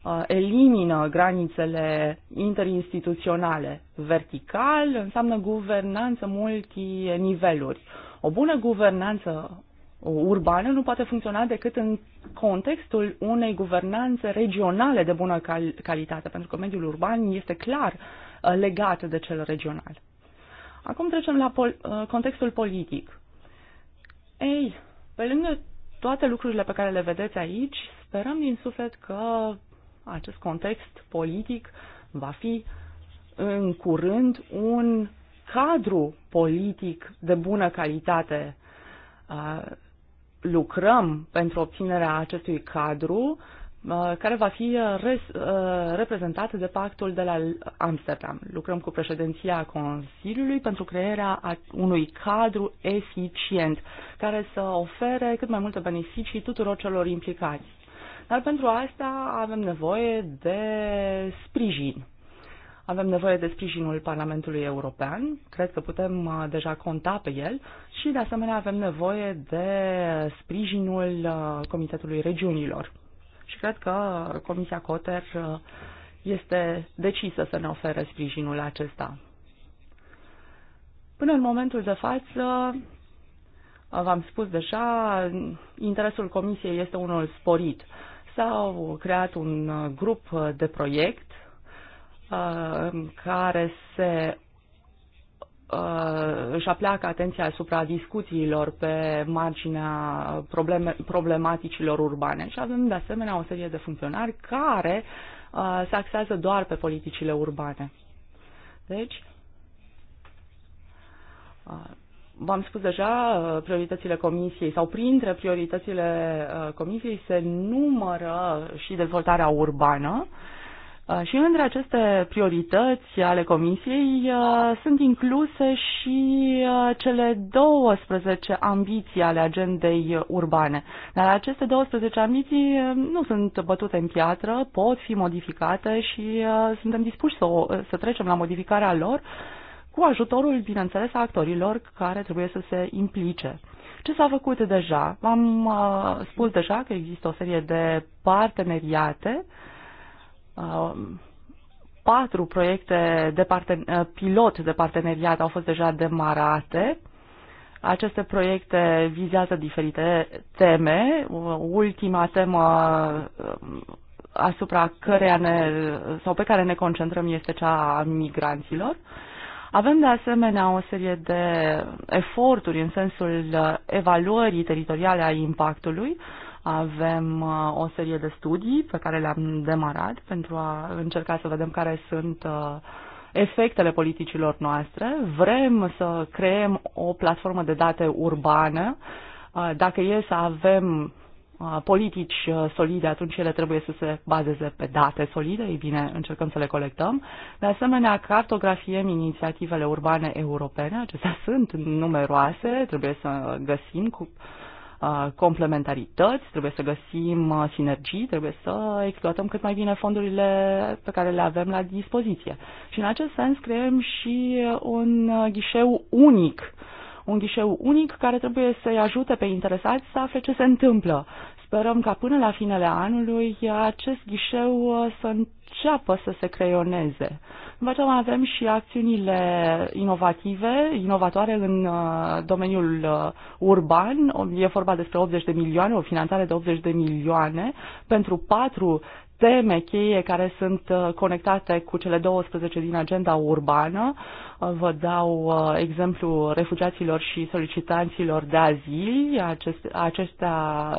Uh, elimină granițele interinstituționale. Vertical înseamnă guvernanță multiniveluri. O bună guvernanță urbană nu poate funcționa decât în contextul unei guvernanțe regionale de bună cal- calitate, pentru că mediul urban este clar uh, legat de cel regional. Acum trecem la pol- uh, contextul politic. Ei, pe lângă toate lucrurile pe care le vedeți aici, sperăm din suflet că acest context politic va fi în curând un cadru politic de bună calitate. Uh, lucrăm pentru obținerea acestui cadru uh, care va fi uh, reprezentat de pactul de la Amsterdam. Lucrăm cu președinția Consiliului pentru crearea unui cadru eficient care să ofere cât mai multe beneficii tuturor celor implicați. Dar pentru asta avem nevoie de sprijin. Avem nevoie de sprijinul Parlamentului European, cred că putem uh, deja conta pe el și de asemenea avem nevoie de sprijinul uh, Comitetului Regiunilor. Și cred că Comisia Coter uh, este decisă să ne ofere sprijinul acesta. Până în momentul de față, v-am spus deja, interesul Comisiei este unul sporit. S-au creat un uh, grup de proiect uh, care se uh, își apleacă atenția asupra discuțiilor pe marginea probleme, problematicilor urbane și avem de asemenea o serie de funcționari care se axează doar pe politicile urbane. Deci, V-am spus deja, uh, prioritățile comisiei sau printre prioritățile uh, comisiei se numără și dezvoltarea urbană. Uh, și între aceste priorități ale Comisiei sunt incluse și cele 12 ambiții ale agendei urbane. Dar aceste 12 ambiții nu sunt bătute în piatră, pot fi modificate și suntem dispuși să, o, să trecem la modificarea lor cu ajutorul, bineînțeles, a actorilor care trebuie să se implice. Ce s-a făcut deja? V-am uh, spus deja că există o serie de parteneriate, uh, patru proiecte de parten- uh, pilot de parteneriat au fost deja demarate, aceste proiecte vizează diferite teme. Ultima temă uh, asupra căreia ne, sau pe care ne concentrăm este cea a migranților. Avem de asemenea o serie de eforturi în sensul uh, evaluării teritoriale a impactului. Avem uh, o serie de studii pe care le-am demarat pentru a încerca să vedem care sunt uh, efectele politicilor noastre. Vrem să creăm o platformă de date urbană. Dacă e să avem politici solide, atunci ele trebuie să se bazeze pe date solide, ei bine, încercăm să le colectăm. De asemenea, cartografiem inițiativele urbane europene, acestea sunt numeroase, trebuie să găsim cu complementarități, trebuie să găsim sinergii, trebuie să exploatăm cât mai bine fondurile pe care le avem la dispoziție. Și în acest sens creăm și un ghișeu unic uh, un ghișeu unic care trebuie să-i ajute pe interesați să afle ce se întâmplă. Sperăm ca până la finele anului acest ghișeu uh, să înceapă să se creioneze. După aceea mai avem și acțiunile inovative, inovatoare în uh, domeniul uh, urban. E vorba despre 80 de milioane, o finanțare de 80 de milioane pentru patru teme cheie care sunt uh, conectate cu cele 12 din agenda urbană. Uh, vă dau uh, exemplu refugiaților și solicitanților de azil. acestea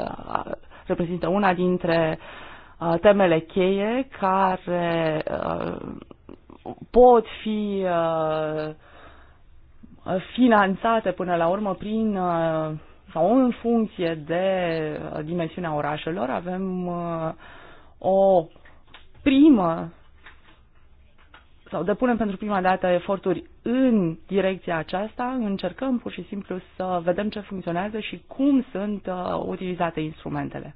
reprezintă una dintre temele cheie care pot fi finanțate până la urmă prin sau în funcție de dimensiunea orașelor. Avem o primă sau depunem pentru prima dată eforturi în direcția aceasta, încercăm pur și simplu să vedem ce funcționează și cum sunt uh, utilizate instrumentele.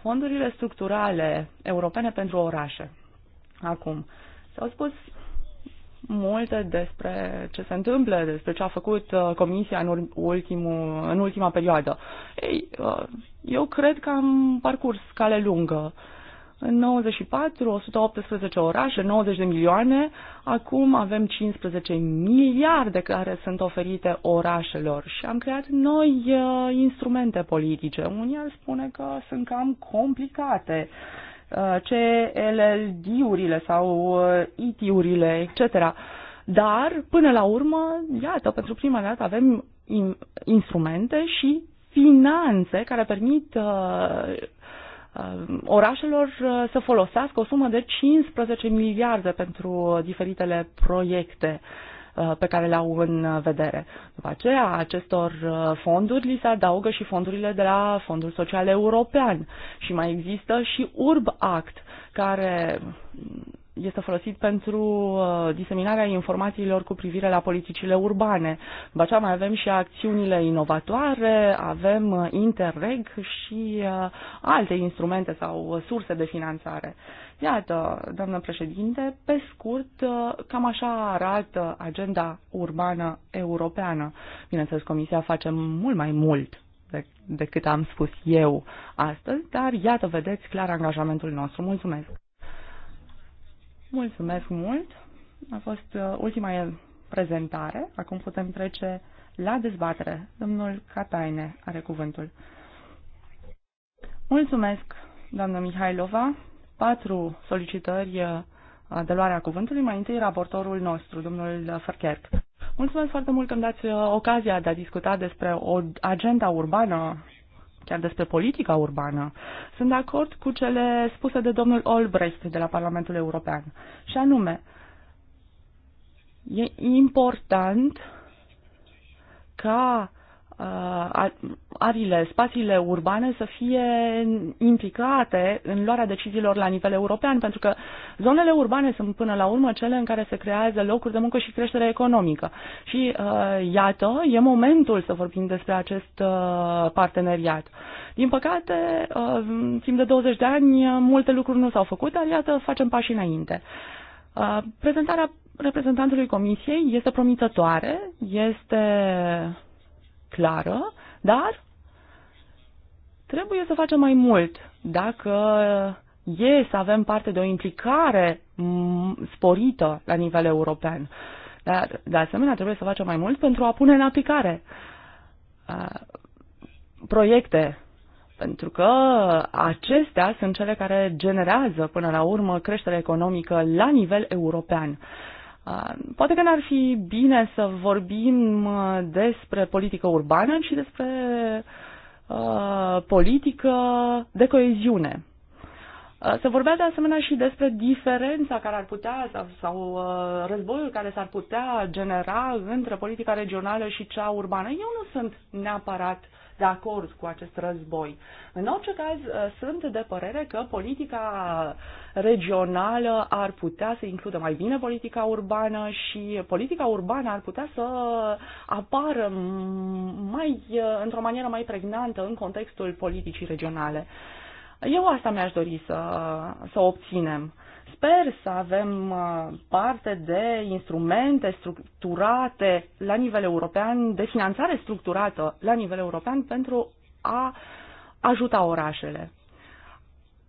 Fondurile structurale europene pentru orașe. Acum, s-au spus multe despre ce se întâmplă, despre ce a făcut uh, Comisia în, ultimul, în ultima perioadă. Ei, uh, eu cred că am parcurs cale lungă. În 94, 118 orașe, 90 de milioane, acum avem 15 miliarde care sunt oferite orașelor și am creat noi uh, instrumente politice. Unii ar spune că sunt cam complicate. Uh, CLLD-urile sau uh, IT-urile, etc. Dar, până la urmă, iată, pentru prima dată avem in, instrumente și finanțe care permit uh, Uh, orașelor uh, să folosească o sumă de 15 miliarde pentru diferitele proiecte uh, pe care le au în vedere. După aceea, acestor fonduri li se adaugă și fondurile de la Fondul Social European și mai există și Urb Act, care este folosit pentru uh, diseminarea informațiilor cu privire la politicile urbane. După aceea mai avem și acțiunile inovatoare, avem uh, Interreg și uh, alte instrumente sau surse de finanțare. Iată, doamnă președinte, pe scurt, cam așa arată agenda urbană europeană. Bineînțeles, Comisia face mult mai mult decât am spus eu astăzi, dar iată, vedeți clar angajamentul nostru. Mulțumesc! Mulțumesc mult! A fost uh, ultima prezentare. Acum putem trece la dezbatere. Domnul Cataine are cuvântul. Mulțumesc, doamnă Mihailova. Patru solicitări uh, de luarea cuvântului. Mai întâi raportorul nostru, domnul Fercherc. Mulțumesc foarte mult că îmi dați uh, ocazia de a discuta despre o agenda urbană chiar despre politica urbană. Sunt de acord cu cele spuse de domnul Olbrecht de la Parlamentul European. Și anume, e important ca uh, Uh, arile, spațiile urbane să fie implicate în luarea deciziilor la nivel european, pentru că zonele urbane sunt până la urmă cele în care se creează locuri de muncă și creștere economică. Și uh, iată, e momentul să vorbim despre acest uh, parteneriat. Din păcate, uh, timp de 20 de ani, multe lucruri nu s-au făcut, dar iată, facem pași înainte. Uh, prezentarea reprezentantului Comisiei este promițătoare, este clară, dar trebuie să facem mai mult. Dacă e să avem parte de o implicare sporită la nivel european, dar de asemenea trebuie să facem mai mult pentru a pune în aplicare uh, proiecte pentru că acestea sunt cele care generează până la urmă creștere economică la nivel european. Uh, poate că n-ar fi bine să vorbim uh, despre politică urbană și despre uh, politică de coeziune. Uh, se vorbea de asemenea și despre diferența care ar putea sau, sau războiul care s-ar putea genera între politica regională și cea urbană. Eu nu sunt neapărat uh, de acord cu acest război. În orice caz, uh, sunt de părere că politica regională ar putea să includă mai bine politica urbană și politica urbană ar putea să apară mai, uh, într-o manieră mai pregnantă în contextul politicii regionale. Eu asta mi-aș dori să, să obținem. Sper să avem uh, parte de instrumente structurate la nivel european, de finanțare structurată la nivel european pentru a ajuta orașele.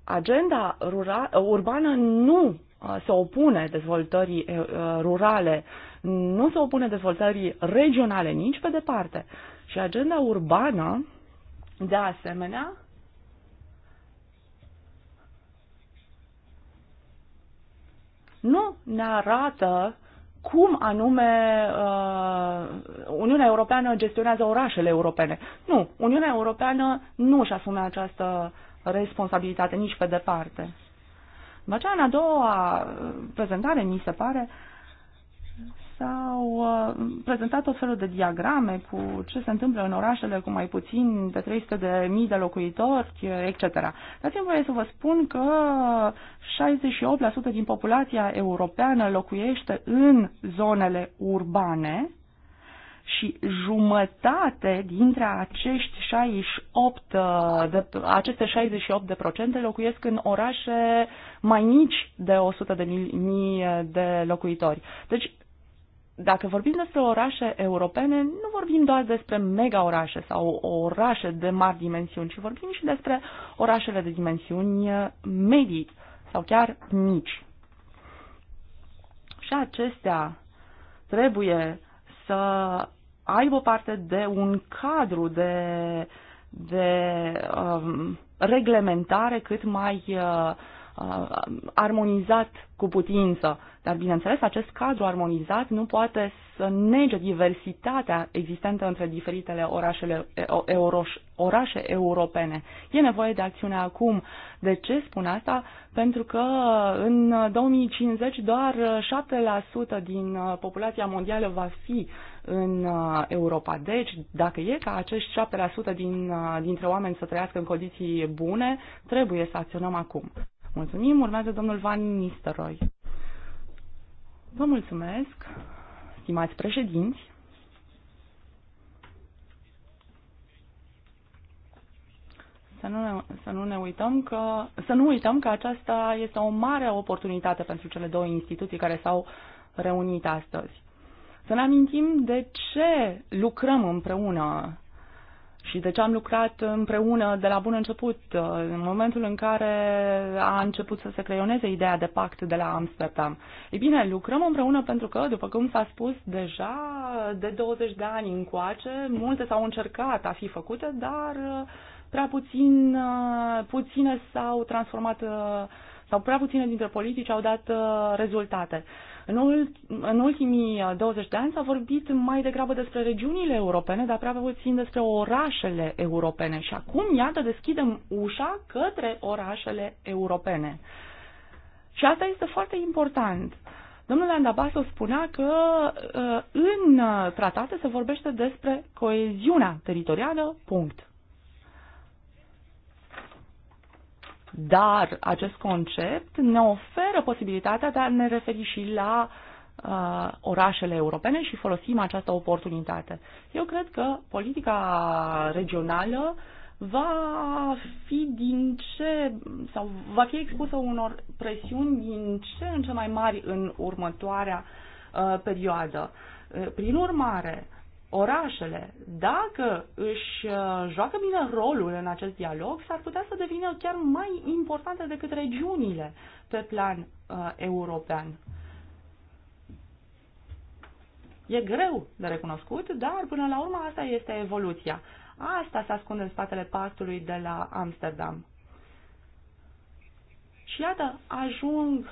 Agenda rural, urbană nu uh, se opune dezvoltării uh, rurale, nu se opune dezvoltării regionale nici pe departe. Și agenda urbană, de asemenea, nu ne arată cum anume uh, Uniunea Europeană gestionează orașele europene. Nu, Uniunea Europeană nu își asume această responsabilitate nici pe departe. După aceea, în a doua uh, prezentare, mi se pare, uh, s-au uh, prezentat tot felul de diagrame cu ce se întâmplă în orașele cu mai puțin de 300 de mii de locuitori, uh, etc. Dați-mi voie să vă spun că 68% din populația europeană locuiește în zonele urbane și jumătate dintre acești 68, uh, de, aceste 68 de procente locuiesc în orașe mai mici de 100 de mii de locuitori. Deci dacă vorbim despre orașe europene, nu vorbim doar despre mega-orașe sau orașe de mari dimensiuni, ci vorbim și despre orașele de dimensiuni eh, medii sau chiar mici. Și acestea trebuie să aibă parte de un cadru de, de um, reglementare cât mai uh, Uh, armonizat cu putință. Dar, bineînțeles, acest cadru armonizat nu poate să nege diversitatea existentă între diferitele orașele, euroș, orașe europene. E nevoie de acțiune acum. De ce spun asta? Pentru că în 2050 doar 7% din uh, populația mondială va fi în uh, Europa. Deci, dacă e ca acești 7% din, dintre oameni să trăiască în condiții bune, trebuie să acționăm acum. Mulțumim. Urmează domnul Van Nistelrooy. Vă mulțumesc, stimați președinți. Să nu, ne, să nu ne uităm că să nu uităm că aceasta este o mare oportunitate pentru cele două instituții care s-au reunit astăzi. Să ne amintim de ce lucrăm împreună și de deci ce am lucrat împreună de la bun început, uh, în momentul în care a început să se creioneze ideea de pact de la Amsterdam? Ei bine, lucrăm împreună pentru că, după cum s-a spus, deja de 20 de ani încoace, multe s-au încercat a fi făcute, dar uh, prea puțin, uh, puține s-au transformat sau prea puține dintre politici au dat rezultate. În, ul- în ultimii 20 uh, de ani s-a vorbit mai degrabă despre regiunile europene, dar prea puțin despre orașele europene. Și acum, iată, deschidem ușa către orașele europene. Și asta este foarte important. Domnul Andabaso spunea că uh, în tratate se vorbește despre coeziunea teritorială, punct. Dar acest concept ne oferă posibilitatea de a ne referi și la uh, orașele europene și folosim această oportunitate. Eu cred că politica regională va fi din ce sau va fi expusă unor presiuni din ce în ce mai mari în următoarea uh, perioadă. Uh, prin urmare, orașele, dacă își uh, joacă bine rolul în acest dialog, s-ar putea să devină chiar mai importante decât regiunile pe plan uh, european. E greu de recunoscut, dar până la urmă asta este evoluția. Asta se ascunde în spatele pactului de la Amsterdam. Și iată, ajung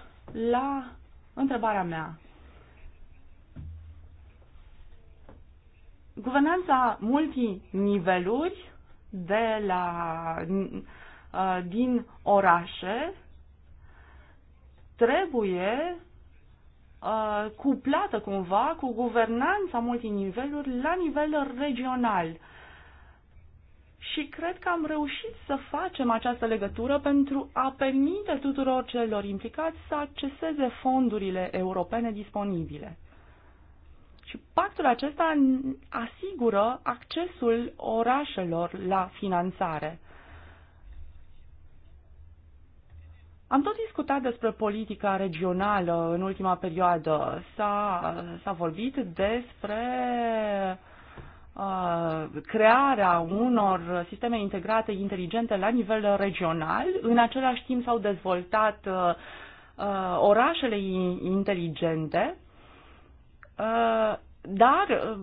la întrebarea mea. Guvernanța multiniveluri de la, uh, din orașe trebuie uh, cuplată cumva cu guvernanța multiniveluri la nivel regional. Și cred că am reușit să facem această legătură pentru a permite tuturor celor implicați să acceseze fondurile europene disponibile. Și pactul acesta asigură accesul orașelor la finanțare. Am tot discutat despre politica regională în ultima perioadă. S-a, s-a vorbit despre uh, crearea unor sisteme integrate inteligente la nivel regional. În același timp s-au dezvoltat uh, uh orașele inteligente Uh, dar uh,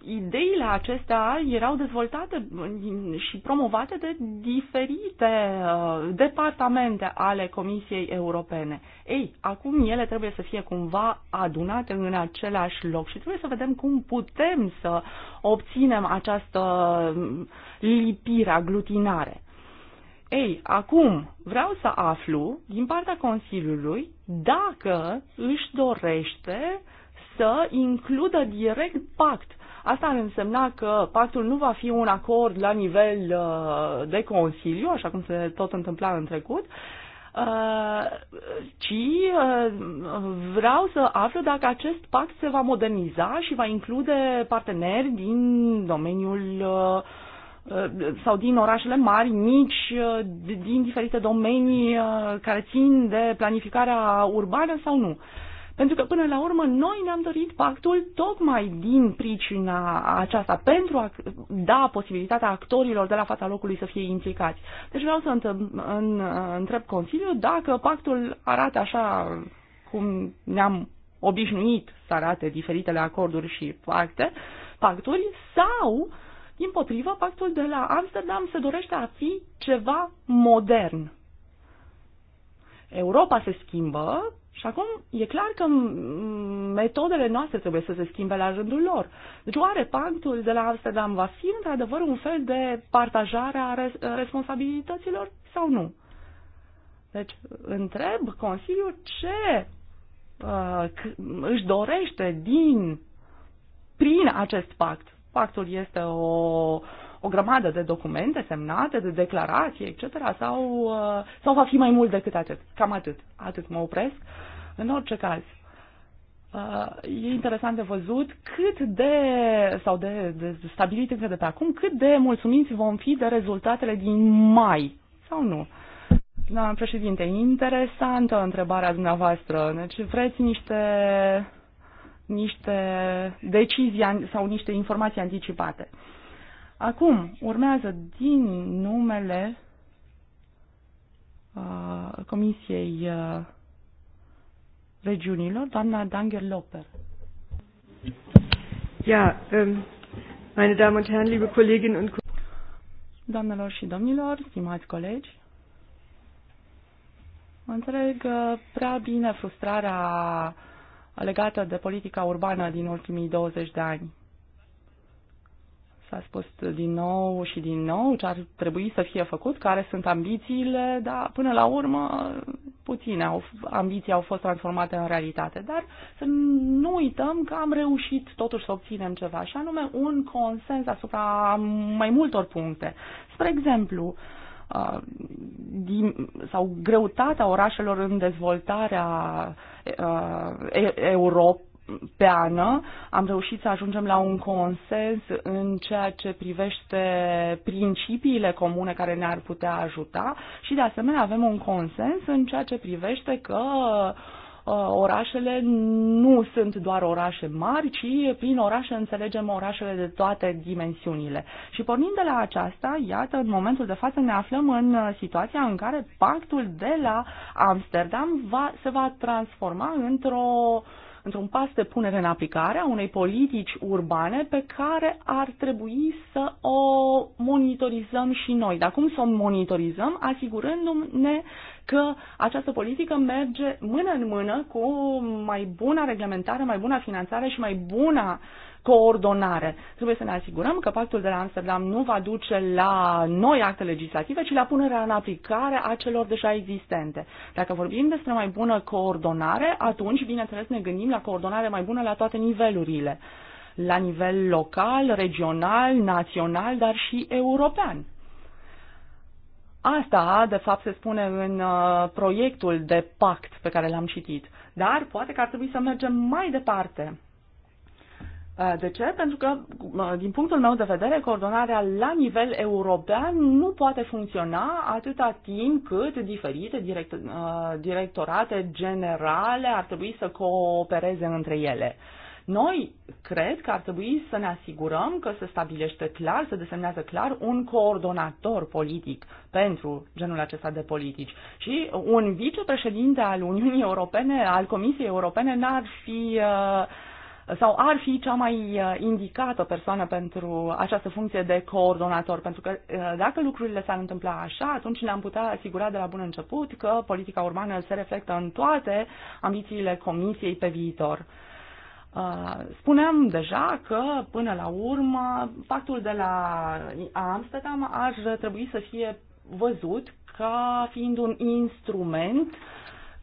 ideile acestea erau dezvoltate și promovate de diferite uh, departamente ale Comisiei Europene. Ei, acum ele trebuie să fie cumva adunate în același loc și trebuie să vedem cum putem să obținem această lipire, aglutinare. Ei, acum vreau să aflu din partea Consiliului dacă își dorește uh, să includă direct pact. Asta ar însemna că pactul nu va fi un acord la nivel uh, de Consiliu, așa cum se tot întâmpla în trecut, uh, ci uh, vreau să aflu dacă acest pact se va moderniza și va include parteneri din domeniul sau din orașele mari, mici, din diferite domenii care țin de planificarea urbană sau nu. Pentru că, până la urmă, noi ne-am dorit pactul tocmai din pricina aceasta, pentru a da posibilitatea actorilor de la fața locului să fie implicați. Deci vreau să întreb, în, întreb Consiliul dacă pactul arată așa cum ne-am obișnuit să arate diferitele acorduri și pacte, pacturi, sau, din potrivă, pactul de la Amsterdam se dorește a fi ceva modern. Europa se schimbă, și acum e clar că metodele noastre trebuie să se schimbe la rândul lor. Deci oare pactul de la Amsterdam va fi într-adevăr un fel de partajare a responsabilităților sau nu? Deci întreb Consiliul ce uh, își dorește din prin acest pact. Pactul este o uh, o grămadă de documente semnate, de declarații, etc. Sau, uh, sau va fi mai mult decât atât. Cam atât. Atât mă opresc. În orice caz, uh, e interesant de văzut cât de, sau de, de stabilit încă de pe acum, cât de mulțumiți vom fi de rezultatele din mai sau nu. Da, președinte, interesantă întrebarea dumneavoastră. Deci vreți niște, niște decizii sau niște informații anticipate. Uh, Acum urmează din numele uh, Comisiei uh, Regiunilor, doamna Danger Loper. Ja, um, meine Damen und Herren, liebe Kolleginnen und Kollegen. Doamnelor și domnilor, stimați colegi, mă înțeleg uh, prea bine frustrarea legată de politica urbană din ultimii 20 de ani. S-a spus din nou și din nou ce ar trebui să fie făcut, care sunt ambițiile, dar până la urmă puține au, ambiții au fost transformate în realitate. Dar să nu uităm că am reușit totuși să obținem ceva, și anume un consens asupra mai multor puncte. Spre exemplu, sau greutatea orașelor în dezvoltarea Europei pe ană am reușit să ajungem la un consens în ceea ce privește principiile comune care ne-ar putea ajuta și de asemenea avem un consens în ceea ce privește că uh, orașele nu sunt doar orașe mari, ci prin orașe înțelegem orașele de toate dimensiunile. Și pornind de la aceasta, iată, în momentul de față ne aflăm în uh, situația în care pactul de la Amsterdam va, se va transforma într-o uh, într-un pas de punere în aplicare a unei politici urbane pe care ar trebui să o monitorizăm și noi. Dar cum să o monitorizăm? Asigurându-ne că această politică merge mână în mână cu mai bună reglementare, mai bună finanțare și mai bună coordonare. Trebuie să ne asigurăm că pactul de la Amsterdam nu va duce la noi acte legislative, ci la punerea în aplicare a celor deja existente. Dacă vorbim despre mai bună coordonare, atunci, bineînțeles, ne gândim la coordonare mai bună la toate nivelurile la nivel local, regional, național, dar și european. Asta, de fapt, se spune în uh, proiectul de pact pe care l-am citit. Dar poate că ar trebui să mergem mai departe. Uh, de ce? Pentru că, uh, din punctul meu de vedere, coordonarea la nivel european nu poate funcționa atâta timp cât diferite direct, directorate generale ar trebui să coopereze între ele. Noi cred că ar trebui să ne asigurăm că se stabilește clar, se desemnează clar un coordonator politic pentru genul acesta de politici. Și un vicepreședinte al Uniunii Europene, al Comisiei Europene, n-ar fi uh, sau ar fi cea mai uh, indicată persoană pentru această funcție de coordonator, pentru că uh, dacă lucrurile s-ar întâmpla așa, atunci ne-am putea asigura de la bun început că politica urbană se reflectă în toate ambițiile Comisiei pe viitor. Uh, spuneam deja că, până la urmă, pactul de la Amsterdam ar trebui să fie văzut ca fiind un instrument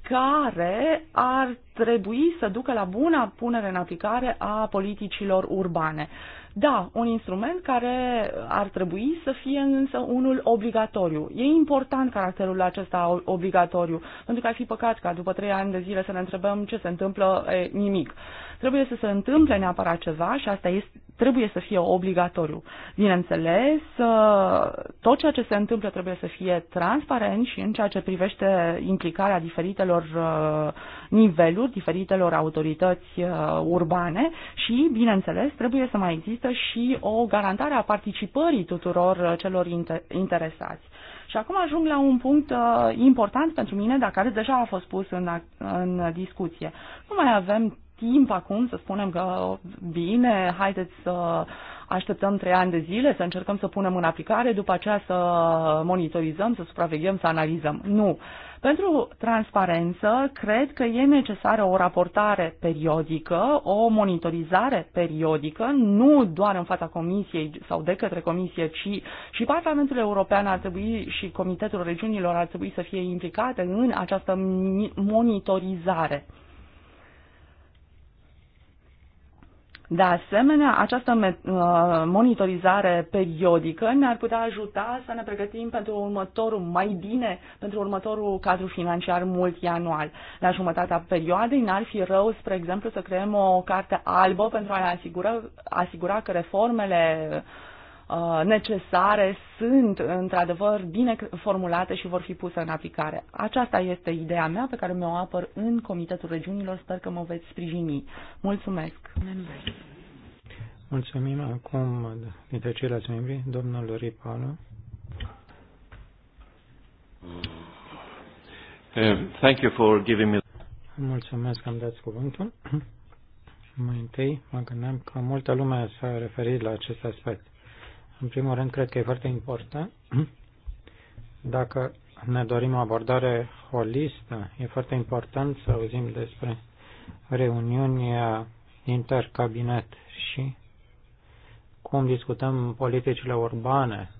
care ar trebui să ducă la buna punere în aplicare a politicilor urbane. Da, un instrument care ar trebui să fie însă unul obligatoriu. E important caracterul acesta obligatoriu, pentru că ar fi păcat ca după trei ani de zile să ne întrebăm ce se întâmplă, e, nimic. Uh, Trebuie să se întâmple neapărat ceva și asta este, trebuie să fie obligatoriu. Bineînțeles, uh, tot ceea ce se întâmplă trebuie să fie transparent și în ceea ce privește implicarea diferitelor uh, niveluri, diferitelor autorități uh, urbane și, bineînțeles, trebuie să mai există și o garantare a participării tuturor celor interesați. Și acum ajung la un punct uh, important pentru mine, dar care deja a fost pus în, în discuție. Nu mai avem timp acum să spunem că bine, haideți să așteptăm trei ani de zile, să încercăm să punem în aplicare, după aceea să monitorizăm, să supraveghem, să analizăm. Nu. Pentru transparență, cred că e necesară o raportare periodică, o monitorizare periodică, nu doar în fața Comisiei sau de către Comisie, ci și Parlamentul European ar trebui și Comitetul Regiunilor ar trebui să fie implicate în această monitorizare. De asemenea, această uh, monitorizare periodică ne-ar putea ajuta să ne pregătim pentru următorul, mai bine, pentru următorul cadru financiar multianual. La jumătatea perioadei n-ar fi rău, spre exemplu, să creăm o carte albă pentru a asigura, asigura că reformele uh, Uh, necesare sunt într-adevăr bine formulate și vor fi puse în aplicare. Aceasta este ideea mea pe care mi-o apăr în Comitetul Regiunilor. Sper că mă veți sprijini. Mulțumesc! Mulțumim acum dintre ceilalți membri, domnul Ripalu. Eh, thank you for giving me... Mulțumesc că am dat cuvântul. Mai întâi mă gândeam că multă lume s-a referit la acest aspect în primul rând, cred că e foarte important dacă ne dorim o abordare holistă, e foarte important să auzim despre reuniunea intercabinet și cum discutăm politicile urbane.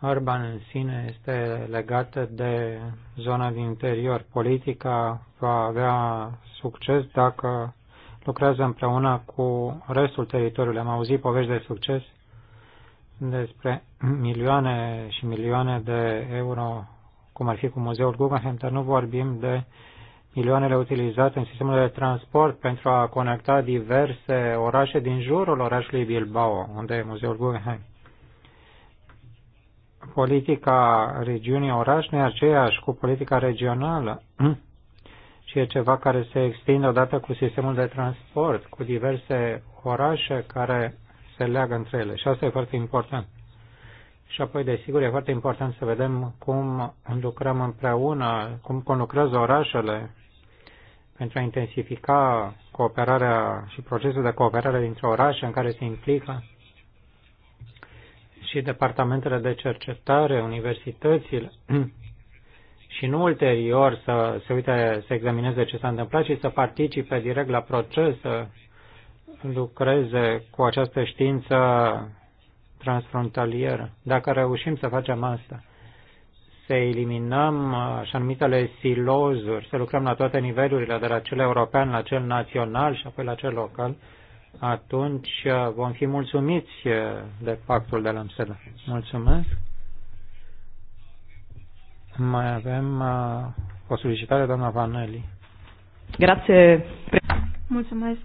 Urban în sine este legată de zona din interior. Politica va avea succes dacă lucrează împreună cu restul teritoriului. Am auzit povești de succes despre milioane și milioane de euro, cum ar fi cu Muzeul Guggenheim, dar nu vorbim de milioanele utilizate în sistemul de transport pentru a conecta diverse orașe din jurul orașului Bilbao, unde e Muzeul Guggenheim. Politica regiunii oraș nu e aceeași cu politica regională și e ceva care se extinde odată cu sistemul de transport, cu diverse orașe care se leagă între ele și asta e foarte important. Și apoi, desigur, e foarte important să vedem cum lucrăm împreună, cum conlucrează orașele pentru a intensifica cooperarea și procesul de cooperare dintre orașe în care se implică și departamentele de cercetare, universitățile, și nu ulterior să se uite, să examineze ce s-a întâmplat, și să participe direct la proces, să lucreze cu această știință transfrontalieră. Dacă reușim să facem asta, să eliminăm uh, așa numitele silozuri, să lucrăm la toate nivelurile, de la cel european la cel național și apoi la cel local, atunci uh, vom fi mulțumiți uh, de pactul de la Amsterdam. Mulțumesc! Mai avem o solicitare, doamna Vanelli. Grazie. Mulțumesc,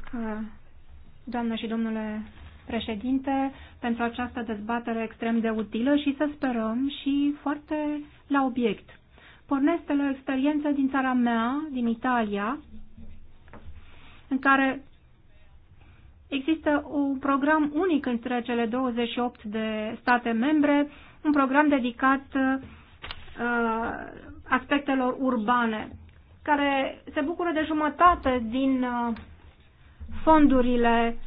doamnă și domnule președinte, pentru această dezbatere extrem de utilă și să sperăm și foarte la obiect. Pornesc de la o experiență din țara mea, din Italia, în care există un program unic între cele 28 de state membre, un program dedicat uh, aspectelor urbane, care se bucură de jumătate din uh, fondurile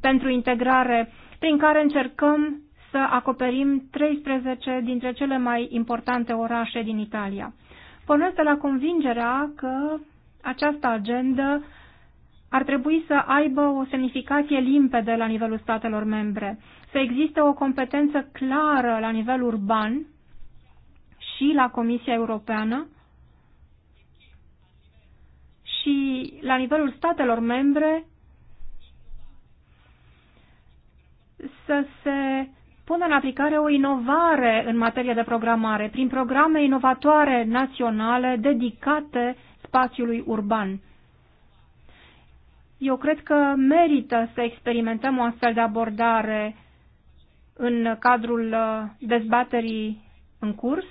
pentru integrare, prin care încercăm să acoperim 13 dintre cele mai importante orașe din Italia. Pornesc de la convingerea că această agendă ar trebui să aibă o semnificație limpede la nivelul statelor membre, să existe o competență clară la nivel urban și la Comisia Europeană, și la nivelul statelor membre să se pună în aplicare o inovare în materie de programare, prin programe inovatoare naționale dedicate spațiului urban. Eu cred că merită să experimentăm o astfel de abordare în cadrul uh, dezbaterii în curs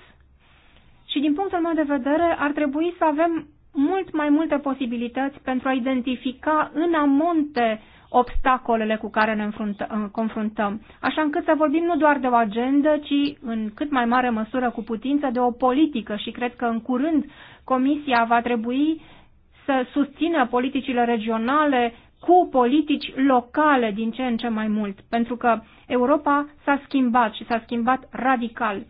și din punctul meu de vedere ar trebui să avem mult mai multe posibilități pentru a identifica în amonte obstacolele cu care ne uh, confruntăm, așa încât să vorbim nu doar de o agendă, ci în cât mai mare măsură cu putință de o politică și cred că în curând Comisia va trebui să susțină politicile regionale cu politici locale din ce în ce mai mult, pentru că Europa s-a schimbat și s-a schimbat radical.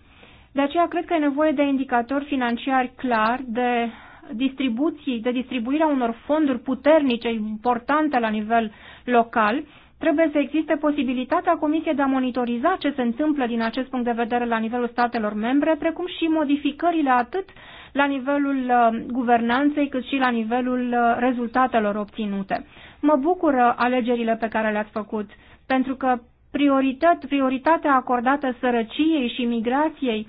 De aceea cred că e nevoie de indicatori financiari clar, de distribuției, de distribuirea unor fonduri puternice, importante la nivel local, trebuie să existe posibilitatea Comisiei de a monitoriza ce se întâmplă din acest punct de vedere la nivelul statelor membre, precum și modificările atât la nivelul uh, guvernanței, cât și la nivelul uh, rezultatelor obținute. Mă bucură uh, alegerile pe care le-ați făcut, pentru că prioritatea acordată sărăciei și migrației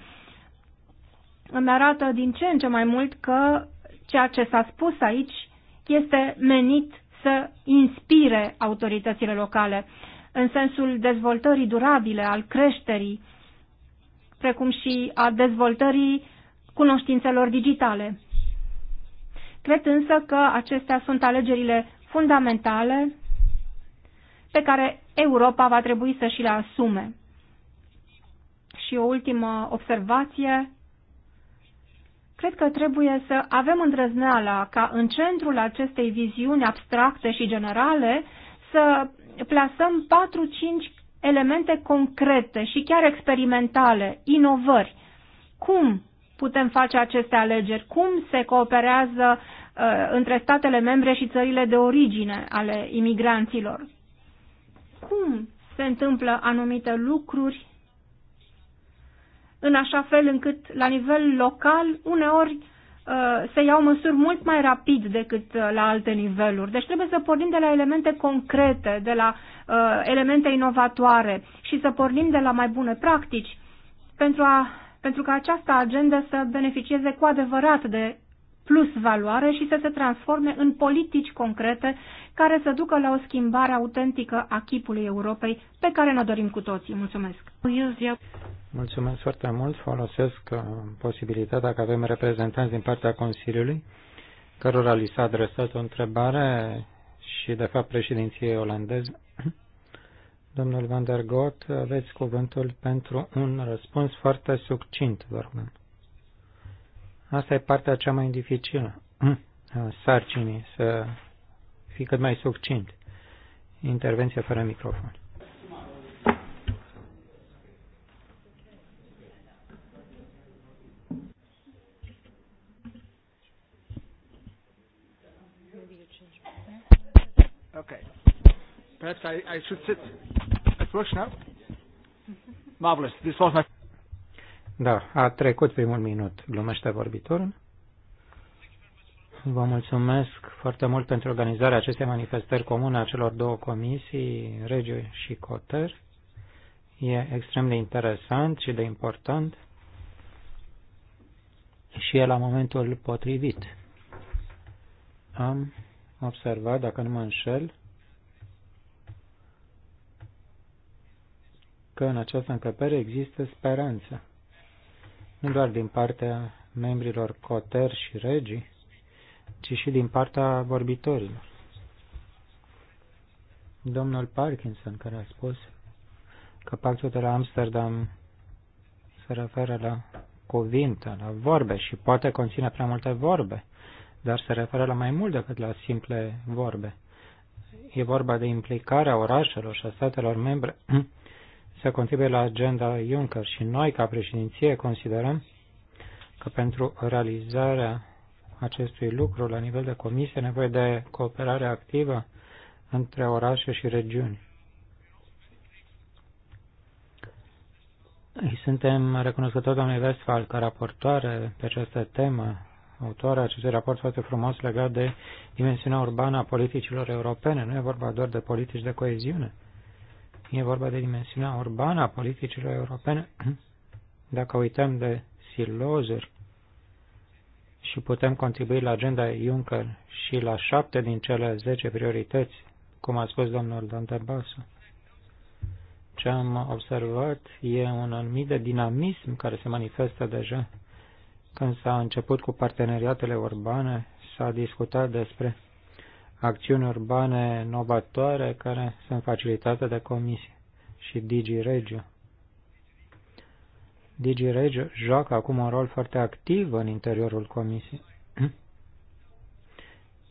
îmi arată din ce în ce mai mult că Ceea ce s-a spus aici este menit să inspire autoritățile locale în sensul dezvoltării durabile, al creșterii, precum și a dezvoltării cunoștințelor digitale. Cred însă că acestea sunt alegerile fundamentale pe care Europa va trebui să și le asume. Și o ultimă observație Cred că trebuie să avem îndrăzneala ca în centrul acestei viziuni abstracte și generale să plasăm 4-5 elemente concrete și chiar experimentale, inovări. Cum putem face aceste alegeri? Cum se cooperează uh, între statele membre și țările de origine ale imigranților? Cum se întâmplă anumite lucruri în așa fel încât la nivel local uneori uh, se iau măsuri mult mai rapid decât uh, la alte niveluri. Deci trebuie să pornim de la elemente concrete, de la uh, elemente inovatoare și să pornim de la mai bune practici pentru, a, pentru ca această agendă să beneficieze cu adevărat de plus valoare și să se transforme în politici concrete care să ducă la o schimbare autentică a chipului Europei pe care ne dorim cu toții. Mulțumesc! Mulțumesc foarte mult! Folosesc uh, posibilitatea că avem reprezentanți din partea Consiliului cărora li s-a adresat o întrebare și, de fapt, președinției olandeze. Domnul Van der Gott, aveți cuvântul pentru un răspuns foarte succint, vă rugăm. Asta e partea cea mai dificilă a sarcinii, să fii cât mai succint. Intervenție fără microfon. Okay. Perhaps I, I should sit. It works now? Marvelous. This was my... Da, a trecut primul minut, glumește vorbitorul. Vă mulțumesc foarte mult pentru organizarea acestei manifestări comune a celor două comisii, Regiu și Coter. E extrem de interesant și de important și e la momentul potrivit. Am observat, dacă nu mă înșel, că în această încăpere există speranță nu doar din partea membrilor Coter și Regii, ci și din partea vorbitorilor. Domnul Parkinson, care a spus că pactul de la Amsterdam se referă la cuvinte, la vorbe și poate conține prea multe vorbe, dar se referă la mai mult decât la simple vorbe. E vorba de implicarea orașelor și a statelor membre să contribuie la agenda Juncker și noi, ca președinție, considerăm că pentru realizarea acestui lucru la nivel de comisie nevoie de cooperare activă între orașe și regiuni. Îi suntem recunoscători doamnei Westphal ca raportoare pe această temă, autoarea acestui raport foarte frumos legat de dimensiunea urbană a politicilor europene. Nu e vorba doar de politici de coeziune, E vorba de dimensiunea urbană a politicilor europene. Dacă uităm de silozuri și putem contribui la agenda Juncker și la șapte din cele zece priorități, cum a spus domnul Basu. ce am observat e un anumit de dinamism care se manifestă deja. Când s-a început cu parteneriatele urbane, s-a discutat despre acțiuni urbane novatoare care sunt facilitate de comisie și DigiRegio. DigiRegio joacă acum un rol foarte activ în interiorul comisiei,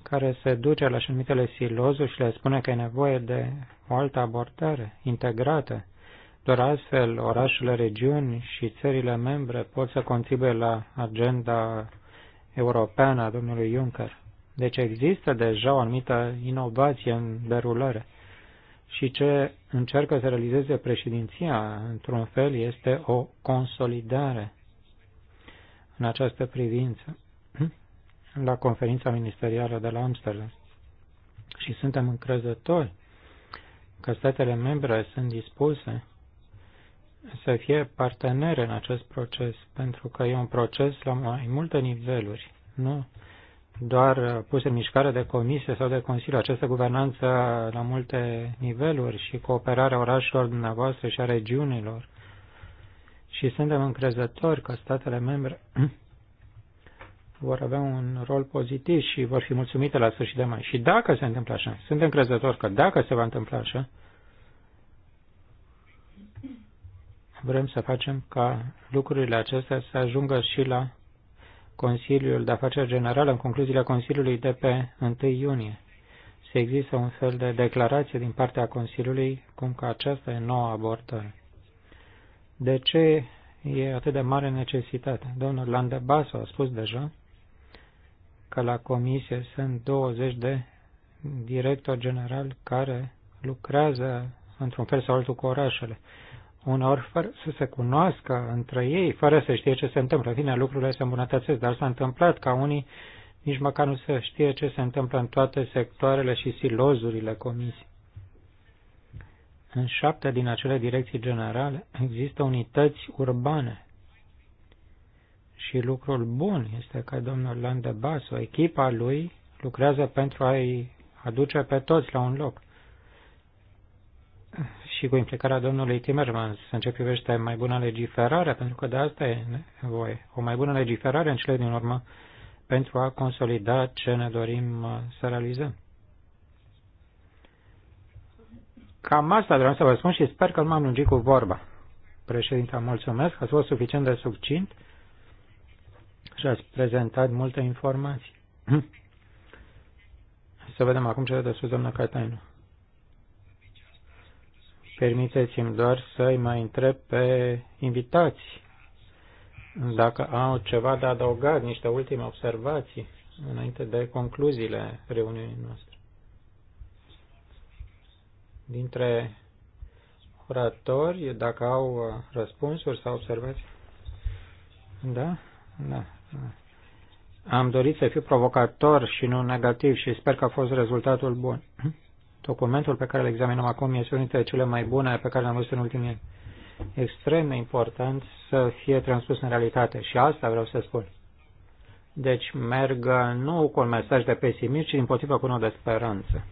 care se duce la șumitele silozuri și le spune că e nevoie de o altă abordare integrată. Doar astfel, orașele, regiuni și țările membre pot să contribuie la agenda europeană a domnului Juncker. Deci există deja o anumită inovație în derulare. Și ce încearcă să realizeze președinția, într-un fel, este o consolidare în această privință la conferința ministerială de la Amsterdam. Și suntem încrezători că statele membre sunt dispuse să fie partenere în acest proces, pentru că e un proces la mai multe niveluri, nu doar pus în mișcare de comisie sau de consiliu. Această guvernanță la multe niveluri și cooperarea orașelor dumneavoastră și a regiunilor. Și suntem încrezători că statele membre vor avea un rol pozitiv și vor fi mulțumite la sfârșit de mai. Și dacă se întâmplă așa, suntem încrezători că dacă se va întâmpla așa, vrem să facem ca lucrurile acestea să ajungă și la Consiliul de Afaceri Generale în concluziile Consiliului de pe 1 iunie. Se există un fel de declarație din partea Consiliului cum că aceasta e noua abordare. De ce e atât de mare necesitate? Domnul Landebaso a spus deja că la comisie sunt 20 de director general care lucrează într-un fel sau altul cu orașele unor fără să se cunoască între ei, fără să știe ce se întâmplă. Bine, lucrurile se îmbunătățesc, dar s-a întâmplat ca unii nici măcar nu se știe ce se întâmplă în toate sectoarele și silozurile comisii. În șapte din acele direcții generale există unități urbane. Și lucrul bun este că domnul Landebasu, echipa lui, lucrează pentru a-i aduce pe toți la un loc și cu implicarea domnului Timmermans în începe privește mai bună legiferare, pentru că de asta e nevoie. O mai bună legiferare în cele din urmă pentru a consolida ce ne dorim uh, să realizăm. Cam asta vreau să vă spun și sper că nu m-am lungit cu vorba. Președinte, mulțumesc, ați fost suficient de succint și ați prezentat multe informații. Să vedem acum ce de sus, doamna Catainu. Permiteți-mi doar să-i mai întreb pe invitați dacă au ceva de adăugat, niște ultime observații înainte de concluziile reuniunii noastre. Dintre oratori, dacă au răspunsuri sau observații. Da? Da. Am dorit să fiu provocator și nu negativ și sper că a fost rezultatul bun. Documentul pe care îl examinăm acum este unul dintre cele mai bune pe care le-am văzut în ultimii ani. Extrem de important să fie transpus în realitate și asta vreau să spun. Deci merg nu cu un mesaj de pesimism, ci din potrivă cu unul de speranță.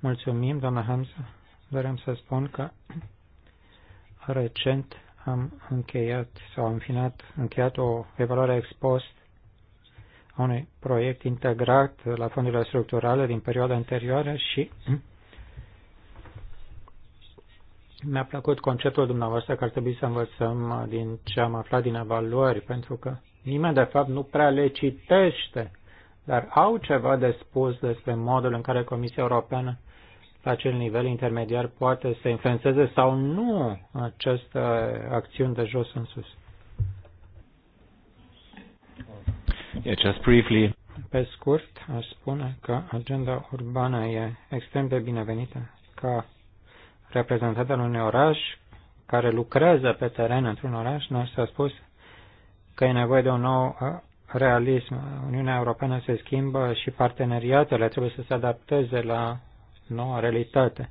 Mulțumim, doamna Hamza. Vreau să spun că recent am încheiat sau am finat, încheiat o evaluare expost a unui proiect integrat la fondurile structurale din perioada anterioară și mi-a plăcut conceptul dumneavoastră că ar trebui să învățăm din ce am aflat din evaluări, pentru că nimeni de fapt nu prea le citește, dar au ceva de spus despre modul în care Comisia Europeană la acel nivel intermediar poate să influențeze sau nu această acțiuni de jos în sus. Just briefly. Pe scurt, aș spune că agenda urbană e extrem de binevenită ca reprezentant al unui oraș care lucrează pe teren într-un oraș, noi s-a spus că e nevoie de un nou uh, realism. Uniunea Europeană se schimbă și parteneriatele trebuie să se adapteze la noua realitate,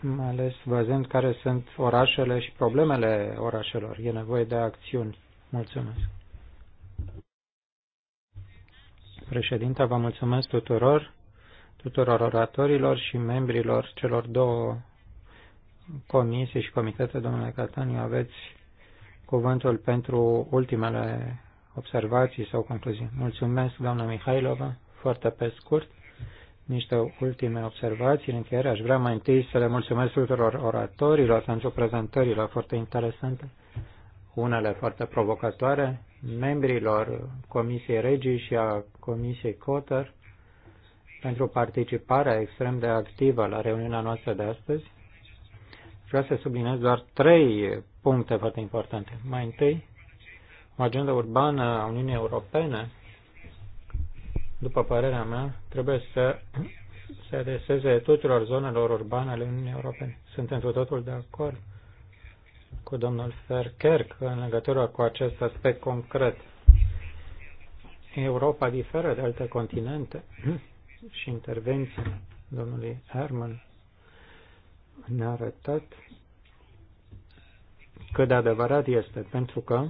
mai ales văzând care sunt orașele și problemele orașelor. E nevoie de acțiuni. Mulțumesc. președinte, vă mulțumesc tuturor, tuturor oratorilor și membrilor celor două comisii și comitete, domnule Cataniu, aveți cuvântul pentru ultimele observații sau concluzii. Mulțumesc, doamna Mihailova, foarte pe scurt. Niște ultime observații în încheiere. Aș vrea mai întâi să le mulțumesc tuturor oratorilor pentru prezentările foarte interesante, unele foarte provocatoare, membrilor Comisiei Regii și a Comisiei Cotăr pentru participarea extrem de activă la reuniunea noastră de astăzi. Vreau să subliniez doar trei puncte foarte importante. Mai întâi, o agenda urbană a Uniunii Europene, după părerea mea, trebuie să se adreseze tuturor zonelor urbane ale Uniunii Europene. Sunt întru totul de acord cu domnul Ferkerk în legătură cu acest aspect concret. Europa diferă de alte continente și intervenția domnului Herman ne-a arătat cât de adevărat este, pentru că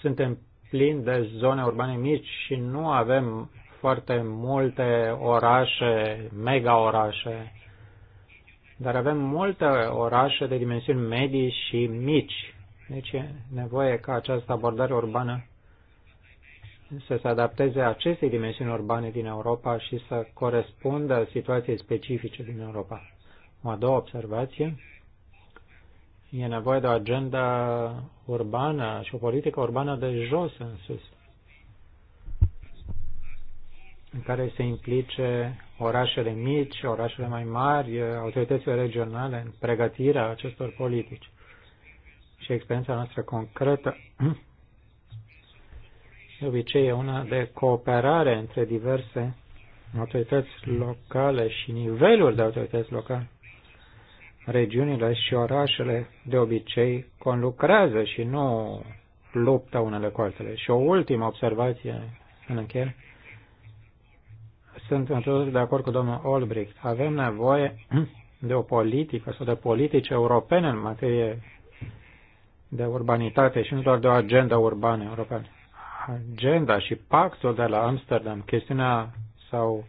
suntem plini de zone urbane mici și nu avem foarte multe orașe, mega orașe dar avem multe orașe de dimensiuni medii și mici. Deci e nevoie ca această abordare urbană să se adapteze acestei dimensiuni urbane din Europa și să corespundă situației specifice din Europa. O a doua observație, e nevoie de o agenda urbană și o politică urbană de jos în sus în care se implice orașele mici, orașele mai mari, autoritățile regionale în pregătirea acestor politici. Și experiența noastră concretă de obicei e una de cooperare între diverse autorități locale și niveluri de autorități locale. Regiunile și orașele de obicei conlucrează și nu luptă unele cu altele. Și o ultimă observație în încheiere sunt întotdeauna de acord cu domnul Olbricht. Avem nevoie de o politică sau de politici europene în materie de urbanitate și nu doar de o agenda urbană europeană. Agenda și pactul de la Amsterdam, chestiunea sau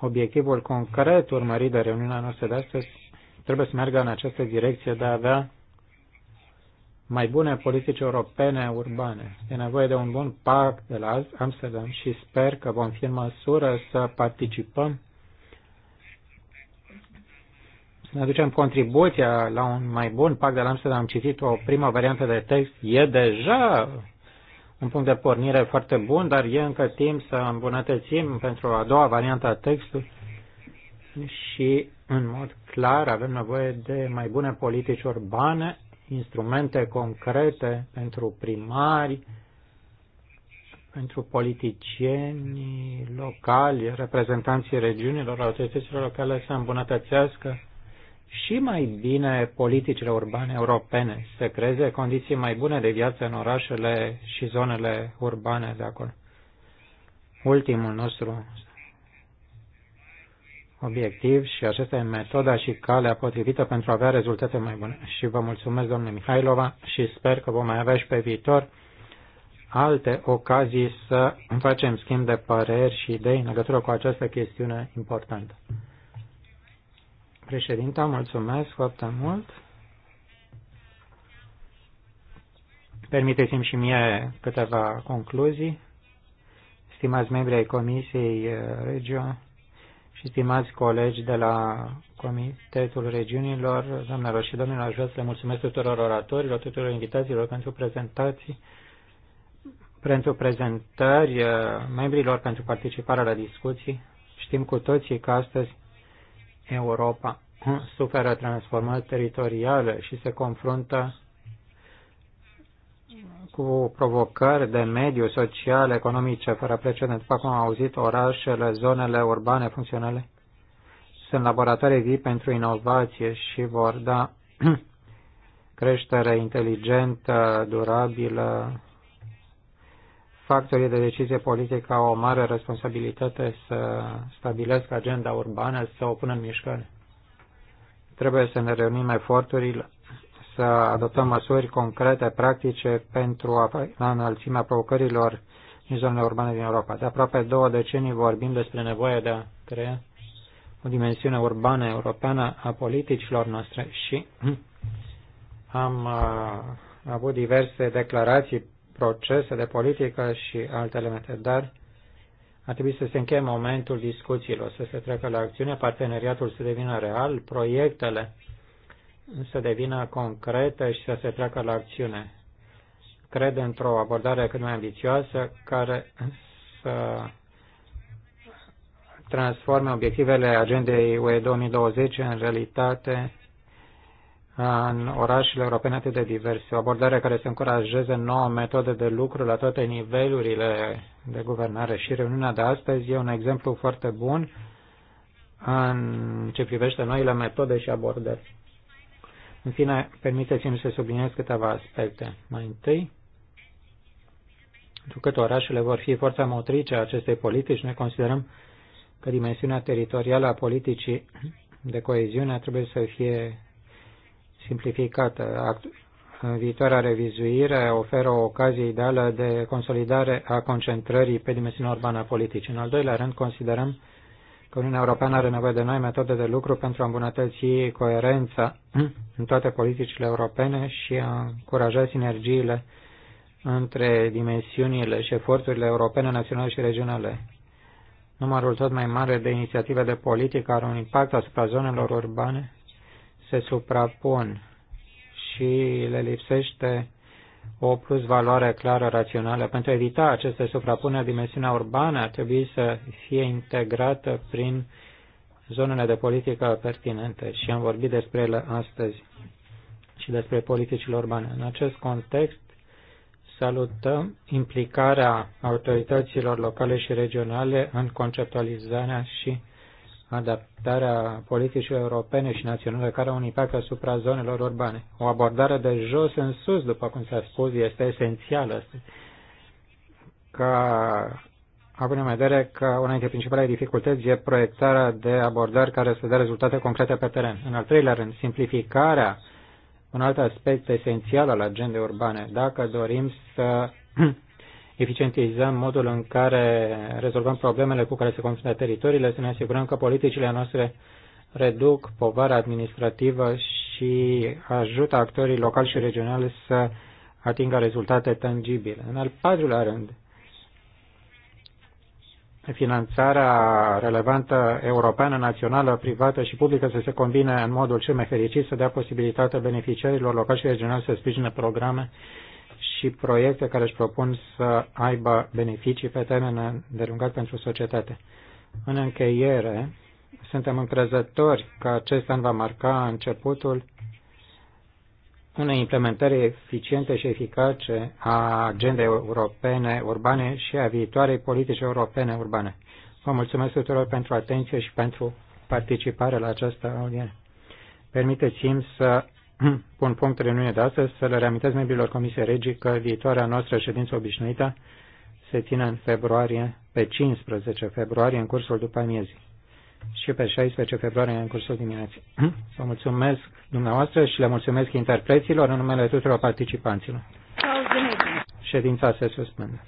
obiectivul concret urmărit de reuniunea noastră de astăzi, trebuie să meargă în această direcție de a avea mai bune politici europene urbane. E nevoie de un bun parc de la Amsterdam și sper că vom fi în măsură să participăm, să ne aducem contribuția la un mai bun parc de la Amsterdam. Am citit o primă variantă de text. E deja un punct de pornire foarte bun, dar e încă timp să îmbunătățim pentru a doua variantă a textului și, în mod clar, avem nevoie de mai bune politici urbane instrumente concrete pentru primari, pentru politicieni locali, reprezentanții regiunilor, autorităților locale să îmbunătățească și mai bine politicile urbane europene, să creeze condiții mai bune de viață în orașele și zonele urbane de acolo. Ultimul nostru obiectiv și aceasta e metoda și calea potrivită pentru a avea rezultate mai bune. Și vă mulțumesc, domnule Mihailova, și sper că vom mai avea și pe viitor alte ocazii să facem schimb de păreri și idei în legătură cu această chestiune importantă. Președinta, mulțumesc foarte mult. Permiteți-mi și mie câteva concluzii. Stimați membri ai Comisiei eh, Regio, și stimați colegi de la Comitetul Regiunilor, doamnelor și domnilor, aș vrea să le mulțumesc tuturor oratorilor, tuturor invitațiilor pentru prezentații, pentru prezentări, eh, membrilor pentru participarea la discuții. Știm cu toții că astăzi Europa suferă transformări teritoriale și se confruntă cu provocări de mediu, social, economice, fără precedent. După cum am auzit, orașele, zonele urbane funcționale sunt laboratoare vii pentru inovație și vor da creștere inteligentă, durabilă. Factorii de decizie politică au o mare responsabilitate să stabilească agenda urbană, să o pună în mișcare. Trebuie să ne reunim eforturile să adoptăm măsuri concrete, practice, pentru a la înălțimea provocărilor din zonele urbane din Europa. De aproape două decenii vorbim despre nevoia de a crea o dimensiune urbană europeană a politicilor noastre și am uh, avut diverse declarații, procese de politică și alte elemente, dar ar trebui să se încheie momentul discuțiilor, să se treacă la acțiune, parteneriatul să devină real, proiectele să devină concretă și să se treacă la acțiune. Cred într-o abordare cât mai ambițioasă care să transforme obiectivele agendei UE 2020 în realitate în orașele europene atât de diverse. O abordare care să încurajeze noua metode de lucru la toate nivelurile de guvernare și reuniunea de astăzi e un exemplu foarte bun în ce privește noile metode și abordări. În fine, permiteți-mi să subliniez câteva aspecte. Mai întâi, pentru că orașele vor fi forța motrice a acestei politici, noi considerăm că dimensiunea teritorială a politicii de coeziune trebuie să fie simplificată. Viitoarea revizuire oferă o ocazie ideală de consolidare a concentrării pe dimensiunea urbană a politicii. În al doilea rând, considerăm că Uniunea Europeană are nevoie de noi metode de lucru pentru a îmbunătăți coerența în toate politicile europene și a încuraja sinergiile între dimensiunile și eforturile europene, naționale și regionale. Numărul tot mai mare de inițiative de politică are un impact asupra zonelor urbane, se suprapun și le lipsește o plus valoare clară, rațională. Pentru a evita aceste suprapuneri, dimensiunea urbană ar trebui să fie integrată prin zonele de politică pertinente și am vorbit despre ele astăzi și despre politicile urbane. În acest context, salutăm implicarea autorităților locale și regionale în conceptualizarea și adaptarea politicilor europene și naționale care au un impact asupra zonelor urbane. O abordare de jos în sus, după cum s-a spus, este esențială. Ca, având în vedere că una dintre principalele dificultăți e proiectarea de abordări care să dea rezultate concrete pe teren. În al treilea rând, simplificarea, un alt aspect esențial al agendei urbane. Dacă dorim să eficientizăm modul în care rezolvăm problemele cu care se confruntă teritoriile, să ne asigurăm că politicile noastre reduc povara administrativă și ajută actorii locali și regionali să atingă rezultate tangibile. În al patrulea rând, finanțarea relevantă europeană, națională, privată și publică să se combine în modul cel mai fericit, să dea posibilitatea beneficiarilor locali și regionali să sprijine programe și proiecte care își propun să aibă beneficii pe termen îndelungat pentru societate. În încheiere, suntem încrezători că acest an va marca începutul unei implementări eficiente și eficace a agendei europene urbane și a viitoarei politici europene urbane. Vă mulțumesc tuturor pentru atenție și pentru participare la această audiență. Permiteți-mi să pun hmm. punct reuniune de astăzi, să le reamintesc membrilor Comisiei Regii că viitoarea noastră ședință obișnuită se ține în februarie, pe 15 februarie, în cursul după amiezii și pe 16 februarie în cursul dimineții. Hmm. Vă mulțumesc dumneavoastră și le mulțumesc interpreților în numele tuturor participanților. Ședința se suspendă.